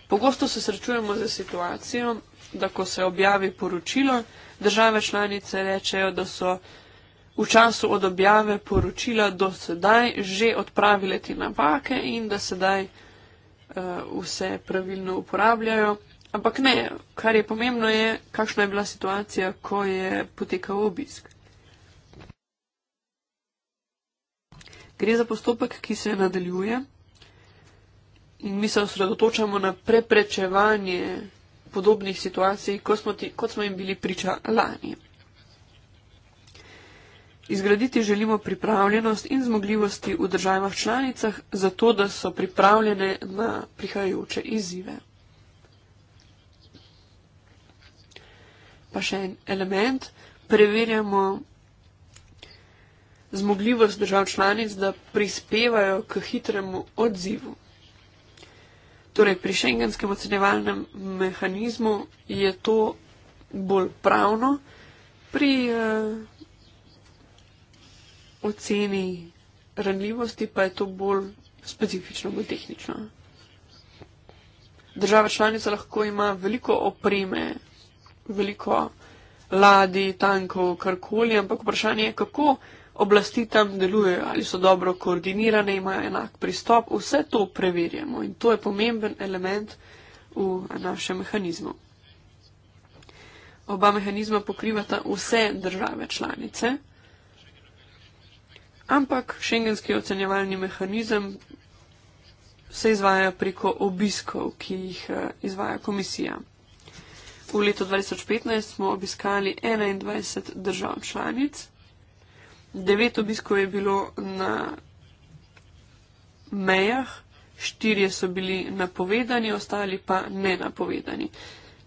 Pogosto se srečujemo z situacijo, da ko se objavi poročilo, države članice rečejo, da so v času od objave poročila do sedaj že odpravile ti napake in da sedaj uh, vse pravilno uporabljajo. Ampak ne, kar je pomembno je, kakšna je bila situacija, ko je potekal obisk. Gre za postopek, ki se nadaljuje in mi se osredotočamo na preprečevanje podobnih situacij, kot smo, ti, kot smo jim bili priča lani. Izgraditi želimo pripravljenost in zmogljivosti v državah članicah, zato da so pripravljene na prihajajoče izzive. Pa še en element. Preverjamo zmogljivost držav članic, da prispevajo k hitremu odzivu. Torej, pri šengenskem ocenjevalnem mehanizmu je to bolj pravno, pri eh, oceni ranljivosti pa je to bolj specifično, bolj tehnično. Država članica lahko ima veliko opreme, veliko ladi, tankov, karkoli, ampak vprašanje je, kako oblasti tam delujejo, ali so dobro koordinirane, imajo enak pristop, vse to preverjamo in to je pomemben element v našem mehanizmu. Oba mehanizma pokrivata vse države članice, ampak šengenski ocenjevalni mehanizem se izvaja preko obiskov, ki jih eh, izvaja komisija. V letu 2015 smo obiskali 21 držav članic devet obiskov je bilo na mejah, štirje so bili napovedani, ostali pa ne napovedani.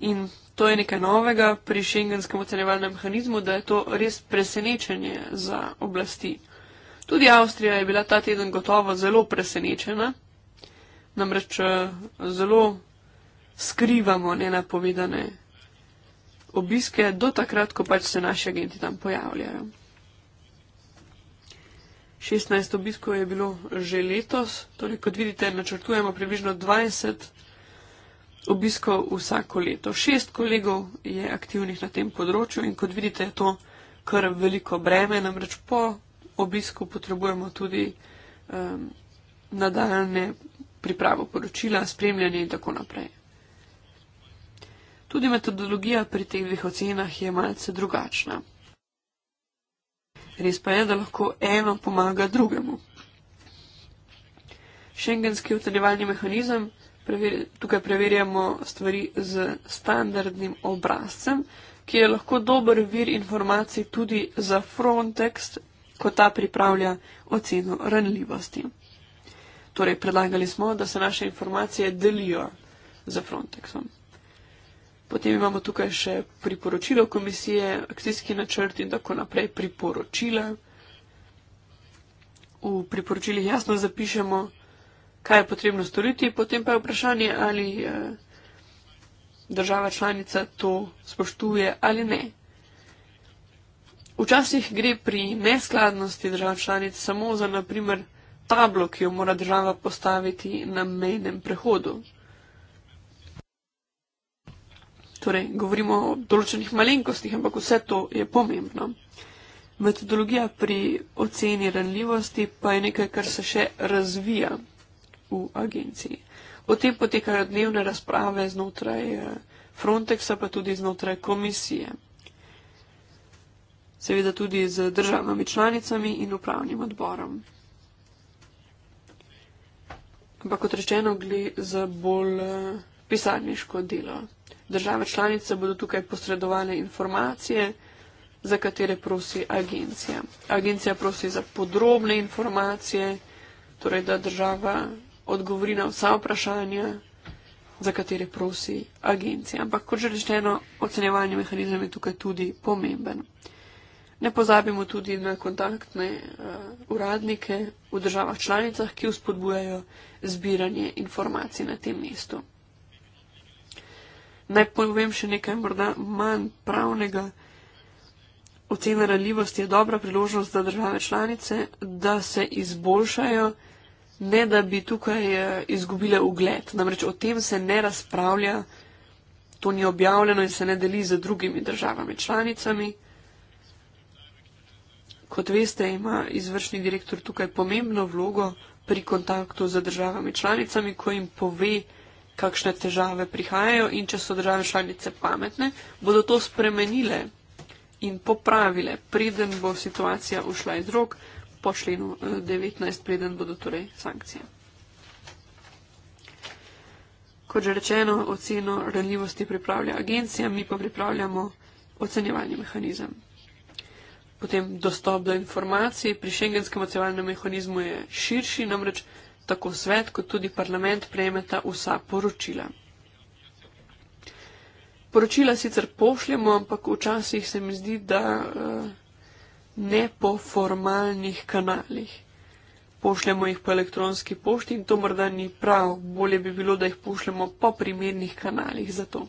In to je nekaj novega pri šengenskem ocenjevalnem mehanizmu, da je to res presenečenje za oblasti. Tudi Avstrija je bila ta teden gotovo zelo presenečena, namreč eh, zelo skrivamo nenapovedane obiske do takrat, ko pač se naši agenti tam pojavljajo. 16 obiskov je bilo že letos, torej kot vidite, načrtujemo približno 20 obiskov vsako leto. Šest kolegov je aktivnih na tem področju in kot vidite, je to kar veliko breme, namreč po obisku potrebujemo tudi um, ehm, nadaljne pripravo poročila, spremljanje in tako naprej. Tudi metodologija pri teh dveh ocenah je malce drugačna. Res pa je, da lahko eno pomaga drugemu. Šengenski utrjevalni mehanizem, preveri, tukaj preverjamo stvari z standardnim obrazcem, ki je lahko dober vir informacij tudi za Frontex, ko ta pripravlja oceno ranljivosti. Torej, predlagali smo, da se naše informacije delijo z Frontexom. Potem imamo tukaj še priporočilo komisije, akcijski načrt in tako naprej priporočila. V priporočilih jasno zapišemo, kaj je potrebno storiti, potem pa je vprašanje, ali eh, država članica to spoštuje ali ne. Včasih gre pri neskladnosti držav članic samo za, naprimer, tablo, ki jo mora država postaviti na mejnem prehodu. Torej, govorimo o določenih malenkostih, ampak vse to je pomembno. Metodologija pri oceni ranljivosti pa je nekaj, kar se še razvija v agenciji. O tem potekajo dnevne razprave znotraj eh, Frontexa, pa tudi znotraj komisije. Seveda tudi z državami članicami in upravnim odborom. Ampak kot rečeno, gre za bolj eh, pisarniško delo. Države članice bodo tukaj posredovale informacije, za katere prosi agencija. Agencija prosi za podrobne informacije, torej da država odgovori na vsa vprašanja, za katere prosi agencija. Ampak, kot že rečeno, ocenjevanje mehanizem je tukaj tudi pomemben. Ne pozabimo tudi na kontaktne uh, uradnike v državah članicah, ki uspodbujajo zbiranje informacij na tem mestu. Naj povem še nekaj morda manj pravnega. Ocena radljivosti je dobra priložnost za države članice, da se izboljšajo, ne da bi tukaj eh, izgubile ugled. Namreč o tem se ne razpravlja, to ni objavljeno in se ne deli z drugimi državami članicami. Kot veste, ima izvršni direktor tukaj pomembno vlogo pri kontaktu z državami članicami, ko jim pove, kakšne težave prihajajo in če so države članice pametne, bodo to spremenile in popravile, preden bo situacija ušla iz rok po členu 19, eh, preden bodo torej sankcije. Kot že rečeno, oceno ranljivosti pripravlja agencija, mi pa pripravljamo ocenjevalni mehanizem. Potem dostop do informacij pri šengenskem ocenjevalnem mehanizmu je širši, namreč tako svet kot tudi parlament prejmeta vsa poročila. Poročila sicer pošljemo, ampak včasih se mi zdi, da eh, ne po formalnih kanalih. Pošljemo jih po elektronski pošti in to morda ni prav. Bolje bi bilo, da jih pošljemo po primernih kanalih za to.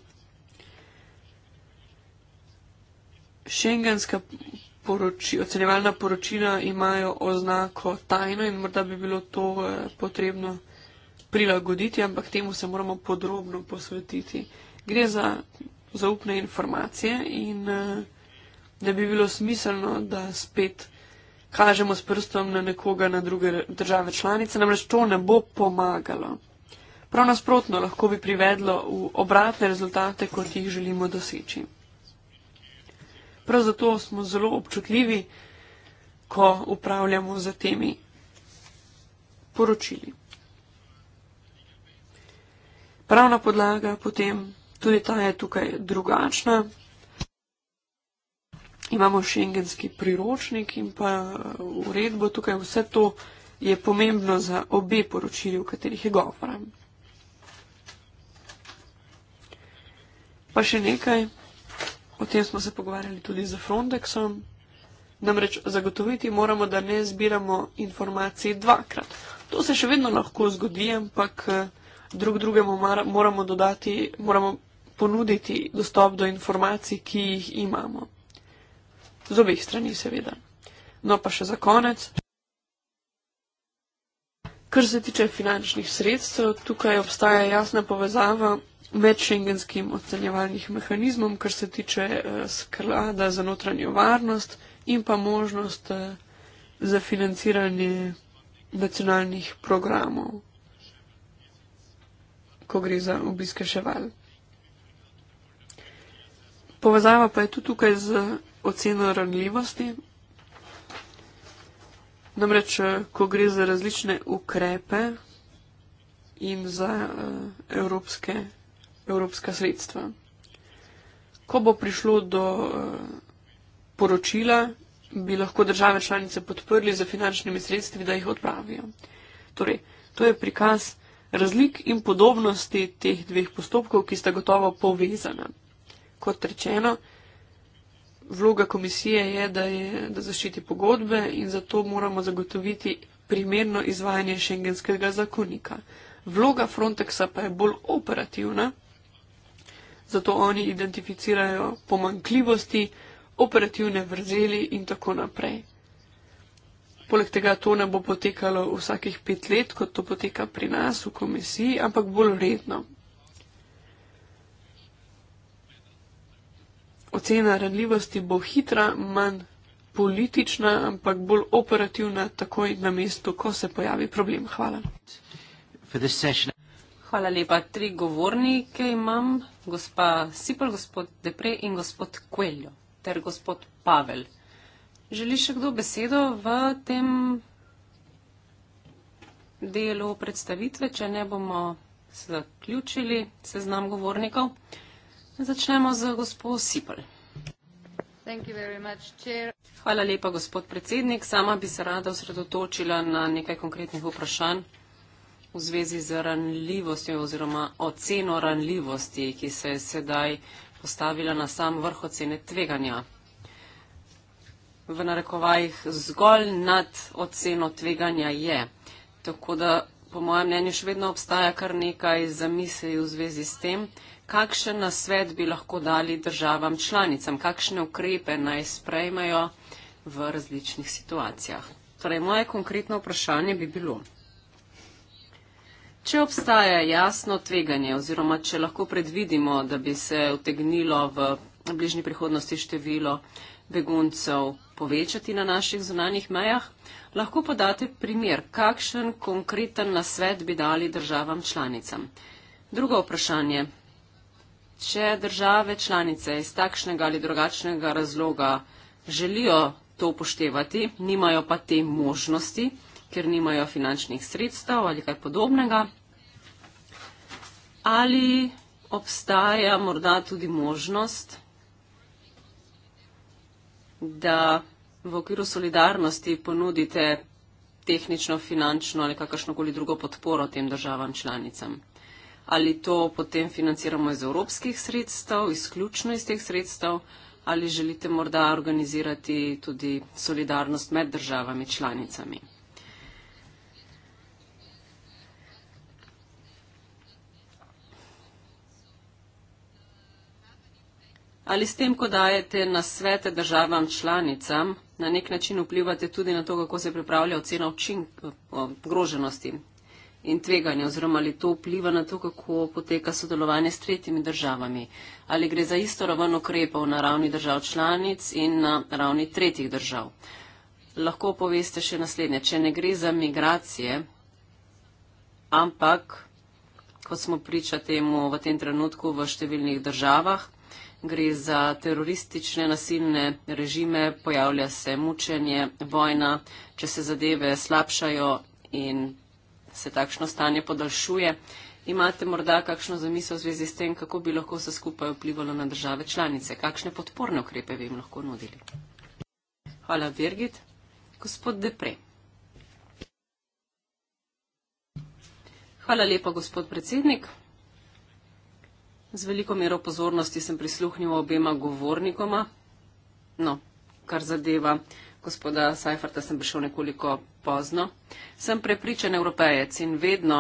Šengenska poroči, ocenjevalna poročila imajo oznako tajno in morda bi bilo to eh, potrebno prilagoditi, ampak temu se moramo podrobno posvetiti. Gre za zaupne informacije in da eh, bi bilo smiselno, da spet kažemo s prstom na nekoga na druge države članice, namreč to ne bo pomagalo. Prav nasprotno lahko bi privedlo v obratne rezultate, kot jih želimo doseči. Prav zato smo zelo občutljivi, ko upravljamo z temi poročili. Pravna podlaga potem, tudi ta je tukaj drugačna. Imamo šengenski priročnik in pa uh, uredbo tukaj. Vse to je pomembno za obe poročili, o katerih je govora. Pa še nekaj, O tem smo se pogovarjali tudi z Frontexom. Namreč zagotoviti moramo, da ne zbiramo informacij dvakrat. To se še vedno lahko zgodi, ampak eh, drug drugemu moramo dodati, moramo ponuditi dostop do informacij, ki jih imamo. Z obeh strani, seveda. No, pa še za konec. Kar se tiče finančnih sredstev, tukaj obstaja jasna povezava medšengenskim ocenjevalnih mehanizmom, kar se tiče eh, sklada za notranjo varnost in pa možnost eh, za financiranje nacionalnih programov, ko gre za obiske ševal. Povezava pa je tudi tukaj z oceno ranljivosti. Namreč, eh, ko gre za različne ukrepe in za uh, evropske evropska sredstva. Ko bo prišlo do eh, poročila, bi lahko države članice podprli za finančnimi sredstvi, da jih odpravijo. Torej, to je prikaz razlik in podobnosti teh dveh postopkov, ki sta gotovo povezana. Kot rečeno, vloga komisije je, da, je, da zaščiti pogodbe in zato moramo zagotoviti primerno izvajanje šengenskega zakonika. Vloga Frontexa pa je bolj operativna zato oni identificirajo pomankljivosti, operativne vrzeli in tako naprej. Poleg tega to ne bo potekalo vsakih pet let, kot to poteka pri nas v komisiji, ampak bolj redno. Ocena ranljivosti bo hitra, manj politična, ampak bolj operativna takoj na mestu, ko se pojavi problem. Hvala. Hvala lepa. Tri govornike imam, gospa Sipel, gospod Depre in gospod Kueljo ter gospod Pavel. Želi še kdo besedo v tem delu predstavitve, če ne bomo zaključili seznam govornikov? Začnemo z gospo Sipel. Hvala lepa, gospod predsednik. Sama bi se rada osredotočila na nekaj konkretnih vprašanj v zvezi z ranljivostjo oziroma oceno ranljivosti, ki se je sedaj postavila na sam vrh ocene tveganja. V narekovajih zgolj nad oceno tveganja je. Tako da po mojem mnenju še vedno obstaja kar nekaj zamisli v zvezi s tem, kakšen nasvet bi lahko dali državam članicam, kakšne ukrepe naj sprejmajo v različnih situacijah. Torej, moje konkretno vprašanje bi bilo, Če obstaja jasno tveganje oziroma če lahko predvidimo, da bi se utegnilo v bližnji prihodnosti število beguncev povečati na naših zunanjih mejah, lahko podate primer, kakšen konkreten nasvet bi dali državam članicam. Drugo vprašanje. Če države članice iz takšnega ali drugačnega razloga želijo to upoštevati, nimajo pa te možnosti, ker nimajo finančnih sredstev ali kaj podobnega. Ali obstaja morda tudi možnost, da v okviru solidarnosti ponudite tehnično, finančno ali kakršnokoli drugo podporo tem državam članicam. Ali to potem financiramo iz evropskih sredstev, izključno iz teh sredstev, ali želite morda organizirati tudi solidarnost med državami članicami. Ali s tem, ko dajete na svete državam članicam, na nek način vplivate tudi na to, kako se pripravlja ocena ogroženosti in tveganja, oziroma ali to vpliva na to, kako poteka sodelovanje s tretjimi državami? Ali gre za isto raven ukrepov na ravni držav članic in na ravni tretjih držav? Lahko poveste še naslednje. Če ne gre za migracije, ampak, kot smo priča temu v tem trenutku v številnih državah, gre za teroristične nasilne režime, pojavlja se mučenje, vojna, če se zadeve slabšajo in se takšno stanje podaljšuje. Imate morda kakšno zamisel v zvezi s tem, kako bi lahko se skupaj vplivalo na države članice? Kakšne podporne ukrepe bi jim lahko nudili? Hvala, Birgit. Gospod Depre. Hvala lepa, gospod predsednik. Z veliko mero pozornosti sem prisluhnil obema govornikoma. No, kar zadeva gospoda Seiferta, sem prišel nekoliko pozno. Sem prepričan evropejec in vedno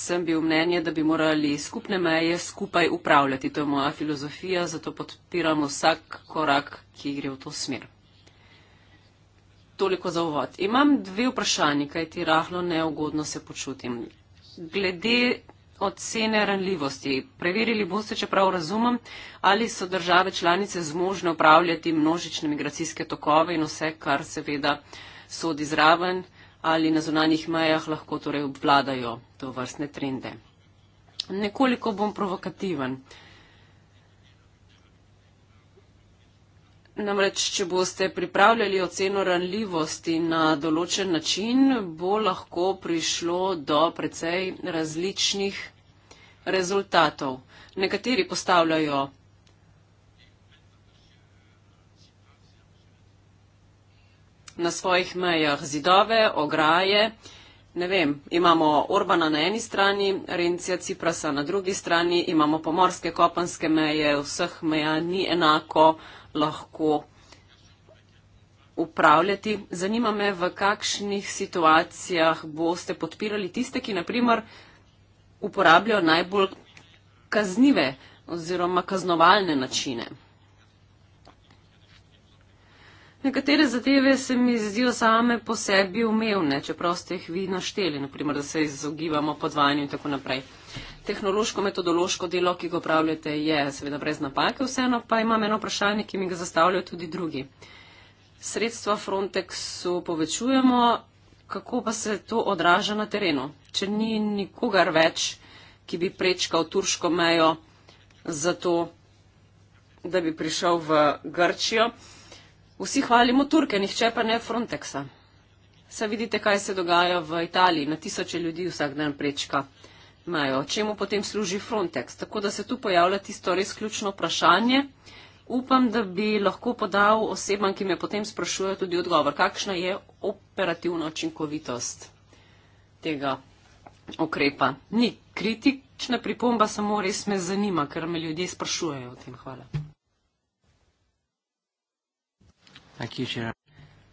sem bil mnenje, da bi morali skupne meje skupaj upravljati. To je moja filozofija, zato podpiram vsak korak, ki gre v to smer. Toliko za uvod. Imam dve vprašanji, kaj ti rahlo neugodno se počutim. Glede ocene ranljivosti. Preverili boste, če prav razumem, ali so države članice zmožne upravljati množične migracijske tokove in vse, kar seveda sodi zraven ali na zunanjih mejah lahko torej obvladajo to vrstne trende. Nekoliko bom provokativen. Namreč, če boste pripravljali oceno ranljivosti na določen način, bo lahko prišlo do precej različnih rezultatov. Nekateri postavljajo. Na svojih mejah zidove, ograje, ne vem, imamo Orbana na eni strani, Rencija Ciprasa na drugi strani, imamo pomorske kopanske meje, vseh meja ni enako, uh, lahko upravljati. Zanima me, v kakšnih situacijah boste podpirali tiste, ki naprimer uporabljajo najbolj kaznive oziroma kaznovalne načine. Nekatere zadeve se mi zdijo same po sebi umevne, čeprav ste jih vi našteli, naprimer, da se izogivamo podvajanju in tako naprej tehnološko-metodološko delo, ki ga upravljate, je seveda brez napake, vseeno pa imam eno vprašanje, ki mi ga zastavljajo tudi drugi. Sredstva Frontexu povečujemo, kako pa se to odraža na terenu? Če ni nikogar več, ki bi prečkal turško mejo za to, da bi prišel v Grčijo, vsi hvalimo Turke, nihče pa ne Frontexa. Se vidite, kaj se dogaja v Italiji, na tisoče ljudi vsak dan prečka imajo, čemu potem služi Frontex. Tako da se tu pojavlja tisto res ključno vprašanje. Upam, da bi lahko podal osebam, ki me potem sprašujejo, tudi odgovor, kakšna je operativna učinkovitost tega ukrepa. Ni kritična pripomba, samo res me zanima, ker me ljudje sprašujejo o tem. Hvala.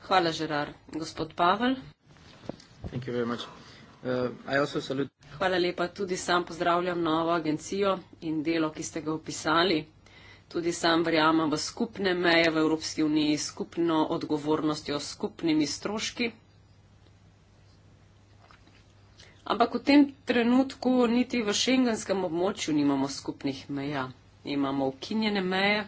Hvala, Žerar. Gospod Pavel. Thank you very much. Uh, Hvala lepa. Tudi sam pozdravljam novo agencijo in delo, ki ste ga opisali. Tudi sam verjamem v skupne meje v Evropski uniji, skupno odgovornostjo, skupnimi stroški. Ampak v tem trenutku niti v šengenskem območju nimamo skupnih meja. Imamo ukinjene meje.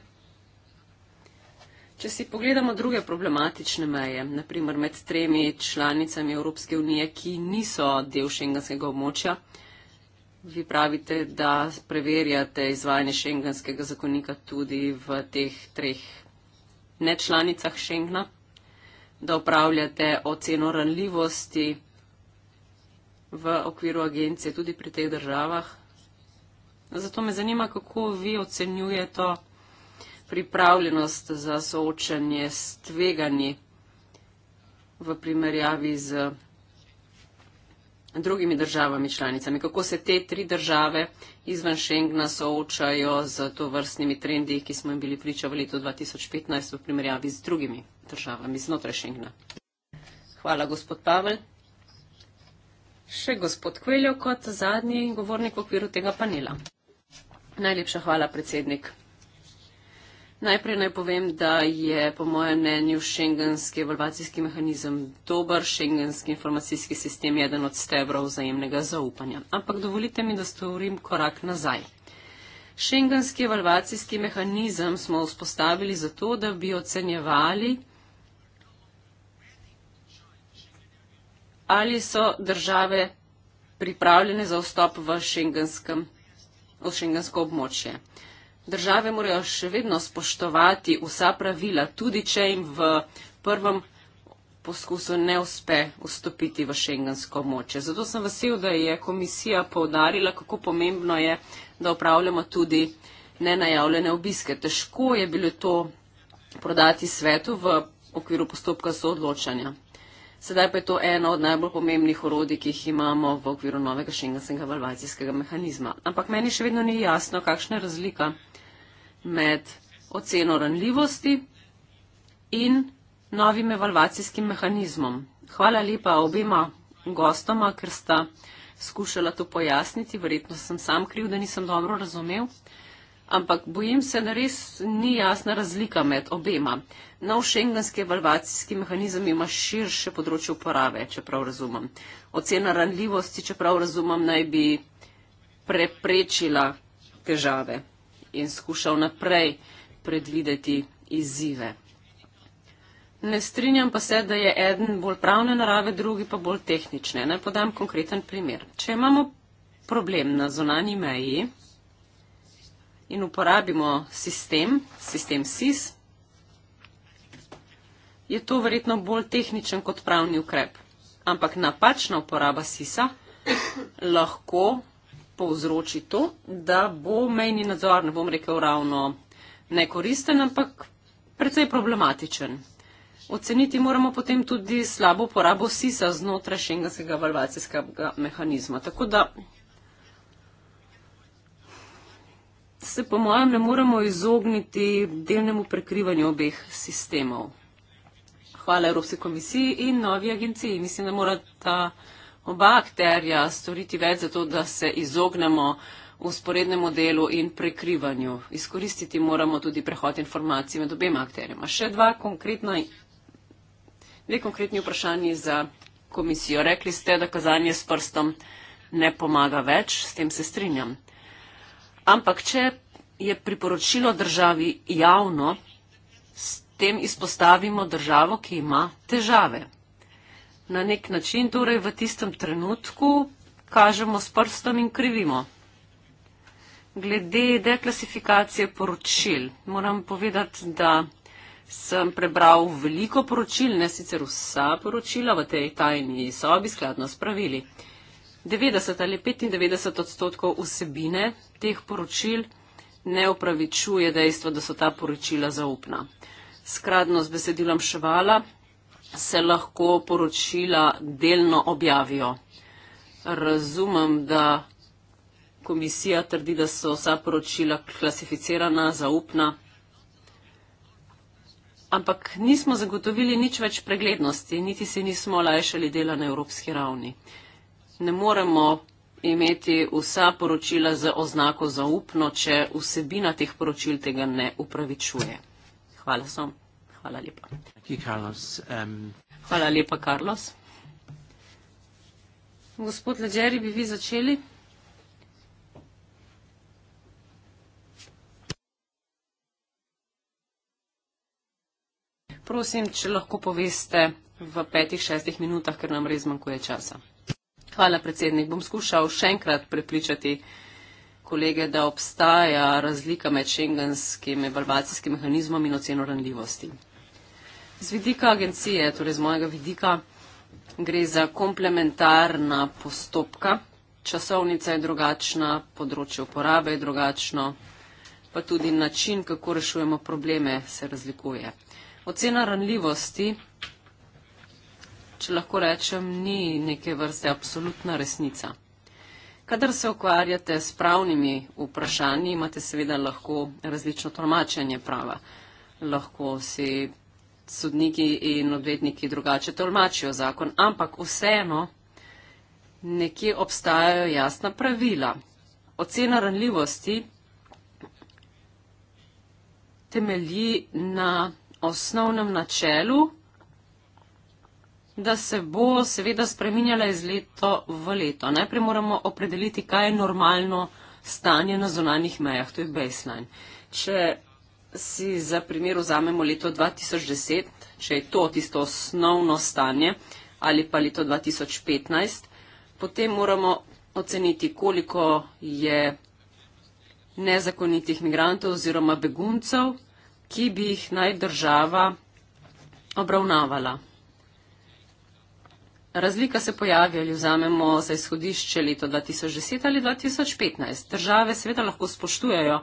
Če si pogledamo druge problematične meje, naprimer med tremi članicami Evropske unije, ki niso del šengenskega območja, vi pravite, da preverjate izvajanje šengenskega zakonika tudi v teh treh nečlanicah šengna, da upravljate oceno ranljivosti v okviru agencije tudi pri teh državah. Zato me zanima, kako vi ocenjujete to pripravljenost za soočanje s tveganji v primerjavi z drugimi državami članicami. Kako se te tri države izven Schengna soočajo z to vrstnimi trendi, ki smo jim bili priča v letu 2015 v primerjavi z drugimi državami znotraj Schengna? Hvala, gospod Pavel. Še gospod Kveljo kot zadnji govornik v okviru tega panela. Najlepša hvala, predsednik. Najprej naj povem, da je po mojem mnenju šengenski evalvacijski mehanizem dober, šengenski informacijski sistem je eden od stebrov vzajemnega zaupanja. Ampak dovolite mi, da storim korak nazaj. Šengenski evalvacijski mehanizem smo vzpostavili zato, da bi ocenjevali, ali so države pripravljene za vstop v, v šengensko območje države morajo še vedno spoštovati vsa pravila, tudi če jim v prvem poskusu ne uspe vstopiti v šengensko moče. Zato sem vesel, da je komisija povdarila, kako pomembno je, da upravljamo tudi nenajavljene obiske. Težko je bilo to prodati svetu v okviru postopka so odločanja. Sedaj pa je to eno od najbolj pomembnih orodij, ki jih imamo v okviru novega šengenskega valvacijskega mehanizma. Ampak meni še vedno ni jasno, kakšna je razlika med oceno ranljivosti in novim evalvacijskim mehanizmom. Hvala lepa obema gostoma, ker sta skušala to pojasniti. Verjetno sem sam kriv, da nisem dobro razumel, ampak bojim se, da res ni jasna razlika med obema. Nov šengenski evalvacijski mehanizem ima širše področje uporabe, čeprav razumem. Ocena ranljivosti, čeprav razumem, naj bi preprečila težave in skušal naprej predvideti izzive. Ne strinjam pa se, da je eden bolj pravne narave, drugi pa bolj tehnične. Naj podam konkreten primer. Če imamo problem na zonani meji in uporabimo sistem, sistem SIS, je to verjetno bolj tehničen kot pravni ukrep. Ampak napačna uporaba SIS-a lahko povzroči to, da bo mejni nadzor, ne bom rekel ravno nekoristen, ampak precej problematičen. Oceniti moramo potem tudi slabo porabo SIS-a znotraj šengenskega valvacijskega mehanizma. Tako da se po mojem ne moremo izogniti delnemu prekrivanju obeh sistemov. Hvala Evropski komisiji in novi agenciji. Mislim, da morata oba akterja storiti več za to, da se izognemo usporednemu delu in prekrivanju. Izkoristiti moramo tudi prehod informacij med obema akterjema. Še dva konkretna, dve konkretni vprašanji za komisijo. Rekli ste, da kazanje s prstom ne pomaga več, s tem se strinjam. Ampak, če je priporočilo državi javno, s tem izpostavimo državo, ki ima težave na nek način, torej v tistem trenutku, kažemo s prstom in krivimo. Glede deklasifikacije poročil, moram povedati, da sem prebral veliko poročil, ne sicer vsa poročila v tej tajni sobi, skladno s pravili. 90 ali 95 odstotkov vsebine teh poročil ne upravičuje dejstvo, da so ta poročila zaupna. Skladno z besedilom Ševala, se lahko poročila delno objavijo. Razumem, da komisija trdi, da so vsa poročila klasificirana, zaupna, ampak nismo zagotovili nič več preglednosti, niti si nismo olajšali dela na evropski ravni. Ne moremo imeti vsa poročila z oznako zaupno, če vsebina teh poročil tega ne upravičuje. Hvala vsem. Hvala lepa. Carlos, um... Hvala lepa, Carlos. Gospod Leđeri, bi vi začeli? Prosim, če lahko poveste v petih, šestih minutah, ker nam res manjkuje časa. Hvala, predsednik. Bom skušal še enkrat prepričati kolege, da obstaja razlika med šengenskim evalvacijskim mehanizmom in oceno ranljivosti. Z vidika agencije, torej z mojega vidika, gre za komplementarna postopka. Časovnica je drugačna, področje uporabe je drugačno, pa tudi način, kako rešujemo probleme, se razlikuje. Ocena ranljivosti, če lahko rečem, ni neke vrste absolutna resnica. Kadar se ukvarjate s pravnimi vprašanji, imate seveda lahko različno tolmačenje prava. Lahko si sodniki in odvetniki drugače tolmačijo zakon, ampak vseeno nekje obstajajo jasna pravila. Ocena ranljivosti temelji na osnovnem načelu, da se bo seveda spreminjala iz leto v leto. Najprej moramo opredeliti, kaj je normalno stanje na zunanjih mejah, to je baseline. Če si za primer vzamemo leto 2010, če je to tisto osnovno stanje, ali pa leto 2015, potem moramo oceniti, koliko je nezakonitih migrantov oziroma beguncev, ki bi jih naj država obravnavala. Razlika se pojavi, ali vzamemo za izhodišče leto 2010 ali 2015. Države seveda lahko spoštujejo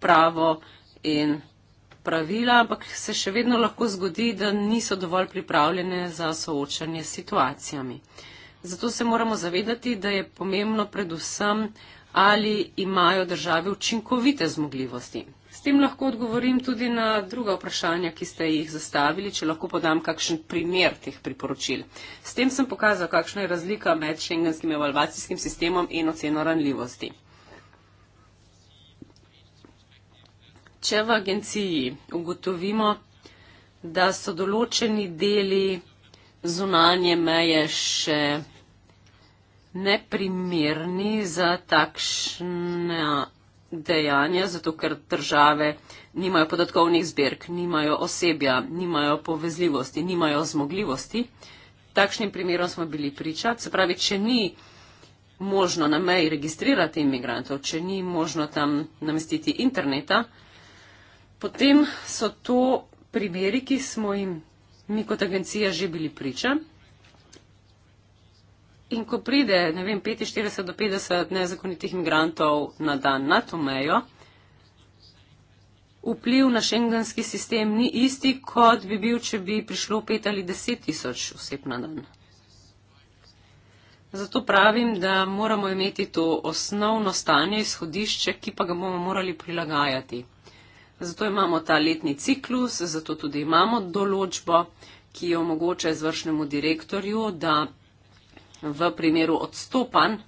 pravo in pravila, ampak se še vedno lahko zgodi, da niso dovolj pripravljene za soočanje s situacijami. Zato se moramo zavedati, da je pomembno predvsem, ali imajo države učinkovite zmogljivosti. S tem lahko odgovorim tudi na druga vprašanja, ki ste jih zastavili, če lahko podam kakšen primer teh priporočil. S tem sem pokazal, kakšna je razlika med šengenskim evalvacijskim sistemom in oceno ranljivosti. Če v agenciji ugotovimo, da so določeni deli zunanje meje še neprimerni za takšna dejanja, zato ker države nimajo podatkovnih zbirk, nimajo osebja, nimajo povezljivosti, nimajo zmogljivosti. Takšnim primerom smo bili priča. Se pravi, če ni možno na meji registrirati imigrantov, če ni možno tam namestiti interneta, Potem so to primeri, ki smo jim mi kot agencija že bili priča. In ko pride, ne vem, 45 do 50 nezakonitih imigrantov na dan na to mejo, vpliv na šengenski sistem ni isti, kot bi bil, če bi prišlo 5 ali 10 tisoč oseb na dan. Zato pravim, da moramo imeti to osnovno stanje, izhodišče, ki pa ga bomo morali prilagajati. Zato imamo ta letni ciklus, zato tudi imamo določbo, ki jo omogoča izvršnemu direktorju, da v primeru odstopan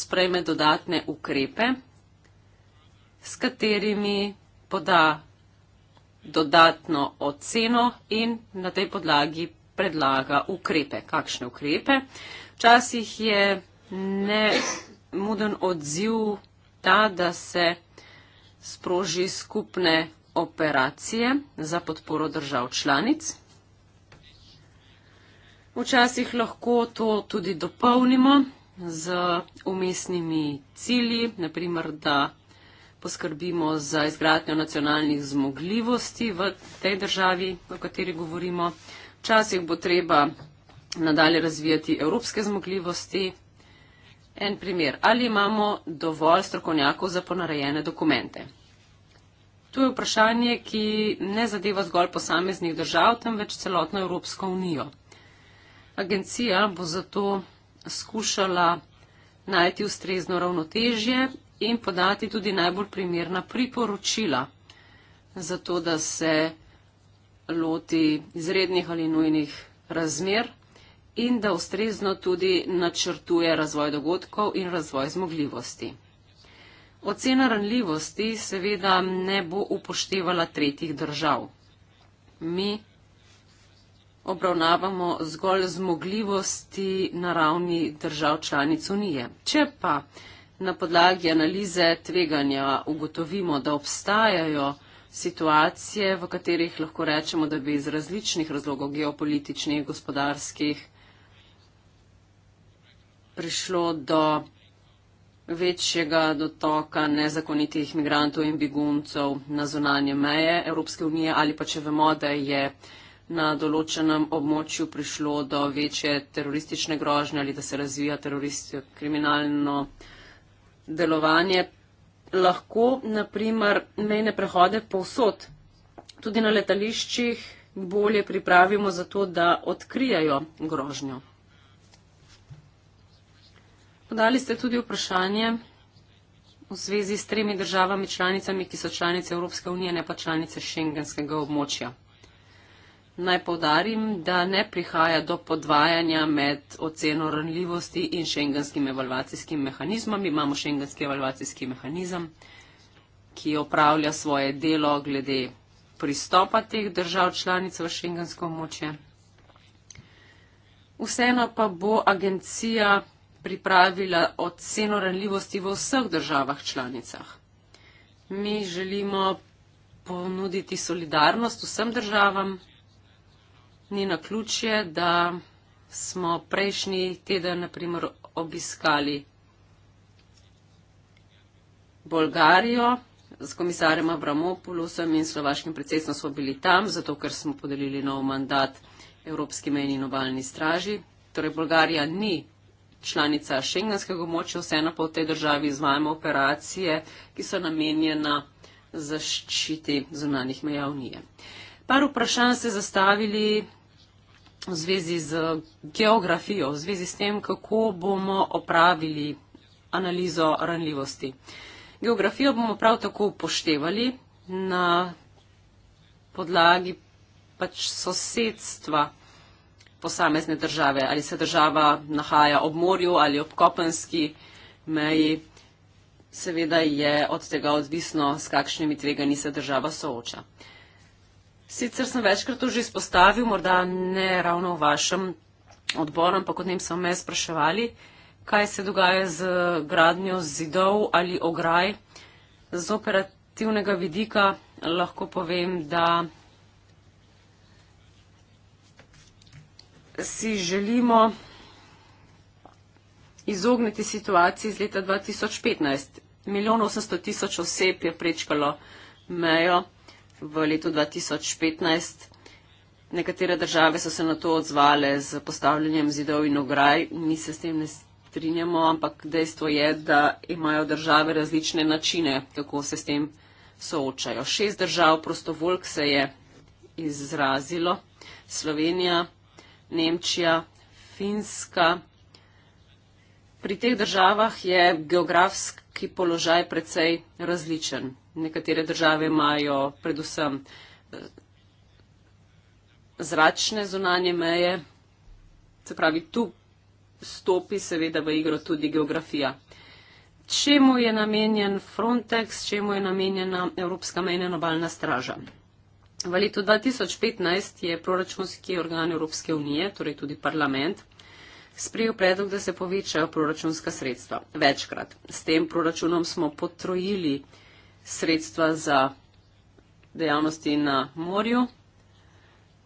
sprejme dodatne ukrepe, s katerimi poda dodatno oceno in na tej podlagi predlaga ukrepe. Kakšne ukrepe? Včasih je nemuden odziv ta, da se sproži skupne operacije za podporo držav članic. Včasih lahko to tudi dopolnimo z umestnimi cilji, naprimer, da poskrbimo za izgradnjo nacionalnih zmogljivosti v tej državi, o kateri govorimo. Včasih bo treba nadalje razvijati evropske zmogljivosti, En primer, ali imamo dovolj strokovnjakov za ponarejene dokumente? To je vprašanje, ki ne zadeva zgolj posameznih držav, temveč celotno Evropsko unijo. Agencija bo zato skušala najti ustrezno ravnotežje in podati tudi najbolj primerna priporočila za to, da se loti izrednih ali nujnih razmer in da ustrezno tudi načrtuje razvoj dogodkov in razvoj zmogljivosti. Ocena ranljivosti seveda ne bo upoštevala tretjih držav. Mi obravnavamo zgolj zmogljivosti na ravni držav članic Unije. Če pa na podlagi analize tveganja ugotovimo, da obstajajo situacije, v katerih lahko rečemo, da bi iz različnih razlogov geopolitičnih, gospodarskih, prišlo do večjega dotoka nezakonitih migrantov in beguncev na zunanje meje Evropske unije ali pa če vemo, da je na določenem območju prišlo do večje teroristične grožnje ali da se razvija teroristično kriminalno delovanje. Lahko, na primer, mejne prehode povsod, tudi na letališčih, bolje pripravimo za to, da odkrijajo grožnjo. Podali ste tudi vprašanje v zvezi s tremi državami članicami, ki so članice Evropske unije, ne pa članice šengenskega območja. Naj povdarim, da ne prihaja do podvajanja med oceno ranljivosti in šengenskim evalvacijskim mehanizmom. Imamo šengenski evalvacijski mehanizem, ki opravlja svoje delo glede pristopa teh držav članic v šengensko območje. Vseeno pa bo agencija pripravila oceno ranljivosti v vseh državah članicah. Mi želimo ponuditi solidarnost vsem državam. Ni na ključje, da smo prejšnji teden, naprimer, obiskali Bolgarijo z komisarjem Avramopulosom in slovaškim predsedstvom smo bili tam, zato ker smo podelili nov mandat Evropski meni in obaljni straži. Torej, Bolgarija ni članica šengenskega območja, vseeno pa v tej državi izvajamo operacije, ki so namenjena zaščiti zunanih meja Unije. Par vprašanj ste zastavili v zvezi z geografijo, v zvezi s tem, kako bomo opravili analizo ranljivosti. Geografijo bomo prav tako upoštevali na podlagi pač sosedstva posamezne države, ali se država nahaja ob morju ali ob kopenski meji. Seveda je od tega odvisno, s kakšnimi tveganji se država sooča. Sicer sem večkrat to že izpostavil, morda ne ravno v vašem odboru, ampak od njim so me spraševali, kaj se dogaja z gradnjo zidov ali ograj. Z operativnega vidika lahko povem, da si želimo izogniti situaciji iz leta 2015. Milijon 800 tisoč oseb je prečkalo mejo v letu 2015. Nekatere države so se na to odzvale z postavljanjem zidov in ograj. Mi se s tem ne strinjamo, ampak dejstvo je, da imajo države različne načine, kako se s tem soočajo. Šest držav prostovoljk se je izrazilo. Slovenija Nemčija, Finska. Pri teh državah je geografski položaj precej različen. Nekatere države imajo predvsem eh, zračne zunanje meje, se pravi, tu stopi seveda v igro tudi geografija. Čemu je namenjen Frontex, čemu je namenjena Evropska mejna in obaljna straža? V letu 2015 je proračunski organ Evropske unije, torej tudi parlament, sprejel predlog, da se povečajo proračunska sredstva večkrat. S tem proračunom smo potrojili sredstva za dejavnosti na morju.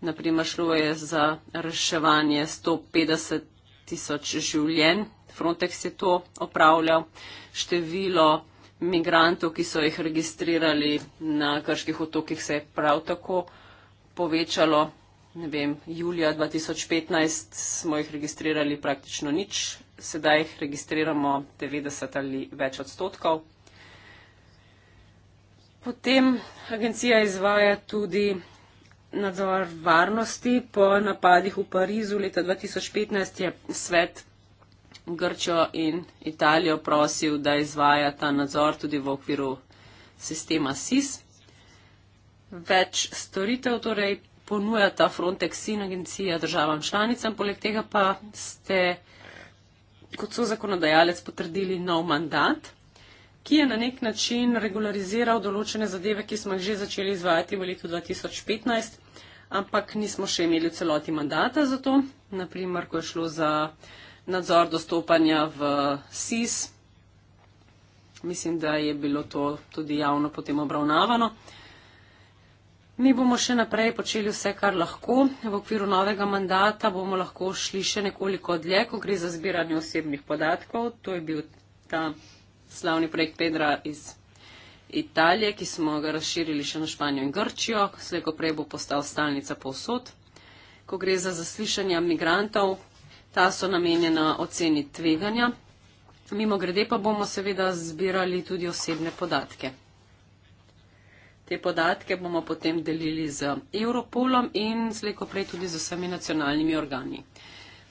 Naprimer, šlo je za reševanje 150 tisoč življenj. Frontex je to opravljal. Število migrantov, ki so jih registrirali na krških otokih, se je prav tako povečalo. Ne vem, julija 2015 smo jih registrirali praktično nič, sedaj jih registriramo 90 ali več odstotkov. Potem agencija izvaja tudi nadzor varnosti. Po napadih v Parizu leta 2015 je svet Grčijo in Italijo prosil, da izvaja ta nadzor tudi v okviru sistema SIS. Več storitev torej ponujata Frontex in agencija državam članicam, poleg tega pa ste, kot so zakonodajalec, potrdili nov mandat, ki je na nek način regulariziral določene zadeve, ki smo jih že začeli izvajati v letu 2015, ampak nismo še imeli celoti mandata za to, naprimer, ko je šlo za nadzor dostopanja v SIS. Mislim, da je bilo to tudi javno potem obravnavano. Mi bomo še naprej počeli vse, kar lahko. V okviru novega mandata bomo lahko šli še nekoliko dlje, ko gre za zbiranje osebnih podatkov. To je bil ta slavni projekt Pedra iz Italije, ki smo ga razširili še na Španijo in Grčijo. Slej, ko prej bo postal stalnica povsod. Ko gre za zaslišanja migrantov, Ta so namenjena oceni tveganja. Mimo grede pa bomo seveda zbirali tudi osebne podatke. Te podatke bomo potem delili z Europolom in slejko prej tudi z vsemi nacionalnimi organi.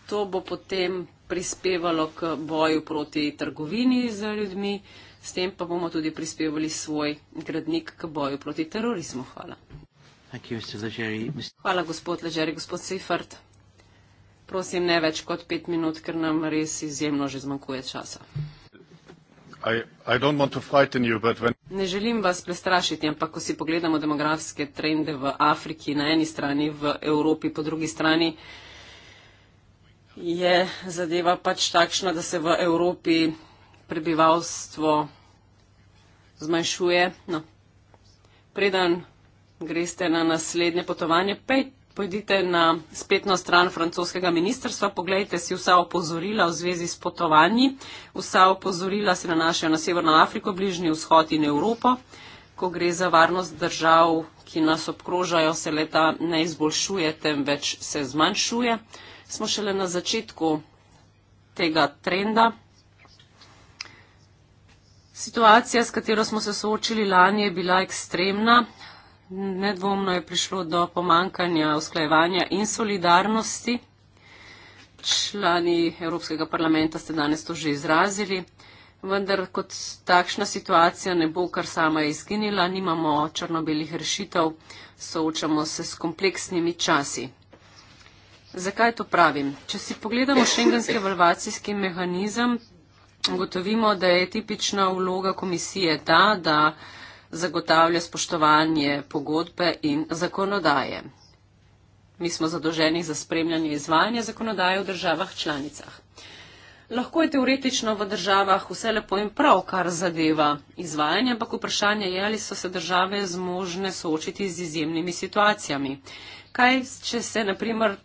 To bo potem prispevalo k boju proti trgovini z ljudmi, s tem pa bomo tudi prispevali svoj gradnik k boju proti terorizmu. Hvala. Hvala, gospod Ležeri, gospod Seifert. Prosim, ne več kot pet minut, ker nam res izjemno že zmanjkuje časa. I, I you, when... Ne želim vas prestrašiti, ampak ko si pogledamo demografske trende v Afriki na eni strani, v Evropi po drugi strani, je zadeva pač takšna, da se v Evropi prebivalstvo zmanjšuje. No. Preden greste na naslednje potovanje, pet pojdite na spletno stran francoskega ministrstva, pogledajte si vsa opozorila v zvezi s potovanji. Vsa opozorila se nanašajo na Severno Afriko, Bližnji vzhod in Evropo. Ko gre za varnost držav, ki nas obkrožajo, se leta ne izboljšuje, temveč se zmanjšuje. Smo šele na začetku tega trenda. Situacija, s katero smo se soočili lani, je bila ekstremna. Nedvomno je prišlo do pomankanja usklajevanja in solidarnosti. Člani Evropskega parlamenta ste danes to že izrazili, vendar kot takšna situacija ne bo kar sama izginila, nimamo črno-belih rešitev, soočamo se s kompleksnimi časi. Zakaj to pravim? Če si pogledamo šengenski evalvacijski mehanizem, gotovimo, da je tipična vloga komisije ta, da. da zagotavlja spoštovanje pogodbe in zakonodaje. Mi smo zadolženi za spremljanje izvajanja zakonodaje v državah članicah. Lahko je teoretično v državah vse lepo in prav, kar zadeva izvajanje, ampak vprašanje je, ali so se države zmožne soočiti z izjemnimi situacijami. Kaj, če se, na primer,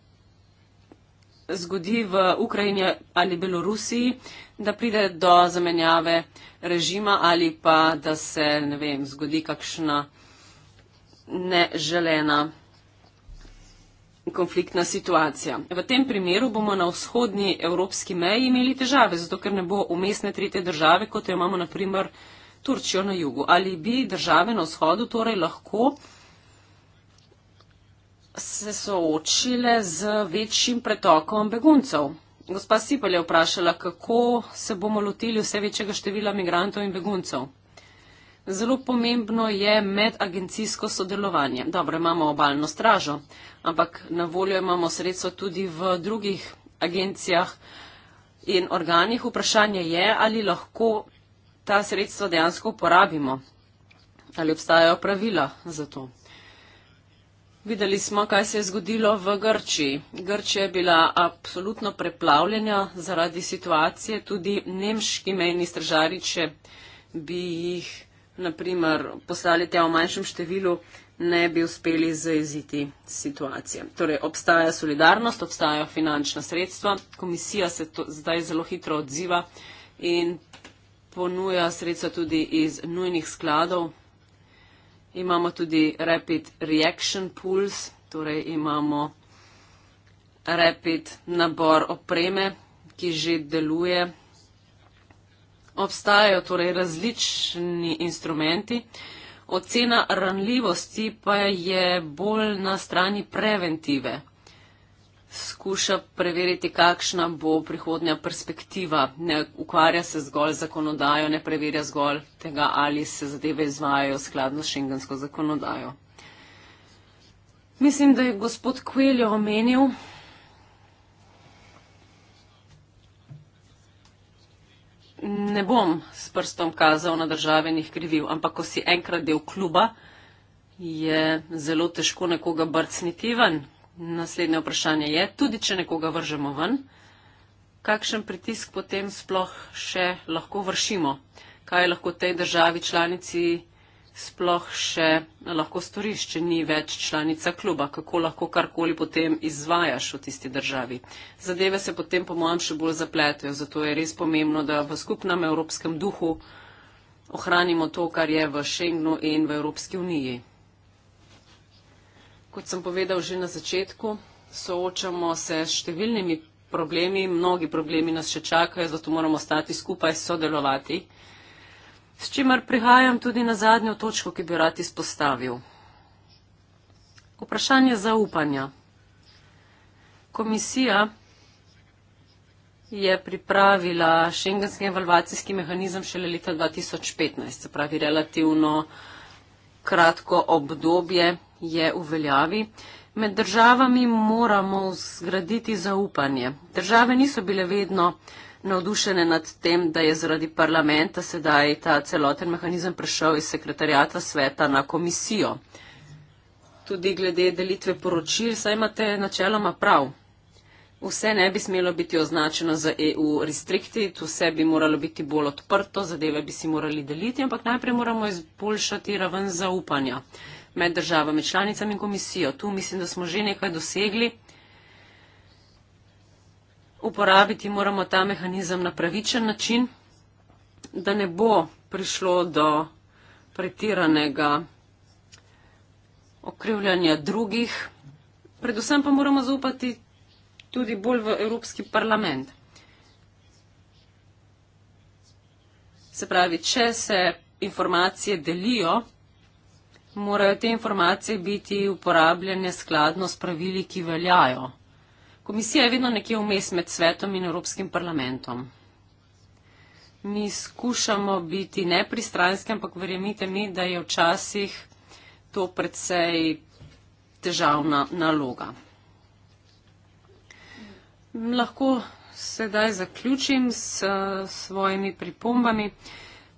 zgodi v Ukrajini ali Belorusiji, da pride do zamenjave režima ali pa da se, ne vem, zgodi kakšna neželena konfliktna situacija. V tem primeru bomo na vzhodnji evropski meji imeli težave, zato ker ne bo umestne tretje države, kot jo imamo naprimer Turčijo na jugu. Ali bi države na vzhodu torej lahko se soočile z večjim pretokom beguncev? Gospa Sipel je vprašala, kako se bomo lotili vse večjega števila migrantov in beguncev. Zelo pomembno je medagencijsko sodelovanje. Dobro, imamo obaljno stražo, ampak na voljo imamo sredstvo tudi v drugih agencijah in organih. Vprašanje je, ali lahko ta sredstva dejansko uporabimo, ali obstajajo pravila za to. Videli smo, kaj se je zgodilo v Grčiji. Grčija je bila absolutno preplavljena zaradi situacije, tudi nemški mejni stražariče bi jih naprimer poslali te v manjšem številu, ne bi uspeli zaeziti situacije. Torej, obstaja solidarnost, obstajajo finančna sredstva, komisija se zdaj zelo hitro odziva in ponuja sredstva tudi iz nujnih skladov, Imamo tudi Rapid Reaction Pools, torej imamo Rapid nabor opreme, ki že deluje. Obstajajo torej različni instrumenti. Ocena ranljivosti pa je bolj na strani preventive skuša preveriti, kakšna bo prihodnja perspektiva. Ne ukvarja se zgolj zakonodajo, ne preverja zgolj tega, ali se zadeve izvajajo skladno s šengensko zakonodajo. Mislim, da je gospod Kveljo omenil. Ne bom s prstom kazal na državenih krivil, ampak ko si enkrat del kluba, je zelo težko nekoga brcniti ven naslednje vprašanje je, tudi če nekoga vržemo ven, kakšen pritisk potem sploh še lahko vršimo? Kaj lahko tej državi članici sploh še lahko storiš, če ni več članica kluba? Kako lahko karkoli potem izvajaš v tisti državi? Zadeve se potem, po mojem, še bolj zapletajo, zato je res pomembno, da v skupnem evropskem duhu ohranimo to, kar je v Schengnu in v Evropski uniji. Kot sem povedal že na začetku, soočamo se s številnimi problemi, mnogi problemi nas še čakajo, zato moramo stati skupaj, sodelovati. S čimer prihajam tudi na zadnjo točko, ki bi rad izpostavil. Vprašanje zaupanja. Komisija je pripravila šengenski evalvacijski mehanizem šele leta 2015, se pravi relativno kratko obdobje je v veljavi. Med državami moramo zgraditi zaupanje. Države niso bile vedno navdušene nad tem, da je zaradi parlamenta sedaj ta celoten mehanizem prešel iz sekretarjata sveta na komisijo. Tudi glede delitve poročil, saj imate načeloma prav. Vse ne bi smelo biti označeno za EU restricted, vse bi moralo biti bolj odprto, zadeve bi si morali deliti, ampak najprej moramo izboljšati raven zaupanja med državami članicami in komisijo. Tu mislim, da smo že nekaj dosegli. Uporabiti moramo ta mehanizem na pravičen način, da ne bo prišlo do pretiranega okrivljanja drugih. Predvsem pa moramo zaupati tudi bolj v Evropski parlament. Se pravi, če se informacije delijo, morajo te informacije biti uporabljene skladno s pravili, ki veljajo. Komisija je vedno nekje vmes med svetom in Evropskim parlamentom. Mi skušamo biti nepristranski, ampak verjemite mi, da je včasih to predvsej težavna naloga. Lahko sedaj zaključim s svojimi pripombami.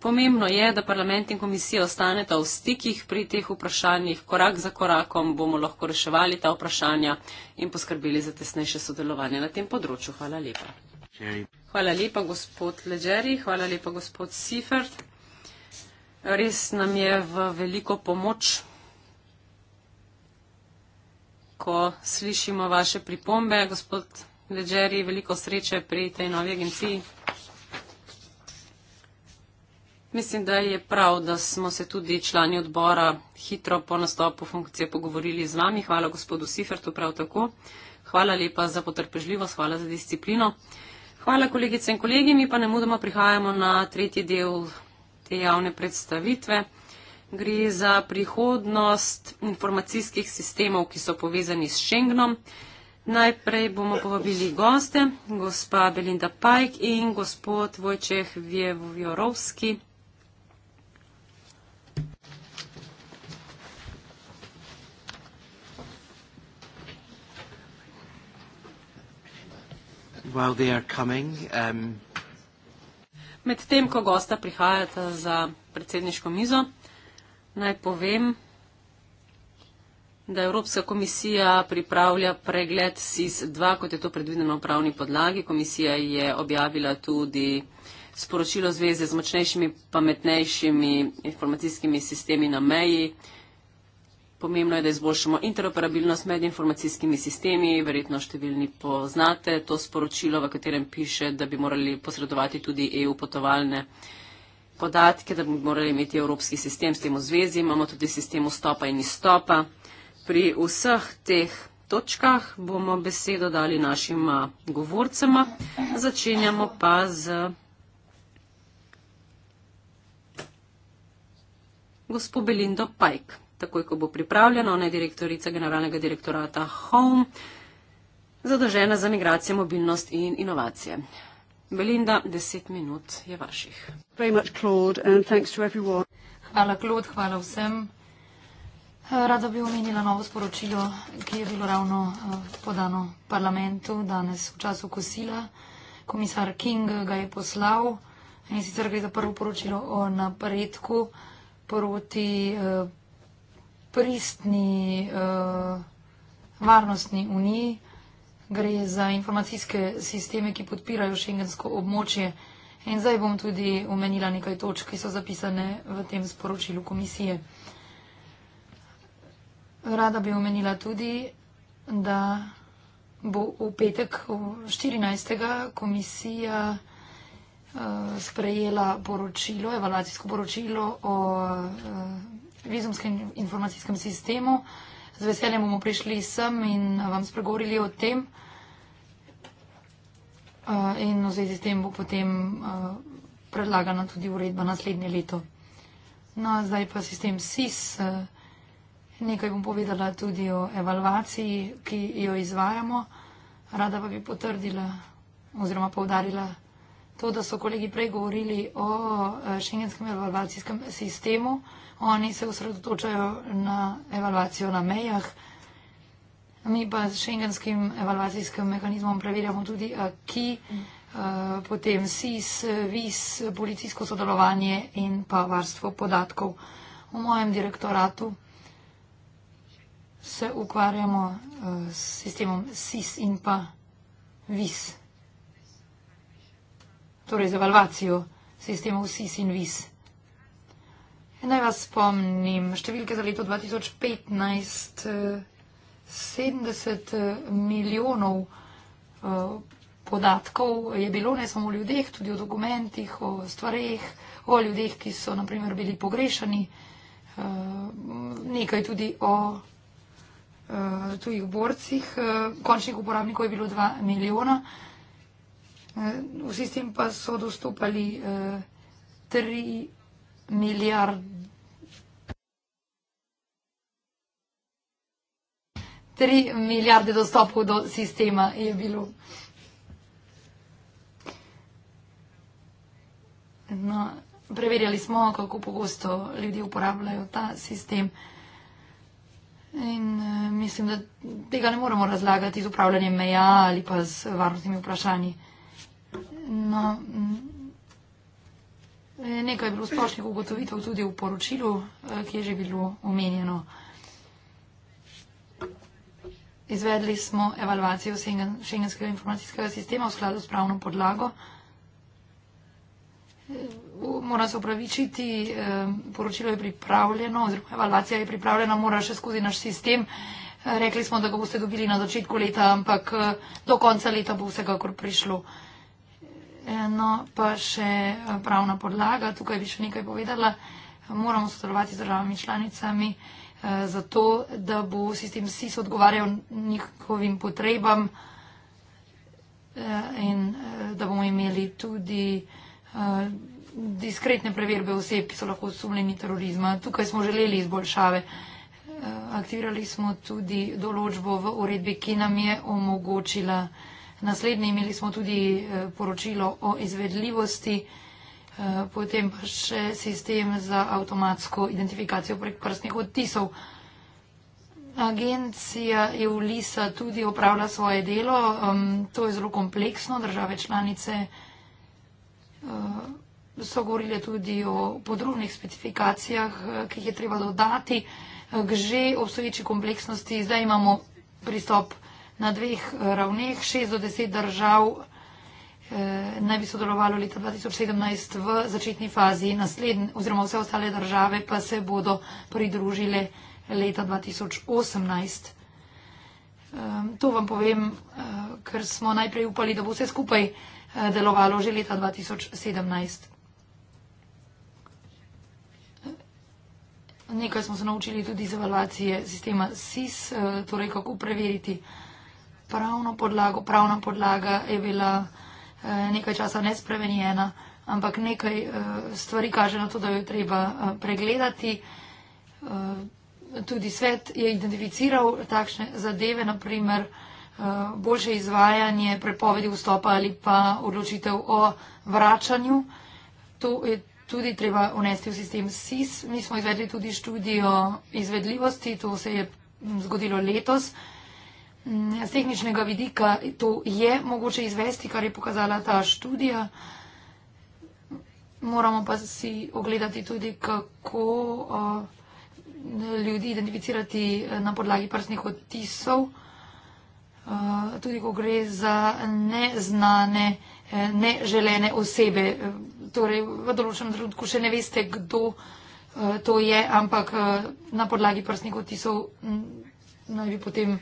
Pomembno je, da parlament in komisija ostaneta v stikih pri teh vprašanjih. Korak za korakom bomo lahko reševali ta vprašanja in poskrbeli za tesnejše sodelovanje na tem področju. Hvala lepa. Hvala lepa, gospod Leđeri. Hvala lepa, gospod Sifert. Res nam je v veliko pomoč, ko slišimo vaše pripombe. Gospod Leđeri, veliko sreče pri tej novi agenciji. Mislim, da je prav, da smo se tudi člani odbora hitro po nastopu funkcije pogovorili z vami. Hvala gospodu Sifertu prav tako. Hvala lepa za potrpežljivost, hvala za disciplino. Hvala kolegice in kolegi, mi pa ne mudoma prihajamo na tretji del te javne predstavitve. Gre za prihodnost informacijskih sistemov, ki so povezani s Schengenom. Najprej bomo povabili goste, gospa Belinda Pajk in gospod Vojčeh Vjevjorovski. -Vjev Um, Medtem, ko gosta prihajata za predsedniško mizo, naj povem, da Evropska komisija pripravlja pregled SIS-2, kot je to predvideno v pravni podlagi. Komisija je objavila tudi sporočilo zveze z močnejšimi, pametnejšimi informacijskimi sistemi na meji. Pomembno je, da izboljšamo interoperabilnost med informacijskimi sistemi. Verjetno številni poznate to sporočilo, v katerem piše, da bi morali posredovati tudi EU potovalne podatke, da bi morali imeti evropski sistem s tem v zvezi. Imamo tudi sistem vstopa in izstopa. Pri vseh teh točkah bomo besedo dali našim govorcema. Začenjamo pa z gospod Belindo Pajk takoj, ko bo pripravljena. Ona je direktorica generalnega direktorata Home, zadolžena za migracije, mobilnost in inovacije. Belinda, deset minut je vaših. Hvala, Klod, hvala vsem. Rada bi omenila novo sporočilo, ki je bilo ravno eh, podano parlamentu danes v času kosila. Komisar King ga je poslal in sicer gre za prvo poročilo o napredku proti eh, pristni uh, varnostni uniji. Gre za informacijske sisteme, ki podpirajo šengensko območje. In zdaj bom tudi omenila nekaj točk, ki so zapisane v tem sporočilu komisije. Rada bi omenila tudi, da bo v petek 14. komisija eh, sprejela poročilo, evalacijsko poročilo o eh, vizumskem informacijskem sistemu. Z veseljem bomo prišli sem in vam spregovorili o tem. Eh, in v zvezi s tem bo potem eh, predlagana tudi uredba naslednje leto. No, zdaj pa sistem SIS. Eh, nekaj bom povedala tudi o evalvaciji, ki jo izvajamo. Rada pa bi potrdila oziroma povdarila to, da so kolegi prej govorili o eh, šengenskem evalvacijskem sistemu, oni se osredotočajo na evalvacijo na mejah. Mi pa s šengenskim evalvacijskim mehanizmom preverjamo tudi eh, ki, eh, potem SIS, VIS, policijsko sodelovanje in pa varstvo podatkov. V mojem direktoratu se ukvarjamo s sistemom SIS in pa VIS torej z evalvacijo sistemov SIS in VIS. Naj vas spomnim, številke za leto 2015, 70 eh, eh, milijonov eh, podatkov je bilo ne samo o ljudeh, tudi o dokumentih, o stvareh, o ljudeh, ki so naprimer bili pogrešani, nekaj tudi o tujih borcih. Končnih uporabnikov je bilo 2 milijona. Vsi s tem pa so dostopali eh, 3 milijarde. 3 milijarde dostopov do sistema je bilo. No, preverjali smo, kako pogosto ljudje uporabljajo ta sistem. In eh, mislim, da tega ne moremo razlagati z upravljanjem meja ali pa z varnostnimi vprašanji. No, mm, nekaj je bilo splošnih ugotovitev tudi v poročilu, eh, ki je že bilo omenjeno. Izvedli smo evalvacijo šengenskega informacijskega sistema v skladu s pravno podlago. Eh, Moram se upravičiti, eh, poročilo je pripravljeno, oziroma evalvacija je pripravljena, mora še skozi naš sistem. Rekli smo, da ga boste dobili na začetku leta, ampak do konca leta bo vsekakor prišlo. No, pa še eh, pravna podlaga, tukaj bi še nekaj povedala. Moramo sodelovati z državami članicami, eh, zato da bo sistem SIS odgovarjal njihovim potrebam eh, in da bomo imeli tudi diskretne preverbe oseb, ki so lahko osumljeni terorizma. Tukaj smo želeli izboljšave. Aktivirali smo tudi določbo v uredbi, ki nam je omogočila. Naslednji imeli smo tudi eh, poročilo o izvedljivosti, eh, potem pa še sistem za avtomatsko identifikacijo prek prstnih odtisov. Agencija EULISA tudi opravlja svoje delo. To je zelo kompleksno. Države članice eh, so govorile tudi o podrobnih specifikacijah, ki jih je treba dodati. K že obstoječi kompleksnosti zdaj imamo pristop na dveh eh, ravneh. Šest do deset držav eh, naj bi sodelovalo leta 2017 v začetni fazi, naslednje oziroma vse ostale države pa se bodo pridružile leta 2018. Eh, to vam povem, eh, ker smo najprej upali, da bo vse skupaj eh, delovalo že leta 2017. Nekaj smo se naučili tudi iz evaluacije sistema SIS, eh, torej kako preveriti pravno podlago. Pravna podlaga je bila eh, nekaj časa nespremenjena, ampak nekaj eh, stvari kaže na to, da jo je treba eh, pregledati. Tudi svet je identificiral takšne zadeve, naprimer boljše izvajanje prepovedi vstopa ali pa odločitev o vračanju. To je tudi treba unesti v sistem SIS. Mi smo izvedli tudi študijo izvedljivosti, to se je mm, zgodilo letos. Mm, z tehničnega vidika to je mogoče izvesti, kar je pokazala ta študija. Moramo pa si ogledati tudi, kako eh, ljudi identificirati eh, na podlagi prstnih odtisov, eh, tudi ko gre za neznane, neželene osebe. Torej, v določenem trenutku še ne veste, kdo to je, ampak na podlagi prstnih odtisov mm, naj bi potem.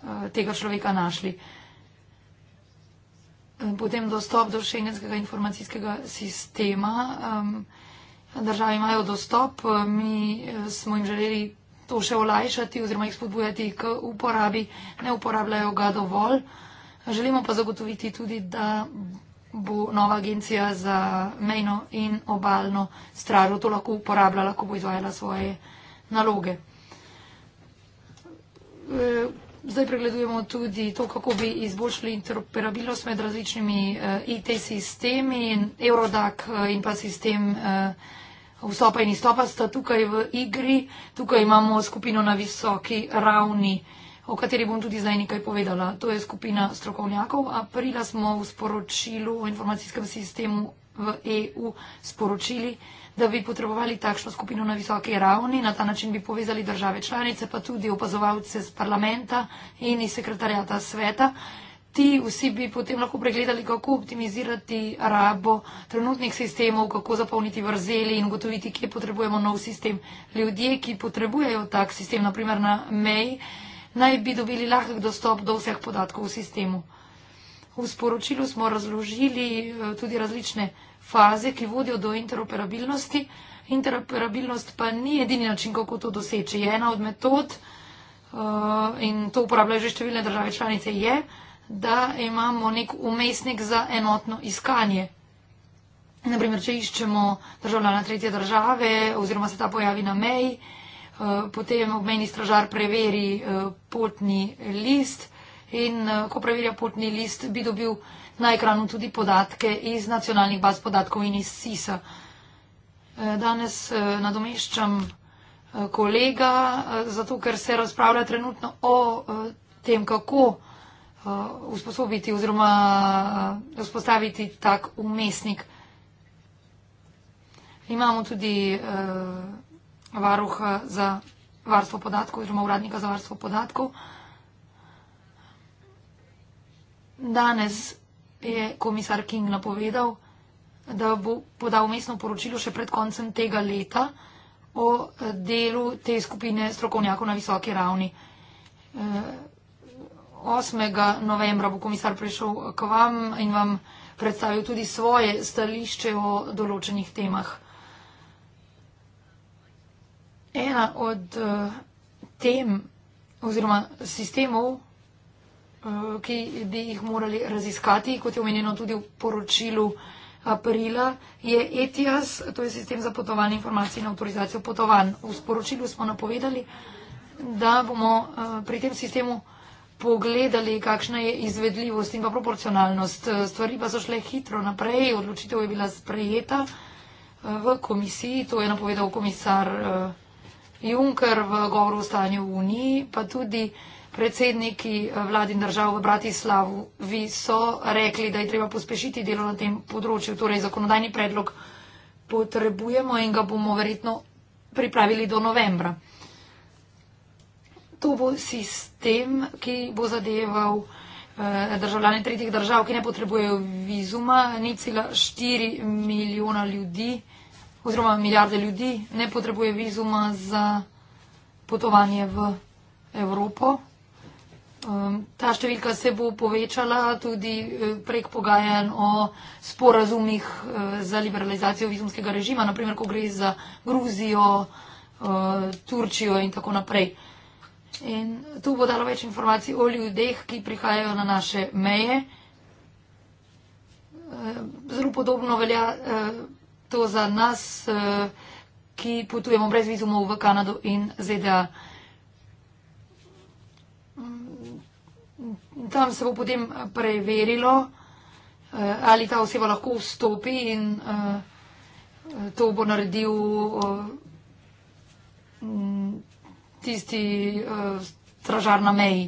Eh, tega človeka našli. Eh, potem dostop do šengenskega informacijskega sistema. Eh, države imajo dostop, mi smo jim želeli to še olajšati oziroma jih spodbujati k uporabi, ne uporabljajo ga dovolj. Želimo pa zagotoviti tudi, da bo nova agencija za mejno in obalno stražo to lahko uporabljala, ko bo izvajala svoje naloge. Zdaj pregledujemo tudi to, kako bi izboljšali interoperabilnost med različnimi eh, IT sistemi in Eurodac eh, in pa sistem eh, vstopa in izstopa sta tukaj v igri. Tukaj imamo skupino na visoki ravni, o kateri bom tudi zdaj nekaj povedala. To je skupina strokovnjakov. Aprila smo v sporočilu o informacijskem sistemu v EU sporočili, da bi potrebovali takšno skupino na visoki ravni. Na ta način bi povezali države članice, pa tudi opazovalce z parlamenta in iz sekretarjata sveta. Ti vsi bi potem lahko pregledali, kako optimizirati rabo trenutnih sistemov, kako zapolniti vrzeli in ugotoviti, kje potrebujemo nov sistem. Ljudje, ki potrebujejo tak sistem, naprimer na meji, naj bi dobili lahk dostop do vseh podatkov v sistemu. V sporočilu smo razložili eh, tudi različne faze, ki vodijo do interoperabilnosti. Interoperabilnost pa ni edini način, kako to doseči. Je ena od metod uh, in to uporabljajo že številne države članice, je, da imamo nek umestnik za enotno iskanje. Naprimer, če iščemo državljana tretje države oziroma se ta pojavi na meji, uh, potem obmejni stražar preveri uh, potni list in uh, ko preverja potni list, bi dobil na ekranu tudi podatke iz nacionalnih baz podatkov in iz SIS-a. E, danes e, nadomeščam e, kolega, zato ker se razpravlja trenutno o tem, kako usposobiti oziroma vzpostaviti tak umestnik. Imamo tudi varuha za varstvo podatkov oziroma uradnika za varstvo podatkov. Danes je komisar King napovedal, da bo podal umestno poročilo še pred koncem tega leta o eh, delu te skupine strokovnjakov na visoki ravni. 8. Eh, novembra bo komisar prišel k vam in vam predstavil tudi svoje stališče o določenih temah. Ena od eh, tem oziroma sistemov, Eh, ki bi jih morali raziskati, kot je omenjeno tudi v poročilu aprila, je ETIAS, to je sistem za potovanje informacij in avtorizacijo potovanj. V sporočilu smo napovedali, da bomo eh, pri tem sistemu pogledali, kakšna je izvedljivost in pa proporcionalnost. Stvari pa so šle hitro naprej, odločitev je bila sprejeta eh, v komisiji, to je napovedal komisar Juncker v govoru o stanju v Uniji, pa tudi predsedniki eh, vladi držav v Bratislavu vi so rekli, da je treba pospešiti delo na tem področju. Torej, zakonodajni predlog potrebujemo in ga bomo verjetno pripravili do novembra. To bo sistem, ki bo zadeval eh, državljane tretjih držav, ki ne potrebujejo vizuma. Ni cela 4 milijona ljudi oziroma milijarde ljudi ne potrebuje vizuma za potovanje v Evropo, Um, ta številka se bo povečala tudi eh, prek pogajanj o sporazumih eh, za liberalizacijo vizumskega režima, naprimer, ko gre za Gruzijo, eh, Turčijo in tako naprej. In tu bo dalo več informacij o ljudeh, ki prihajajo na naše meje. Zelo podobno velja to za nas, ki potujemo brez vizumov v Kanado in ZDA. tam se bo potem eh, preverilo, eh, ali ta oseba lahko vstopi in eh, to bo naredil mm, tisti stražar na meji.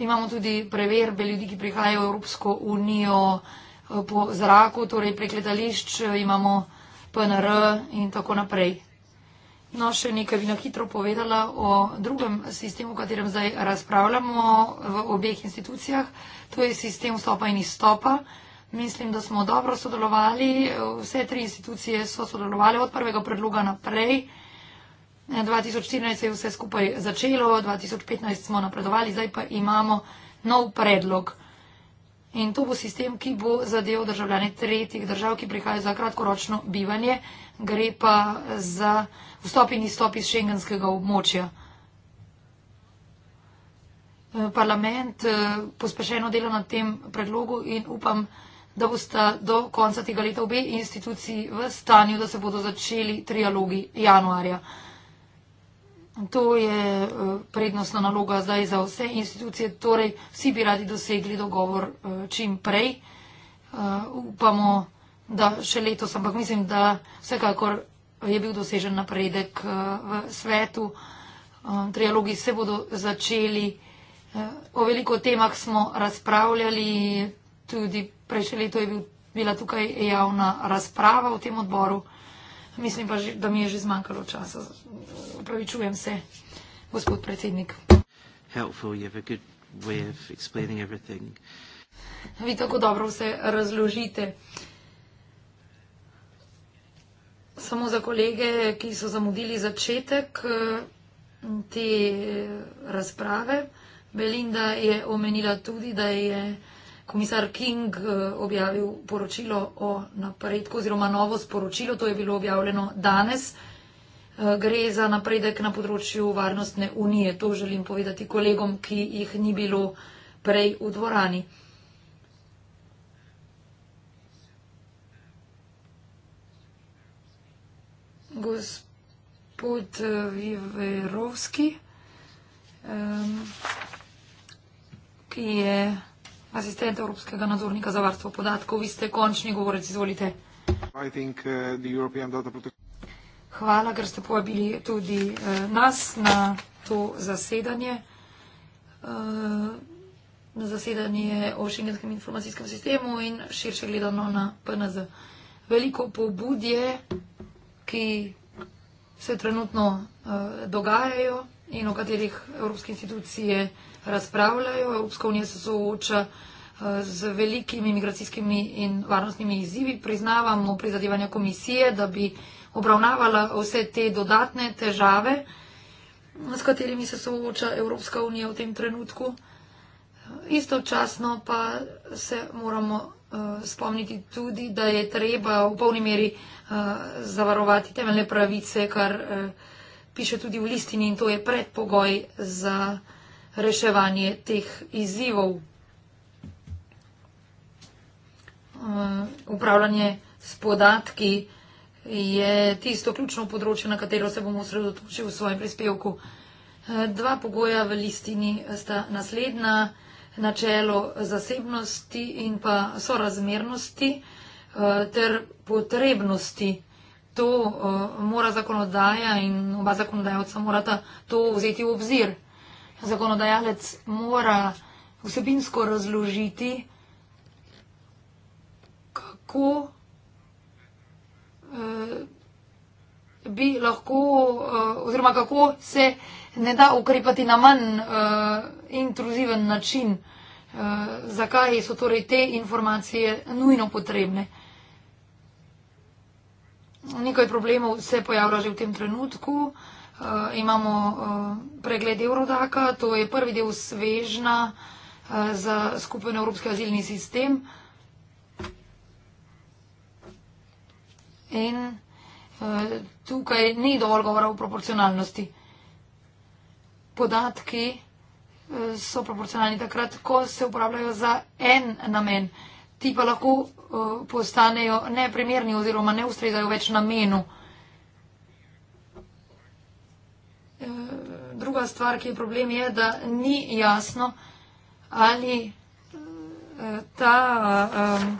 Imamo tudi preverbe ljudi, ki prihajajo v Evropsko unijo po zraku, torej prek letališč imamo PNR in tako naprej. No, še nekaj bi na hitro povedala o drugem sistemu, o katerem zdaj razpravljamo v obeh institucijah. To je sistem vstopa in izstopa. Mislim, da smo dobro sodelovali. Vse tri institucije so sodelovali od prvega predloga naprej. 2014 je vse skupaj začelo, 2015 smo napredovali, zdaj pa imamo nov predlog. In to bo sistem, ki bo zadev državljane tretjih držav, ki prihajajo za kratkoročno bivanje, gre pa za vstop in izstop iz šengenskega območja. Eh, parlament eh, pospešeno dela na tem predlogu in upam, da boste do konca tega leta obe instituciji v stanju, da se bodo začeli trialogi januarja. To je eh, prednostna naloga zdaj za vse institucije. Torej, vsi bi radi dosegli dogovor eh, čim prej. Eh, upamo, da še letos, ampak mislim, da vsekakor je bil dosežen napredek v svetu. Trialogi se bodo začeli. O veliko temah smo razpravljali. Tudi prejšnje leto je bil, bila tukaj javna razprava v tem odboru. Mislim pa, že, da mi je že zmanjkalo časa opravičujem se, gospod predsednik. Helpful, you have a good way of explaining everything. Vi tako dobro vse razložite. Samo za kolege, ki so zamudili začetek eh, te razprave, Belinda je omenila tudi, da je komisar King eh, objavil poročilo o napredku oziroma novo sporočilo, to je bilo objavljeno danes. Eh, gre za napredek na področju varnostne unije. To želim povedati kolegom, ki jih ni bilo prej v dvorani. Gospod eh, Viverovski, ki je asistent Evropskega nadzornika za varstvo podatkov, vi ste končni govorec, izvolite. I think, uh, the European Data Protection Hvala, ker ste povabili tudi eh, nas na to zasedanje, eh, na zasedanje o šengenskem informacijskem sistemu in širše gledano na PNZ. Veliko pobudje, ki se trenutno eh, dogajajo in o katerih evropske institucije razpravljajo. Evropska unija se sooča z velikimi imigracijskimi in varnostnimi izzivi. Priznavamo prizadevanja komisije, da bi obravnavala vse te dodatne težave, s katerimi se sooča Evropska unija v tem trenutku. Istočasno pa se moramo eh, spomniti tudi, da je treba v polni meri eh, zavarovati temeljne pravice, kar eh, piše tudi v listini in to je predpogoj za reševanje teh izzivov. Upravljanje s podatki, je tisto ključno področje, na katero se bom osredotočil v svojem prispevku. Eh, dva pogoja v listini eh, sta naslednja, načelo zasebnosti in pa sorazmernosti eh, ter potrebnosti. To mora zakonodaja in oba zakonodajalca morata to vzeti v obzir. Zakonodajalec mora vsebinsko razložiti, kako uh, bi lahko, uh, oziroma kako se ne da ukrepati na manj uh, intruziven način, uh, zakaj so torej te informacije nujno potrebne. Nekaj problemov se pojavlja že v tem trenutku. Uh, imamo uh, pregled Eurodaka, to je prvi del svežna uh, za skupen evropski azilni sistem. Uh, in uh, tukaj ni dovolj govora o proporcionalnosti. Podatki uh, so proporcionalni takrat, ko se uporabljajo za en namen. Ti pa lahko uh, postanejo neprimerni oziroma ne ustrezajo več namenu. Druga stvar, ki je problem, je, da ni jasno, ali ta. Um,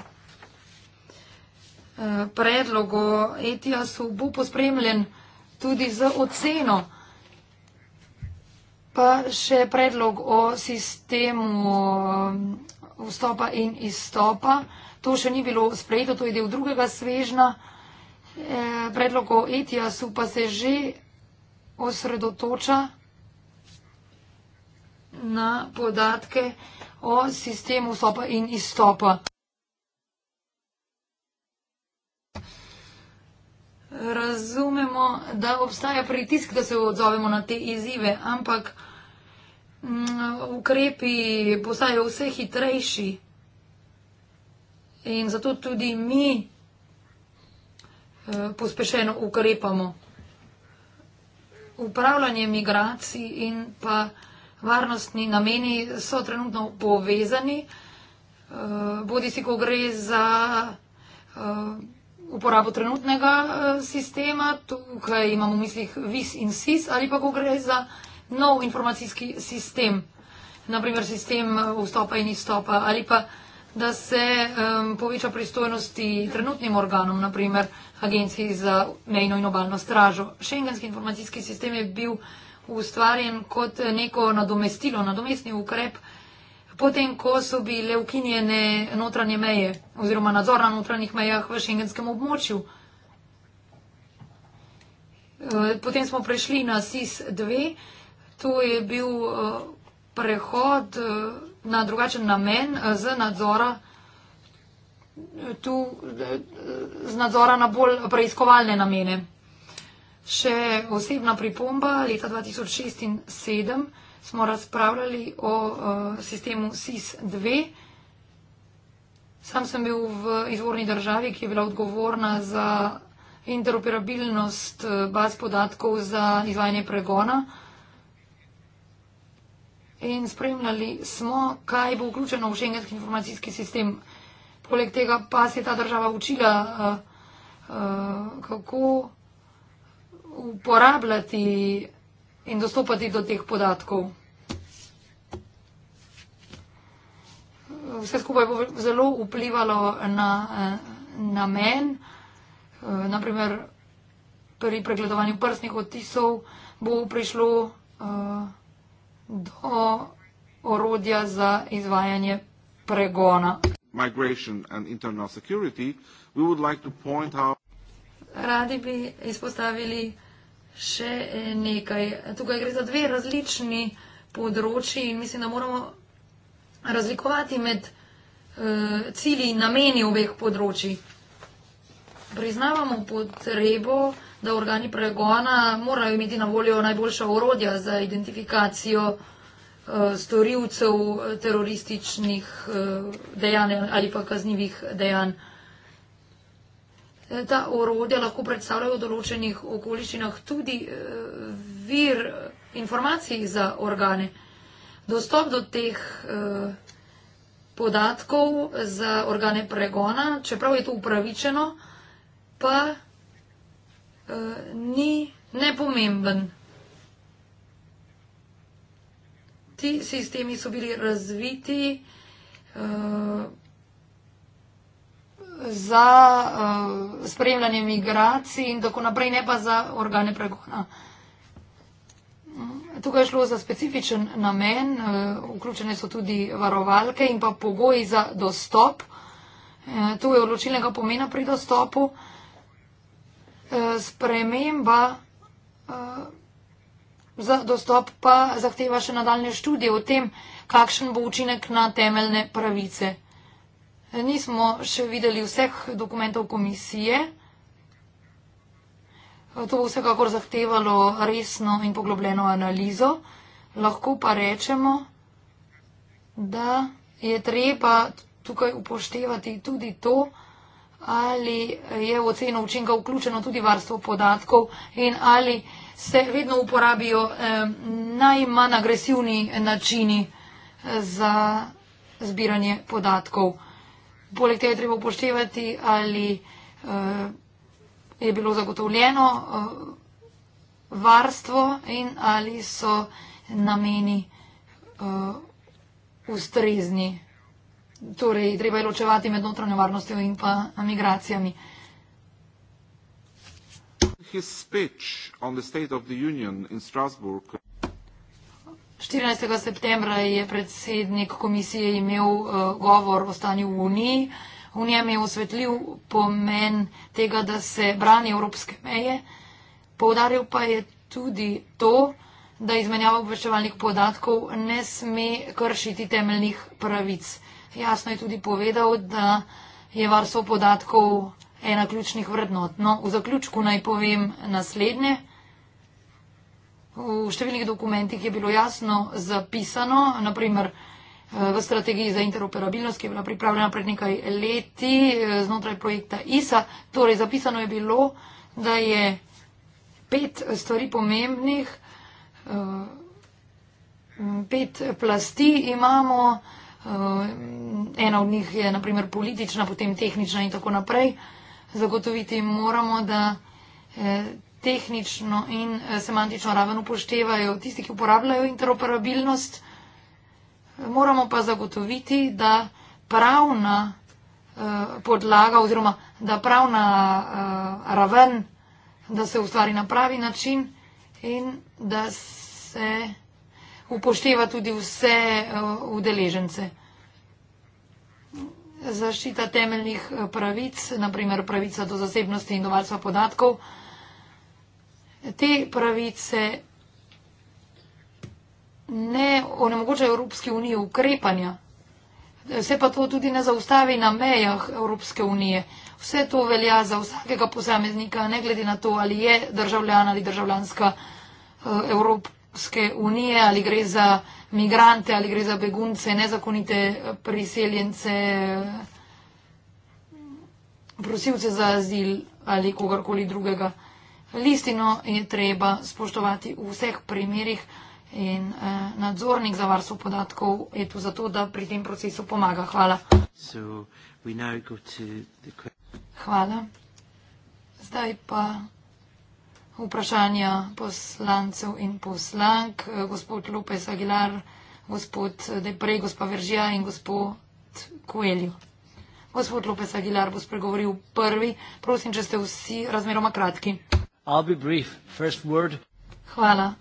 Eh, predlog o ETIAS-u bo pospremljen tudi z oceno, pa še predlog o sistemu eh, vstopa in izstopa. To še ni bilo sprejeto, to je del drugega svežna. Eh, predlog o ETIAS-u pa se že osredotoča na podatke o sistemu vstopa in izstopa. razumemo, da obstaja pritisk, da se odzovemo na te izzive, ampak m, mm, ukrepi postajajo vse hitrejši. In zato tudi mi e, pospešeno ukrepamo. Upravljanje migracij in pa varnostni nameni so trenutno povezani, e, eh, bodi si, ko gre za. E, uporabo trenutnega eh, sistema, tukaj imamo v mislih VIS in SIS ali pa ko gre za nov informacijski sistem, naprimer sistem eh, vstopa in izstopa ali pa da se um, poveča pristojnosti trenutnim organom, naprimer Agenciji za mejno in obalno stražo. Šengenski informacijski sistem je bil ustvarjen kot neko nadomestilo, nadomestni ukrep potem ko so bile ukinjene notranje meje oziroma nadzor na notranjih mejah v šengenskem območju. Eh, potem smo prešli na SIS-2, to je bil eh, prehod eh, na drugačen namen z nadzora, tu, z nadzora na bolj preiskovalne namene. Še osebna pripomba leta 2006 in 2007 smo razpravljali o uh, sistemu SIS-2. Sam sem bil v izvorni državi, ki je bila odgovorna za interoperabilnost eh, baz podatkov za izvajanje pregona. In spremljali smo, kaj bo vključeno v šengenski informacijski sistem. Poleg tega pa se je ta država učila, uh, uh, kako uporabljati in dostopati do teh podatkov. Vse skupaj bo zelo vplivalo na, na men. Naprimer, pri pregledovanju prstnih odtisov bo prišlo do orodja za izvajanje pregona. Like out... Radi bi izpostavili še eh, nekaj. Tukaj gre za dve različni področji in mislim, da moramo razlikovati med uh, cilji in nameni obeh področji. Priznavamo potrebo, da organi pregona morajo imeti na voljo najboljša orodja za identifikacijo uh, storilcev terorističnih uh, dejanj ali pa kaznjivih dejanj ta orodja lahko predstavljajo v določenih okoliščinah tudi eh, vir eh, informacij za organe. Dostop do teh eh, podatkov za organe pregona, čeprav je to upravičeno, pa ni nepomemben. Ti sistemi so bili razviti za uh, spremljanje migracij in tako naprej, ne pa za organe pregona. Mm, tukaj je šlo za specifičen namen, uh, vključene so tudi varovalke in pa pogoji za dostop. Eh, tu je odločilnega pomena pri dostopu. Sprememba za dostop pa zahteva še nadaljne študije o tem, kakšen bo učinek na temeljne pravice. Nismo še videli vseh dokumentov komisije. To bo vsekakor zahtevalo resno in poglobljeno analizo. Lahko pa rečemo, da je treba tukaj upoštevati tudi to, ali je v oceno učinka vključeno tudi varstvo podatkov in ali se vedno uporabijo eh, najmanj agresivni načini eh, za zbiranje podatkov. Poleg tega je treba upoštevati, ali uh, je bilo zagotovljeno uh, varstvo in ali so nameni uh, ustrezni. Torej, treba je ločevati med notranjo varnostjo in pa migracijami. His speech on the State of the Union in Strasbourg. 14. septembra je predsednik komisije imel uh, govor o stanju v Uniji. V njem je osvetljiv pomen tega, da se brani evropske meje. Povdaril pa je tudi to, da izmenjava obveščevalnih podatkov ne sme kršiti temeljnih pravic. Jasno je tudi povedal, da je varstvo podatkov ena ključnih vrednot. No, v zaključku naj povem naslednje v številnih dokumentih je bilo jasno zapisano, naprimer eh, v strategiji za interoperabilnost, ki je bila pripravljena pred nekaj leti eh, znotraj projekta ISA. Torej, zapisano je bilo, da je pet stvari pomembnih, eh, pet plasti imamo, ena od njih je naprimer politična, potem tehnična in tako naprej. Zagotoviti moramo, da tehnično in eh, semantično raven upoštevajo tisti, ki uporabljajo interoperabilnost. Moramo pa zagotoviti, da pravna eh, podlaga oziroma da pravna eh, raven, da se ustvari na pravi način in da se upošteva tudi vse udeležence. Zaščita temeljnih pravic, naprimer pravica do zasebnosti in do varstva podatkov, te pravice ne onemogočajo Evropske unije ukrepanja, se pa to tudi ne zaustavi na mejah Evropske unije. Vse to velja za vsakega posameznika, ne glede na to, ali je državljan ali državljanska eh, Evropske unije, ali gre za migrante, ali gre za begunce, nezakonite priseljence, prosilce za azil ali kogarkoli drugega listino je treba spoštovati v vseh primerjih in eh, nadzornik za varstvo podatkov je tu zato, da pri tem procesu pomaga. Hvala. Hvala. Zdaj pa vprašanja poslancev in poslank. Eh, gospod Lopez Aguilar, gospod Deprej, gospa Veržija in gospod Kuelju. Gospod Lopez Aguilar bo spregovoril prvi. Prosim, če ste vsi razmeroma kratki. I'll be brief. First word. Hvala.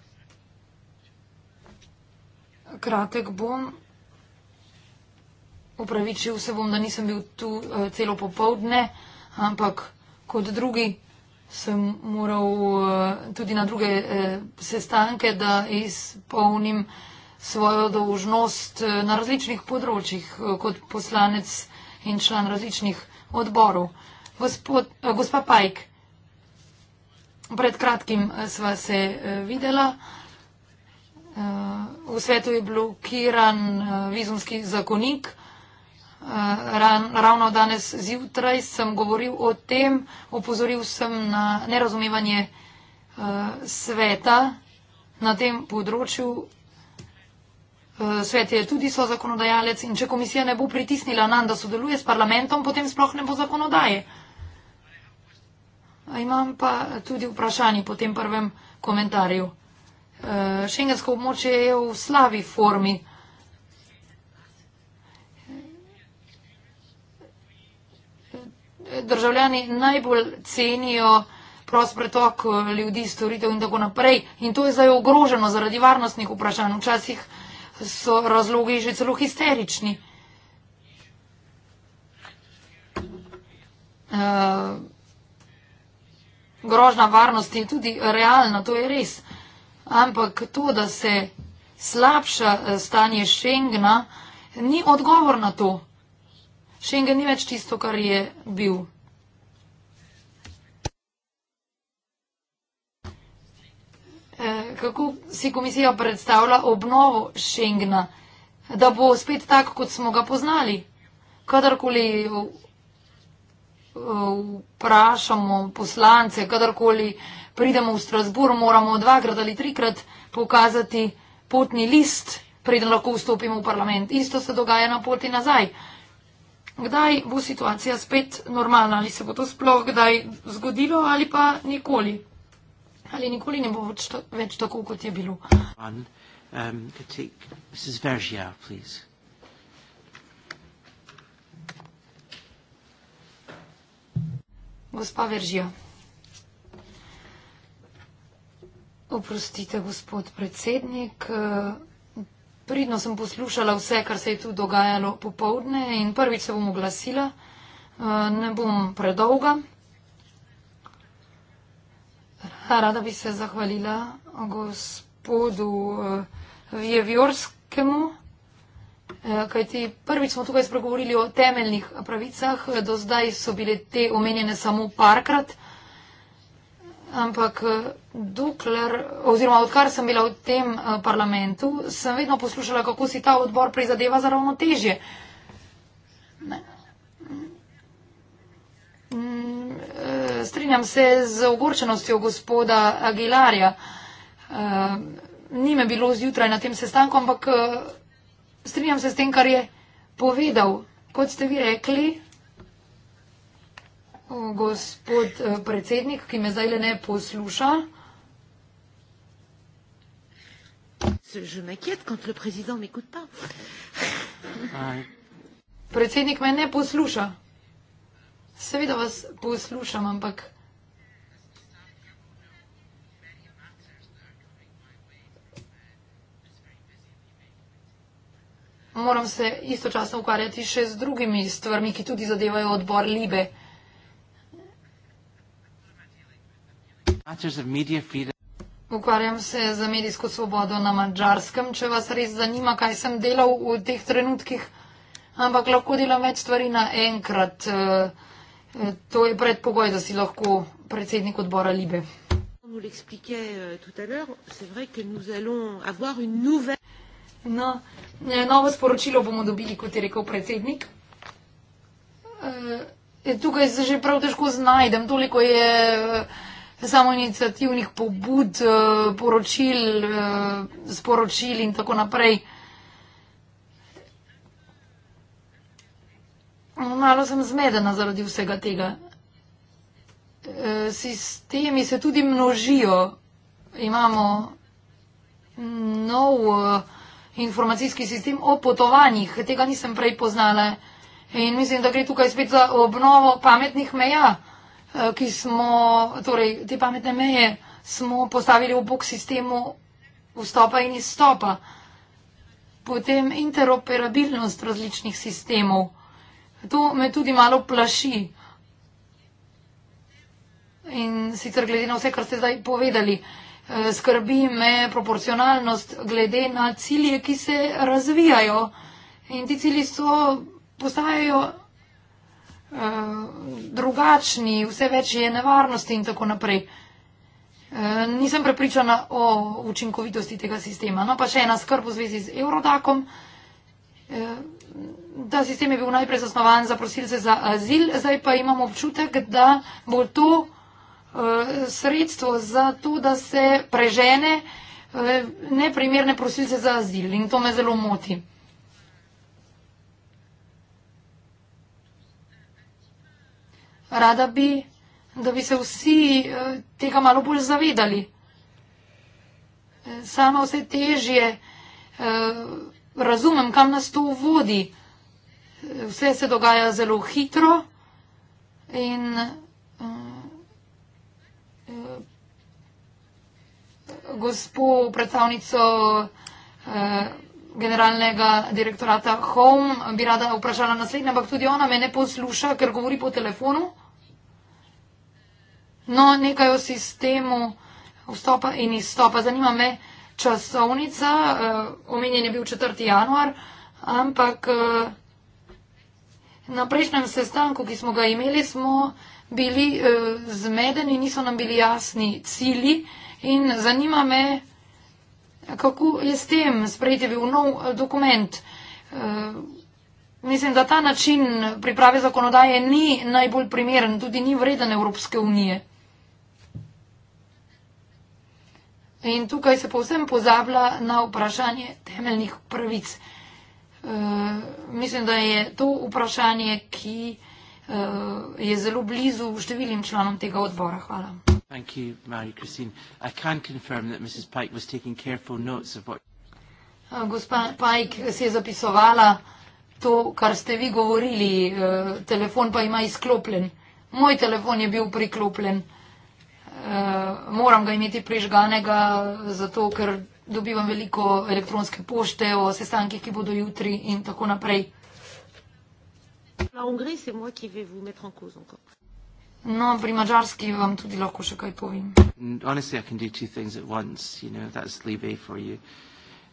Kratek bom. Upravičil se bom, da nisem bil tu uh, celo popovdne, ampak kot drugi sem moral uh, tudi na druge uh, sestanke, da izpolnim svojo dolžnost uh, na različnih področjih uh, kot poslanec in član različnih odborov. Gospod, uh, gospa Pajk. Uh, pred kratkim eh, sva se eh, videla. Eh, v svetu je blokiran vizumski zakonik. Ravno danes zjutraj sem govoril o tem, opozoril sem na nerazumevanje sveta na tem področju. Svet je tudi so zakonodajalec in če komisija ne bo pritisnila nam, da sodeluje s parlamentom, potem sploh ne bo zakonodaje. A imam pa tudi vprašanje po tem prvem komentarju. E, šengensko območje je v slavi formi. Državljani najbolj cenijo prost pretok e, ljudi, storitev in tako naprej. In to je zdaj ogroženo zaradi varnostnih vprašanj. Včasih so razlogi že celo histerični. Uh, grožna varnosti je tudi realna, to je res. Ampak to, da se slabša eh, stanje Schengna, ni odgovor na to. Schengen ni več tisto, kar je bil. Eh, kako si komisija predstavlja obnovo Schengna, da bo spet tak, kot smo ga poznali? Kadarkoli vprašamo poslance, kadarkoli pridemo v Strasbourg, moramo dvakrat ali trikrat pokazati potni list, preden lahko vstopimo v parlament. Isto se dogaja na poti nazaj. Kdaj bo situacija spet normalna? Ali se bo to sploh kdaj zgodilo ali pa nikoli? Ali nikoli ne bo več tako, kot je bilo? One, um, Gospa Veržija. Oprostite, gospod predsednik. Pridno sem poslušala vse, kar se je tu dogajalo popovdne in prvič se bom oglasila. Ne bom predolga. Rada bi se zahvalila gospodu Vjevjorskemu. Eh, kajti prvič smo tukaj spregovorili o temeljnih pravicah, eh, do zdaj so bile te omenjene samo parkrat, ampak eh, dokler, oziroma odkar sem bila v tem parlamentu, sem vedno poslušala, kako si ta odbor prizadeva za ravnotežje. Ne. Mm, strinjam se z ogorčenostjo gospoda Aguilarja. Ni me bilo zjutraj na tem sestanku, ampak strinjam se s tem, kar je povedal, kot ste vi rekli, gospod eh, predsednik, ki me zdaj le ne posluša. Predsednik me ne posluša. Seveda vas poslušam, ampak moram se istočasno ukvarjati še z drugimi stvarmi, ki tudi zadevajo odbor Libe. Ukvarjam se za medijsko svobodo na mađarskem, če vas res zanima, kaj sem delal v teh trenutkih, ampak lahko delam več stvari naenkrat. Eh, eh, to je predpogoj, da si lahko predsednik odbora Libe. Vous l'expliquiez euh, tout à l'heure, c'est vrai que nous allons avoir une nouvelle. No, e, novo sporočilo bomo dobili, kot je rekel predsednik. E, e tukaj se že prav težko znajdem, toliko je e, samo inicijativnih pobud, poročil, sporočil in tako naprej. Malo sem zmedena zaradi vsega tega. Sistemi se tudi množijo. Imamo nov. No, informacijski sistem o potovanjih. Tega nisem prej poznala. In mislim, da gre tukaj spet za obnovo pametnih meja, eh, ki smo, torej te pametne meje smo postavili v bok sistemu vstopa in izstopa. Potem interoperabilnost različnih sistemov. To me tudi malo plaši. In sicer glede na vse, kar ste zdaj povedali. Eh, skrbi me proporcionalnost glede na cilje, ki se razvijajo. In ti cilji so, postajajo eh, drugačni, vse več je nevarnosti in tako naprej. Eh, nisem prepričana o učinkovitosti tega sistema. No pa še ena skrb v zvezi z Eurodakom. Ta sistem je bil najprej zasnovan za prosilce za azil, zdaj pa imam občutek, da bo to Eh, sredstvo za to, da se prežene eh, neprimerne prosilce za azil in to me zelo moti. Rada bi, da bi se vsi eh, tega malo bolj zavedali. Sama vse težje razumem, kam nas to vodi. Vse se dogaja zelo hitro in gospo predstavnico eh, generalnega direktorata Home bi rada vprašala naslednje, ampak tudi ona me ne posluša, ker govori po telefonu. No, nekaj o sistemu vstopa in izstopa. Zanima me časovnica, eh, omenjen je bil 4. januar, ampak eh, na prejšnjem sestanku, ki smo ga imeli, smo bili zmedeni, niso nam bili jasni cili. In zanima me, kako je s tem sprejeti bil nov eh, dokument. Eh, mislim, da ta način priprave zakonodaje ni najbolj primeren, tudi ni vreden Evropske unije. In tukaj se povsem pozablja na vprašanje temeljnih pravic. Eh, mislim, da je to vprašanje, ki je zelo blizu številnim članom tega odbora. Hvala. Thank you, Mary Christine. I can confirm that Mrs. Pike was taking careful notes of what. Gospa Pike si je zapisovala to, kar ste vi govorili, e, telefon pa ima izklopljen. Moj telefon je bil priklopljen. E, moram ga imeti prižganega, zato ker dobivam veliko elektronske pošte o sestankih, ki bodo jutri in tako naprej. La Hongrie, c'est moi qui vais vous mettre en cause encore. No, pri mađarski vam tudi lahko še kaj povem. Mm, honestly, I can do two things at once, you know, that's Libby for you.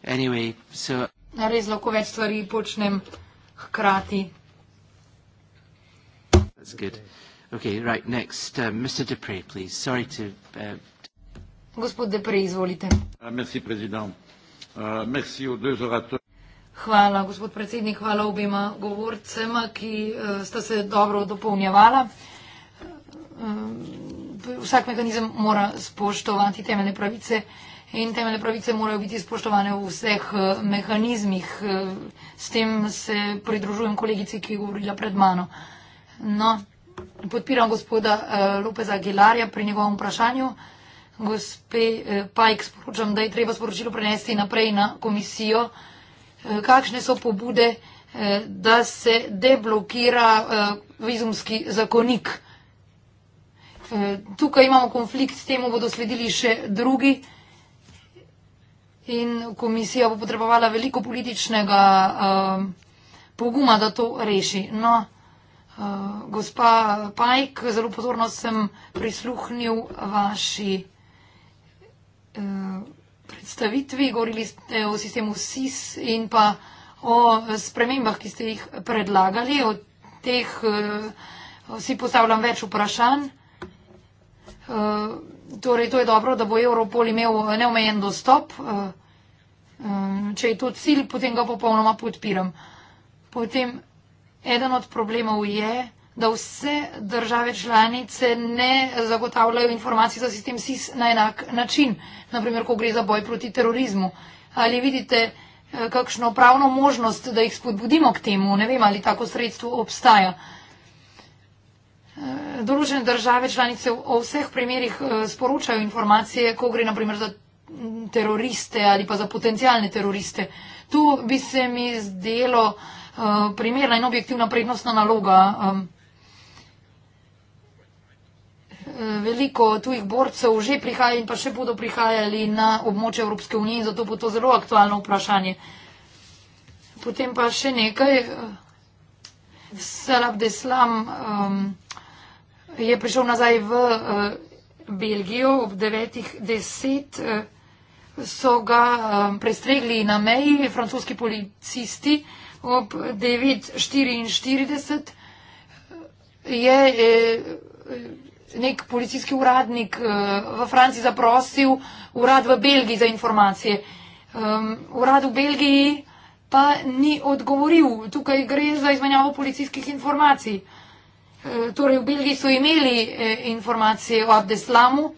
Anyway, so... Na res lahko več stvari počnem hkrati. That's good. Okay, right, next, uh, Mr. Depre, please. Sorry to... Uh... Gospod Depre, izvolite. Uh, merci, president. Uh, ah, merci aux deux orateurs. Hvala, gospod predsednik, hvala obima govorcema, ki uh, sta se dobro dopolnjevala. Uh, Ehm, vsak mehanizem mora spoštovati temeljne pravice in temeljne pravice morajo biti spoštovane v vseh eh, mehanizmih. Eh, s tem se pridružujem kolegici, ki je govorila pred mano. No, podpiram gospoda eh, Lopeza Gilarja pri njegovem vprašanju. Gospe Pajk sporočam, da je treba sporočilo prenesti naprej na komisijo. Kakšne so pobude, da se deblokira vizumski zakonik? Eh, tukaj imamo konflikt, temu bodo sledili še drugi in komisija bo potrebovala veliko političnega eh, poguma, da to reši. No, eh, gospa Pajk, zelo pozorno sem prisluhnil vaši predstavitvi, govorili ste o sistemu SIS in pa o spremembah, ki ste jih predlagali, o teh si postavljam več vprašanj. Eh, torej to je dobro, da bo Europol imel neomejen dostop. Eh, eh, če je to cilj, potem ga popolnoma podpiram. Potem eden od problemov je, da vse države članice ne zagotavljajo informacij za sistem SIS na enak način, naprimer, ko gre za boj proti terorizmu. Ali vidite kakšno pravno možnost, da jih spodbudimo k temu? Ne vem, ali tako sredstvo obstaja. Združene eh, države članice o vseh primerih eh, sporočajo informacije, ko gre naprimer za teroriste ali pa za potencijalne teroriste. Tu bi se mi zdelo eh, primerna in objektivna prednostna naloga. Veliko tujih borcev že prihaja in pa še bodo prihajali na območje Evropske unije in zato bo to zelo aktualno vprašanje. Potem pa še nekaj. Salabdeslam. Um, je prišel nazaj v uh, Belgijo ob 9.10, uh, eh, so ga um, prestregli na meji francoski policisti ob 9.44. Je eh, nek policijski uradnik uh, v Franciji zaprosil urad v Belgiji za informacije. Um, urad v Belgiji pa ni odgovoril. Tukaj gre za izmenjavo policijskih informacij. Uh, Eh, torej v Belgiji so imeli eh, informacije o Abdeslamu,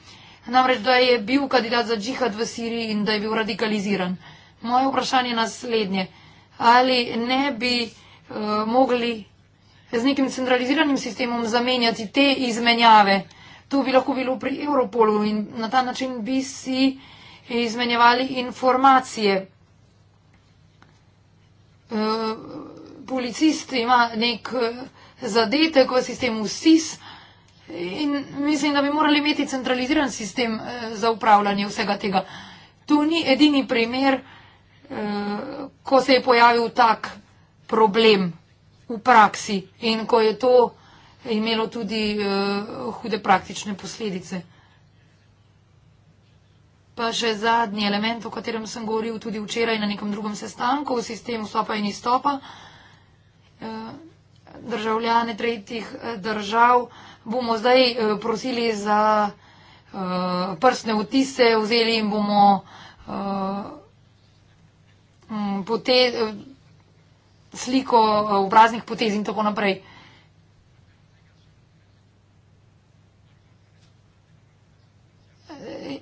namreč da je bil kandidat za džihad v Siriji in da je bil radikaliziran. Moje vprašanje je naslednje. Ali ne bi eh, mogli z nekim centraliziranim sistemom zamenjati te izmenjave? To bi lahko bilo pri Europolu in na ta način bi si izmenjevali informacije. Policist ima nek zadetek v sistemu SIS in mislim, da bi morali imeti centraliziran sistem eh, za upravljanje vsega tega. Tu ni edini primer, eh, ko se je pojavil tak problem v praksi in ko je to imelo tudi eh, hude praktične posledice. Pa še zadnji element, o katerem sem govoril tudi včeraj na nekem drugem sestanku, v sistemu stopa in izstopa državljane tretjih eh, držav, bomo zdaj eh, prosili za eh, prstne vtise, vzeli jim bomo mm, potez, sliko obraznih potez in tako naprej.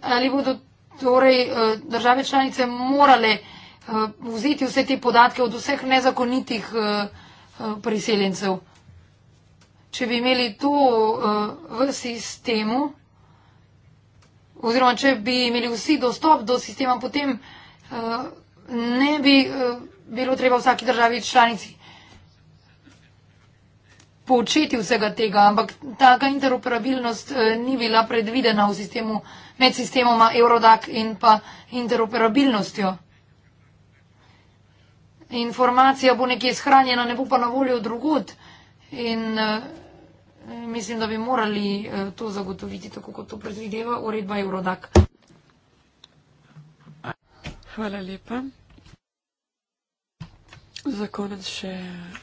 Ali bodo torej države članice morale vzeti vse te podatke od vseh nezakonitih državljanov, Eh, priseljencev. Če bi imeli to eh, v sistemu, oziroma če bi imeli vsi dostop do sistema, potem eh, ne bi bilo treba vsaki državi članici početi vsega tega, ampak taka interoperabilnost ni bila predvidena v sistemu med sistemoma Eurodac in pa interoperabilnostjo informacija bo nekje shranjena, ne bo pa na voljo drugod. In uh, mislim, da bi morali uh, to zagotoviti, tako kot to predvideva uredba Eurodak. Hvala lepa. Za konec še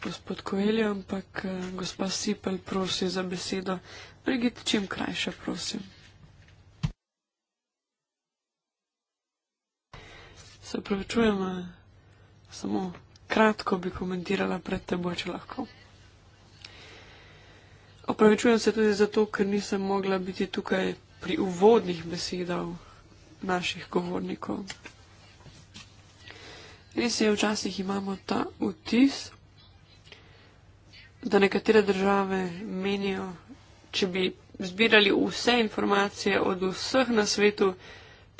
gospod Koelje, ampak eh, gospa Sipel prosi za besedo. Brigit, čim krajše, prosim. Se pravičujemo samo kratko bi komentirala pred teboj, če lahko. Opravičujem se tudi zato, ker nisem mogla biti tukaj pri uvodnih besedah naših govornikov. Res je, včasih imamo ta vtis, da nekatere države menijo, če bi zbirali vse informacije od vseh na svetu,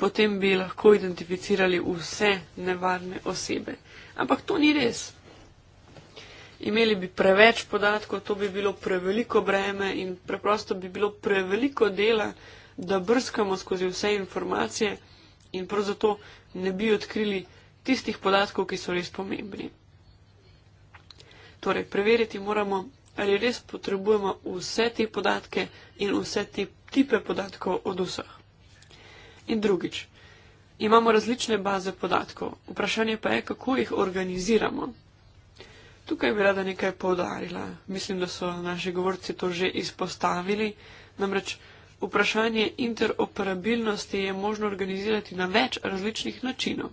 potem bi lahko identificirali vse nevarne osebe. Ampak to ni res. Imeli bi preveč podatkov, to bi bilo preveliko breme in preprosto bi bilo preveliko dela, da brskamo skozi vse informacije in prav zato ne bi odkrili tistih podatkov, ki so res pomembni. Torej, preveriti moramo, ali res potrebujemo vse te podatke in vse te tipe podatkov od vseh. In drugič, Imamo različne baze podatkov, vprašanje pa je, kako jih organiziramo. Tukaj bi rada nekaj povdarila. Mislim, da so naši govorci to že izpostavili. Namreč vprašanje interoperabilnosti je možno organizirati na več različnih načinov.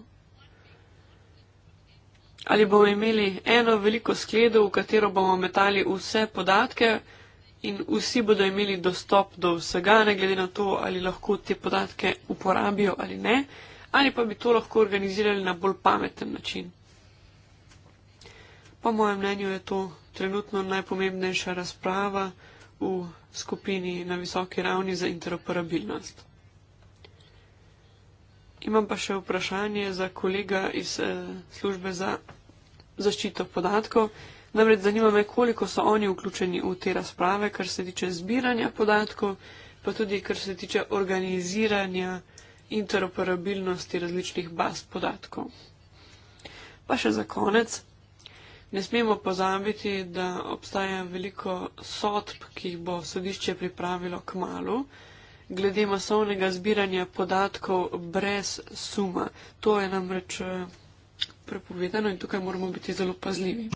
Ali bomo imeli eno veliko skledo, v katero bomo metali vse podatke in vsi bodo imeli dostop do vsega, ne glede na to, ali lahko te podatke uporabijo ali ne ali pa bi to lahko organizirali na bolj pameten način. Po mojem mnenju je to trenutno najpomembnejša razprava v skupini na visoki ravni za interoperabilnost. Imam pa še vprašanje za kolega iz eh, službe za zaščito podatkov. Namreč zanima me, koliko so oni vključeni v te razprave, kar se tiče zbiranja podatkov, pa tudi kar se tiče organiziranja interoperabilnosti različnih baz podatkov. Pa še za konec, ne smemo pozabiti, da obstaja veliko sodb, ki jih bo sodišče pripravilo k malu, glede masovnega zbiranja podatkov brez suma. To je namreč eh, prepovedano in tukaj moramo biti zelo pazljivi.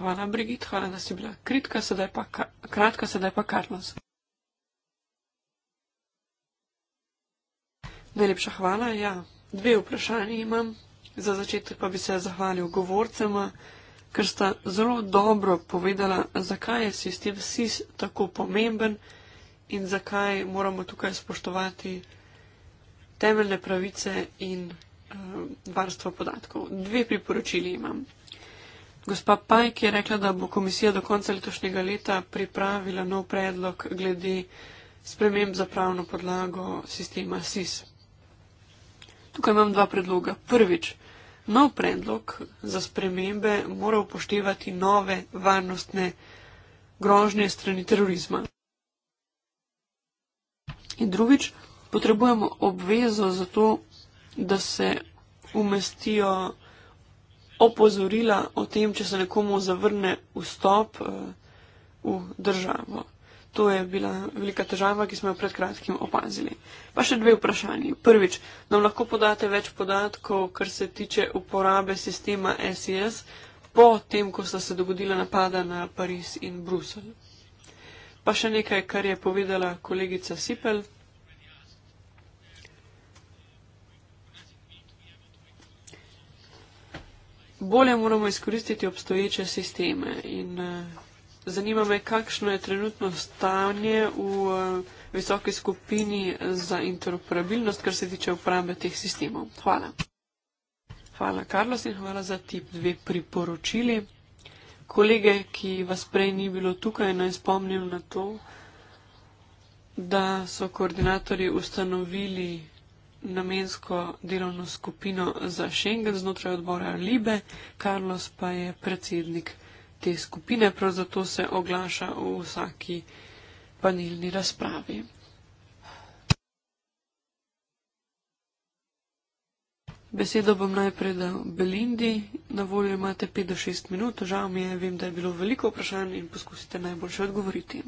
Hvala, Brigit, hvala, da si bila kritka, sedaj pa, kratka, sedaj pa Karlos. Najlepša hvala. Ja. Dve vprašanje imam. Za začetek pa bi se zahvalil govorcema, ker sta zelo dobro povedala, zakaj je sistem SIS tako pomemben in zakaj moramo tukaj spoštovati temeljne pravice in uh, varstvo podatkov. Dve priporočili imam. Gospa Pajk je rekla, da bo komisija do konca letošnjega leta pripravila nov predlog glede sprememb za pravno podlago sistema SIS. Tukaj imam dva predloga. Prvič, nov predlog za spremembe mora upoštevati nove varnostne grožnje strani terorizma. In drugič, potrebujemo obvezo za to, da se umestijo opozorila o tem, če se nekomu zavrne vstop eh, v državo. To je bila velika težava, ki smo jo pred kratkim opazili. Pa še dve vprašanje. Prvič, nam lahko podate več podatkov, kar se tiče uporabe sistema SES, po tem, ko sta se dogodila napada na Pariz in Brusel. Pa še nekaj, kar je povedala kolegica Sipel. Bolje moramo izkoristiti obstoječe sisteme in uh, Zanima me, kakšno je trenutno stanje v eh, visoki skupini za interoperabilnost, kar se tiče uporabe teh sistemov. Hvala. Hvala, Karlos, in hvala za tip dve priporočili. Kolege, ki vas prej ni bilo tukaj, naj spomnim na to, da so koordinatori ustanovili namensko delovno skupino za Schengen znotraj odbora Libe, Karlos pa je predsednik te skupine, prav zato se oglaša v vsaki panelni razpravi. Besedo bom najprej dal Belindi. Na voljo imate 5 do 6 minut. Žal mi je, vem, da je bilo veliko vprašanj in poskusite najboljše odgovoriti.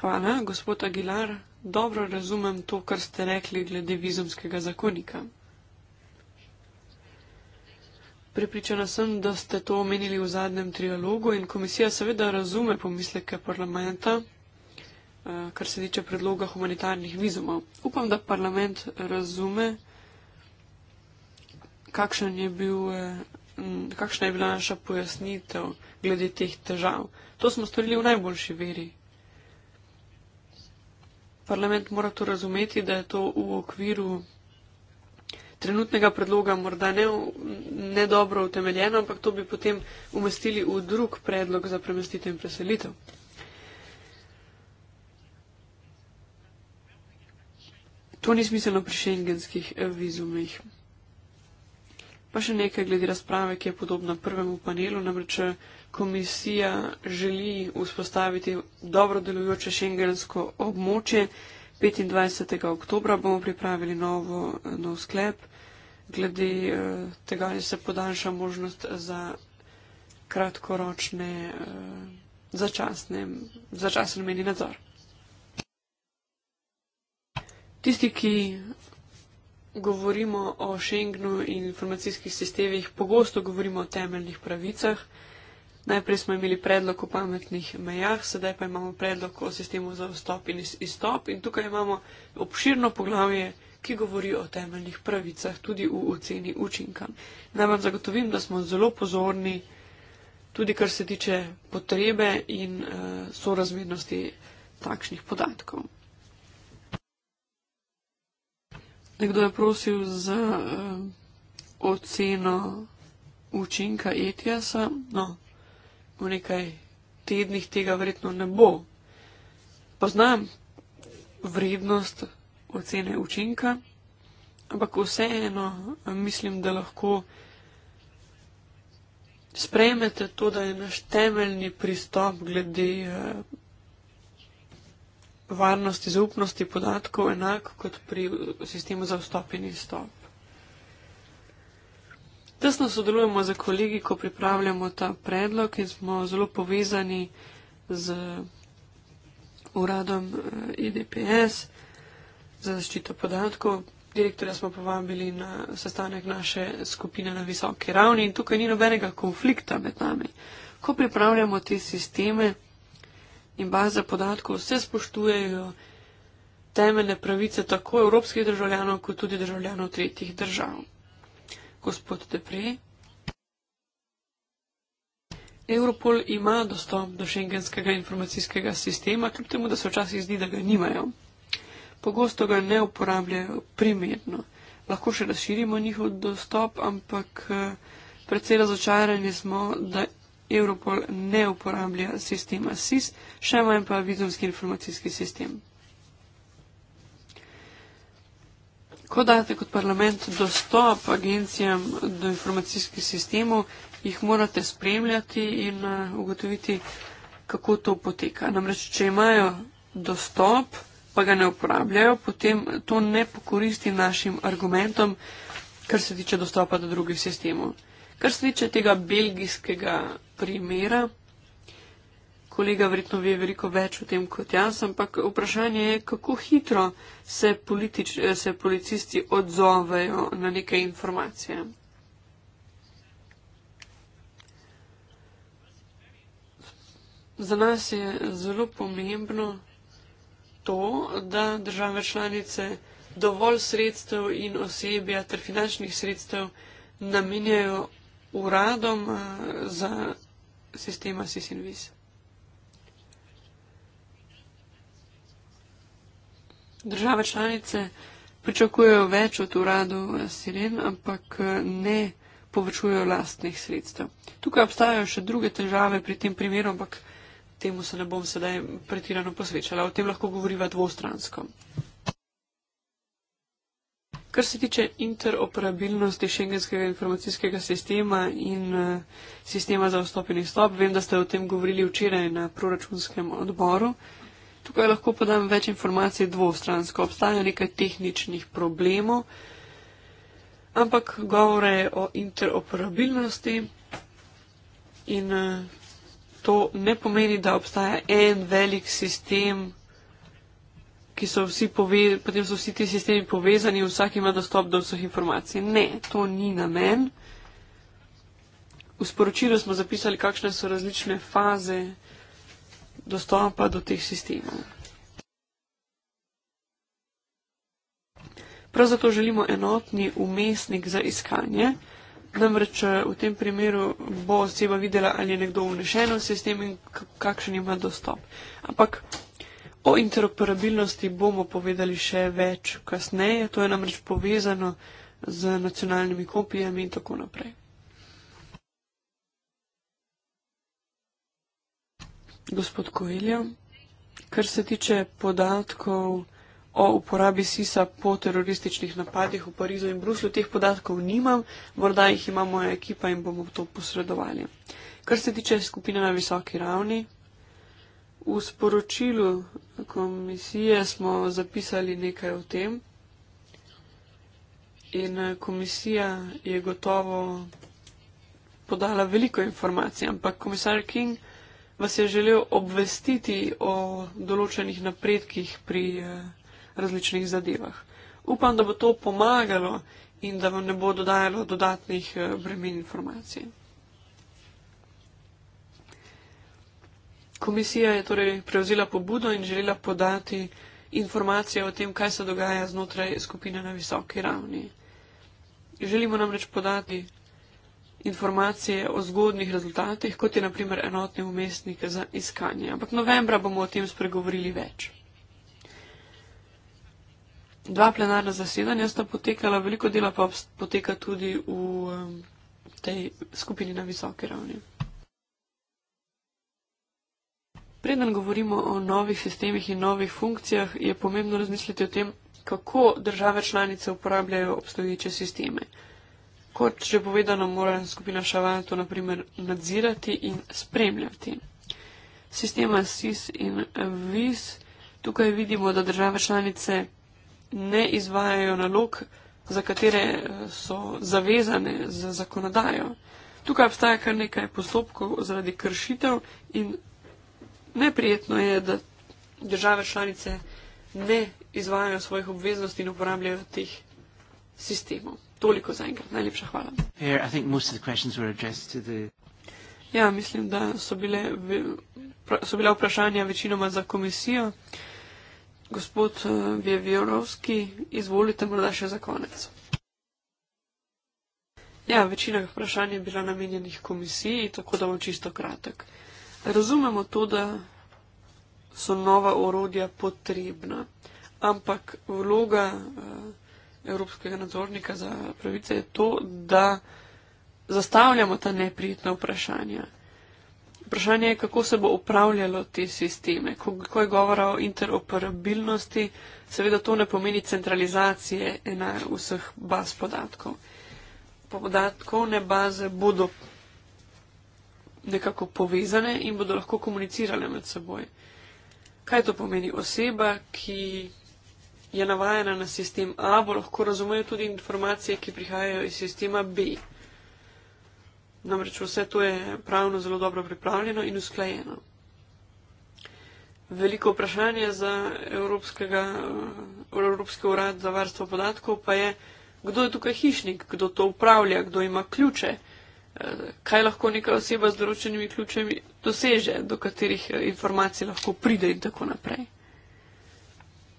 Hvala, gospod Aguilar. Dobro razumem to, kar ste rekli glede vizumskega zakonika. Pripričana sem, da ste to omenili v zadnjem trialogu in komisija seveda razume pomisleke parlamenta, eh, kar se tiče predloga humanitarnih vizumov. Upam, da parlament razume, kakšen je bil. Eh, kakšna je bila naša pojasnitev glede teh težav? To smo storili v najboljši veri. Parlament mora to razumeti, da je to v okviru trenutnega predloga morda ne, ne dobro utemeljeno, ampak to bi potem umestili v drug predlog za premestitev in preselitev. To ni smiselno pri šengenskih eh, vizumih. Pa še nekaj glede razprave, ki je podobna prvemu panelu, namreč eh, komisija želi vzpostaviti dobro delujoče šengensko območje. 25. oktobra bomo pripravili novo, eh, nov sklep glede uh, tega, da se podaljša možnost za kratkoročne, uh, začasne, začasen meni nadzor. Tisti, ki govorimo o Schengnu in informacijskih sistemih, pogosto govorimo o temeljnih pravicah. Najprej smo imeli predlog o pametnih mejah, sedaj pa imamo predlog o sistemu za vstop in izstop in tukaj imamo obširno poglavje ki govori o temeljnih pravicah tudi v oceni učinka. Naj vam zagotovim, da smo zelo pozorni tudi kar se tiče potrebe in uh, sorazmernosti takšnih podatkov. Nekdo je prosil za uh, oceno učinka ETS-a. No, v nekaj tednih tega verjetno ne bo. Poznam vrednost ocene učinka, ampak vseeno eh, mislim, da lahko sprejmete to, da je naš temeljni pristop glede eh, varnosti, zaupnosti podatkov enak kot pri sistemu za vstop in izstop. Tesno sodelujemo z kolegi, ko pripravljamo ta predlog in smo zelo povezani z uradom eh, IDPS. E, za zaščito podatkov. Direktorja smo povabili na sestanek naše skupine na visoki ravni in tukaj ni nobenega konflikta med nami. Ko pripravljamo te sisteme in baze podatkov, vse spoštujejo temeljne pravice tako evropskih državljanov, kot tudi državljanov tretjih držav. Gospod Depre, Europol ima dostop do šengenskega informacijskega sistema, kljub temu, da se včasih zdi, da ga nimajo pogosto ga ne uporabljajo primerno. Lahko še razširimo njihov dostop, ampak eh, predvsej razočarani smo, da Europol ne uporablja sistema SIS, še manj pa vizumski informacijski sistem. Ko date kot parlament dostop agencijam do informacijskih sistemov, jih morate spremljati in eh, ugotoviti, kako to poteka. Namreč, če imajo dostop, pa ga ne uporabljajo, potem to ne pokoristi našim argumentom, kar se tiče dostopa do drugih sistemov. Kar se tiče tega belgijskega primera, kolega verjetno ve veliko več o tem kot jaz, ampak vprašanje je, kako hitro se, politič, se policisti odzovejo na neke informacije. Za nas je zelo pomembno, to, da države članice dovolj sredstev in osebja ter finančnih sredstev namenjajo uradom eh, za sistema SIS-INVIS. Države članice pričakujejo več od uradu eh, SIREN, ampak eh, ne povečujejo lastnih sredstev. Tukaj obstajajo še druge težave pri tem primeru, ampak temu se ne bom sedaj pretirano posvečala. O tem lahko govoriva dvostransko. Kar se tiče interoperabilnosti šengenskega informacijskega sistema in eh, sistema za vstop in izstop, vem, da ste o tem govorili včeraj na proračunskem odboru. Tukaj lahko podam več informacij dvostransko. Obstaja nekaj tehničnih problemov, ampak govore o interoperabilnosti in eh, to ne pomeni, da obstaja en velik sistem, ki so vsi, pove, so vsi ti sistemi povezani, vsak ima dostop do vseh informacij. Ne, to ni namen. V sporočilu smo zapisali, kakšne so različne faze dostopa do teh sistemov. Prav zato želimo enotni umestnik za iskanje. Namreč eh, v tem primeru bo oseba videla, ali je nekdo vnešen v sistem in kakšen ima dostop. Ampak o interoperabilnosti bomo povedali še več kasneje, to je namreč povezano z nacionalnimi kopijami in tako naprej. Gospod Koeljo, kar se tiče podatkov o uporabi SIS-a po terorističnih napadih v Parizu in Bruslju. Teh podatkov nimam, morda jih ima moja ekipa in bomo to posredovali. Kar se tiče skupine na visoki ravni, v sporočilu komisije smo zapisali nekaj o tem in komisija je gotovo podala veliko informacij, ampak komisar King vas je želel obvestiti o določenih napredkih pri. Eh, različnih zadevah. Upam, da bo to pomagalo in da vam ne bo dodajalo dodatnih eh, bremen informacij. Komisija je torej prevzela pobudo in želela podati informacije o tem, kaj se dogaja znotraj skupine na visoki ravni. Želimo namreč podati informacije o zgodnih rezultatih, kot je naprimer enotni umestnik za iskanje. Ampak novembra bomo o tem spregovorili več dva plenarna zasedanja sta potekala, veliko dela pa poteka tudi v tej skupini na visoki ravni. Preden govorimo o novih sistemih in novih funkcijah, je pomembno razmisliti o tem, kako države članice uporabljajo obstoječe sisteme. Kot že povedano, mora skupina Šavan to naprimer nadzirati in spremljati. Sistema SIS in VIS, tukaj vidimo, da države članice ne izvajajo nalog, za katere eh, so zavezane z zakonodajo. Tukaj obstaja kar nekaj postopkov zaradi kršitev in neprijetno je, da države članice ne izvajajo svojih obveznosti in uporabljajo teh sistemov. Toliko za enkrat. Najlepša hvala. Here, the... Ja, mislim, da so bile, so bile vprašanja večinoma za komisijo. Gospod Vjevjerovski, eh, izvolite morda še za konec. Ja, večina vprašanj je bila namenjenih komisiji, tako da bom čisto kratek. Razumemo to, da so nova orodja potrebna, ampak vloga eh, Evropskega nadzornika za pravice je to, da zastavljamo ta neprijetna vprašanja vprašanje je, kako se bo upravljalo te sisteme. Ko, ko je govora o interoperabilnosti, seveda to ne pomeni centralizacije ena vseh baz podatkov. Podatkovne baze bodo nekako povezane in bodo lahko komunicirale med seboj. Kaj to pomeni? Oseba, ki je navajena na sistem A, bo lahko razumela tudi informacije, ki prihajajo iz sistema B. Namreč vse to je pravno zelo dobro pripravljeno in usklajeno. Veliko vprašanje za eh, Evropski urad za varstvo podatkov pa je, kdo je tukaj hišnik, kdo to upravlja, kdo ima ključe, eh, kaj lahko neka oseba z določenimi ključemi doseže, do katerih eh, informacij lahko pride in tako naprej.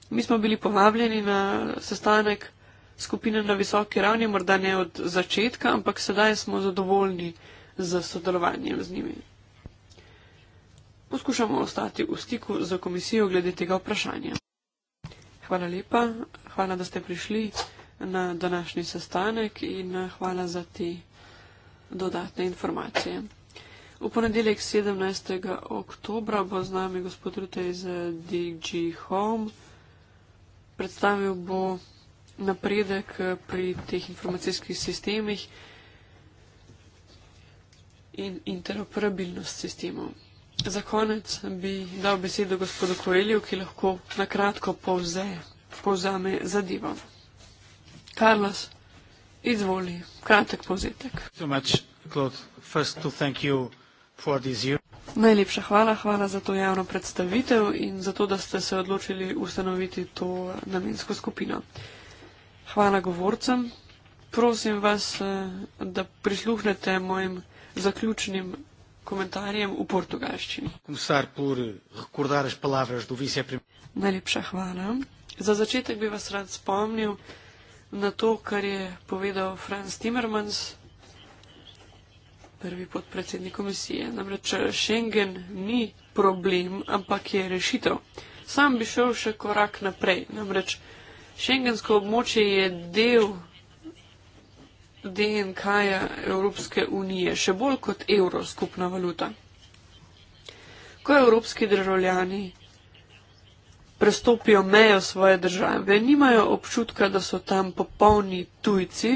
Mi smo bili povabljeni na sestanek skupine na visoki ravni, morda ne od začetka, ampak sedaj smo zadovoljni z sodelovanjem z njimi. Poskušamo ostati v stiku z komisijo glede tega vprašanja. Hvala lepa, hvala, da ste prišli na današnji sestanek in hvala za te dodatne informacije. V ponedeljek 17. oktobra bo z nami gospod Rutej z DG Home. Predstavil bo napredek eh, pri teh informacijskih sistemih in interoperabilnost sistemov. Za konec bi dal besedo gospodu Koelju, ki lahko na kratko povze, povzame zadevo. Carlos, izvoli, kratek povzetek. Najlepša hvala, hvala za to javno predstavitev in za to, da ste se odločili ustanoviti to namensko skupino. Hvala govorcem. Prosim vas, eh, da prisluhnete mojim zaključnim komentarjem v portugalščini. Najlepša hvala. Za začetek bi vas rad spomnil na to, kar je povedal Franz Timmermans, prvi podpredsednik komisije. Namreč eh, Schengen ni problem, ampak je rešitev. Sam bi šel še korak naprej. Namreč Šengensko območje je del DNK-ja Evropske unije, še bolj kot evro skupna valuta. Ko evropski državljani prestopijo mejo svoje države, nimajo občutka, da so tam popolni tujci,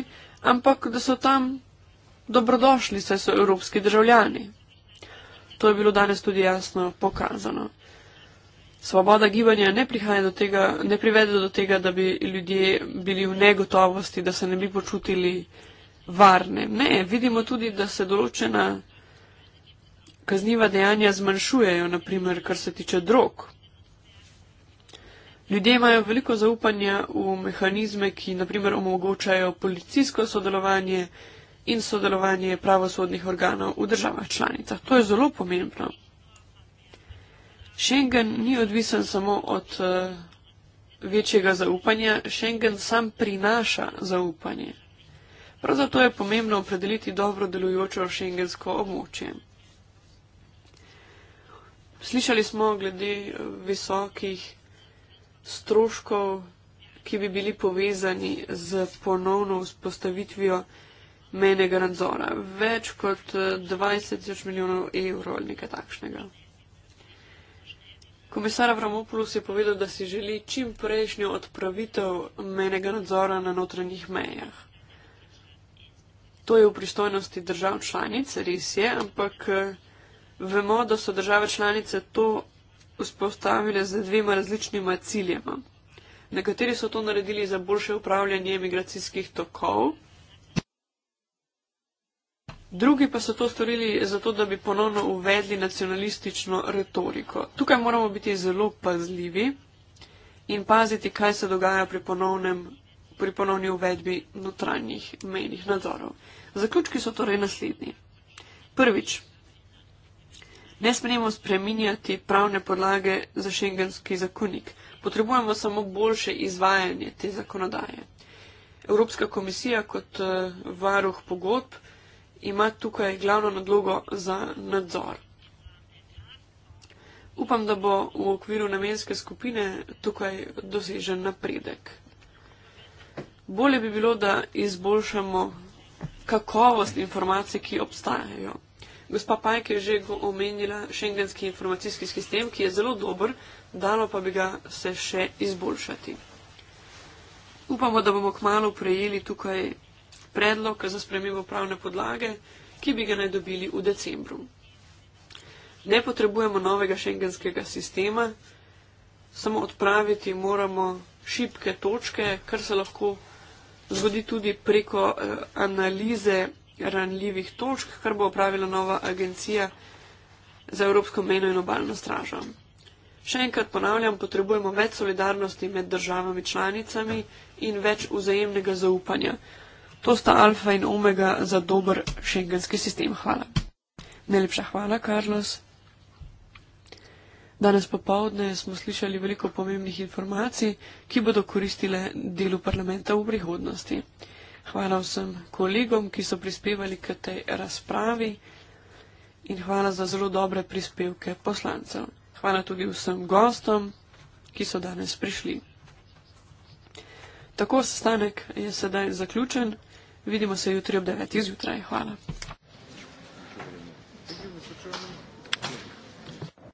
ampak da so tam dobrodošli, saj so evropski državljani. To je bilo danes tudi jasno pokazano. Svoboda gibanja ne, do tega, ne privede do tega, da bi ljudje bili v negotovosti, da se ne bi počutili varne. Ne, vidimo tudi, da se določena kazniva dejanja zmanjšujejo, naprimer, kar se tiče drog. Ljudje imajo veliko zaupanja v mehanizme, ki naprimer omogočajo policijsko sodelovanje in sodelovanje pravosodnih organov v državah članicah. To je zelo pomembno. Schengen ni odvisen samo od uh, večjega zaupanja, Schengen sam prinaša zaupanje. Prav zato je pomembno opredeliti dobro delujočo šengensko območje. Slišali smo glede eh, visokih stroškov, ki bi bili povezani z ponovno vzpostavitvijo mejnega nadzora. Več kot 20 eh, milijonov evrov ali nekaj takšnega. Komisar Avramopoulos je povedal, da si želi čim prejšnjo odpravitev menega nadzora na notranjih mejah. To je v pristojnosti držav članic, res je, ampak eh, vemo, da so države članice to vzpostavile z dvema različnima ciljema. Nekateri so to naredili za boljše upravljanje migracijskih tokov. Drugi pa so to storili zato, da bi ponovno uvedli nacionalistično retoriko. Tukaj moramo biti zelo pazljivi in paziti, kaj se dogaja pri, ponovnem, pri ponovni uvedbi notranjih mejnih nadzorov. Zaključki so torej naslednji. Prvič, ne smemo spreminjati pravne podlage za šengenski zakonik. Potrebujemo samo boljše izvajanje te zakonodaje. Evropska komisija kot eh, varuh pogodb ima tukaj glavno nadlogo za nadzor. Upam, da bo v okviru namenske skupine tukaj dosežen napredek. Bolje bi bilo, da izboljšamo kakovost informacij, ki obstajajo. Gospa Pajk je že omenila šengenski informacijski sistem, ki je zelo dober, dalo pa bi ga se še izboljšati. Upamo, da bomo kmalo prejeli tukaj predlog za spremembo pravne podlage, ki bi ga naj dobili v decembru. Ne potrebujemo novega šengenskega sistema, samo odpraviti moramo šibke točke, kar se lahko zgodi tudi preko eh, analize ranljivih točk, kar bo opravila nova agencija za Evropsko mejno in obaljno stražo. Še enkrat ponavljam, potrebujemo več solidarnosti med državami članicami in več vzajemnega zaupanja. To sta alfa in omega za dober šengenski sistem. Hvala. Najlepša hvala, Karlos. Danes popovdne smo slišali veliko pomembnih informacij, ki bodo koristile delu parlamenta v prihodnosti. Hvala vsem kolegom, ki so prispevali k tej razpravi in hvala za zelo dobre prispevke poslancev. Hvala tudi vsem gostom, ki so danes prišli. Tako sestanek je sedaj zaključen. Vidimo se jutri ob 9. zjutraj. Hvala.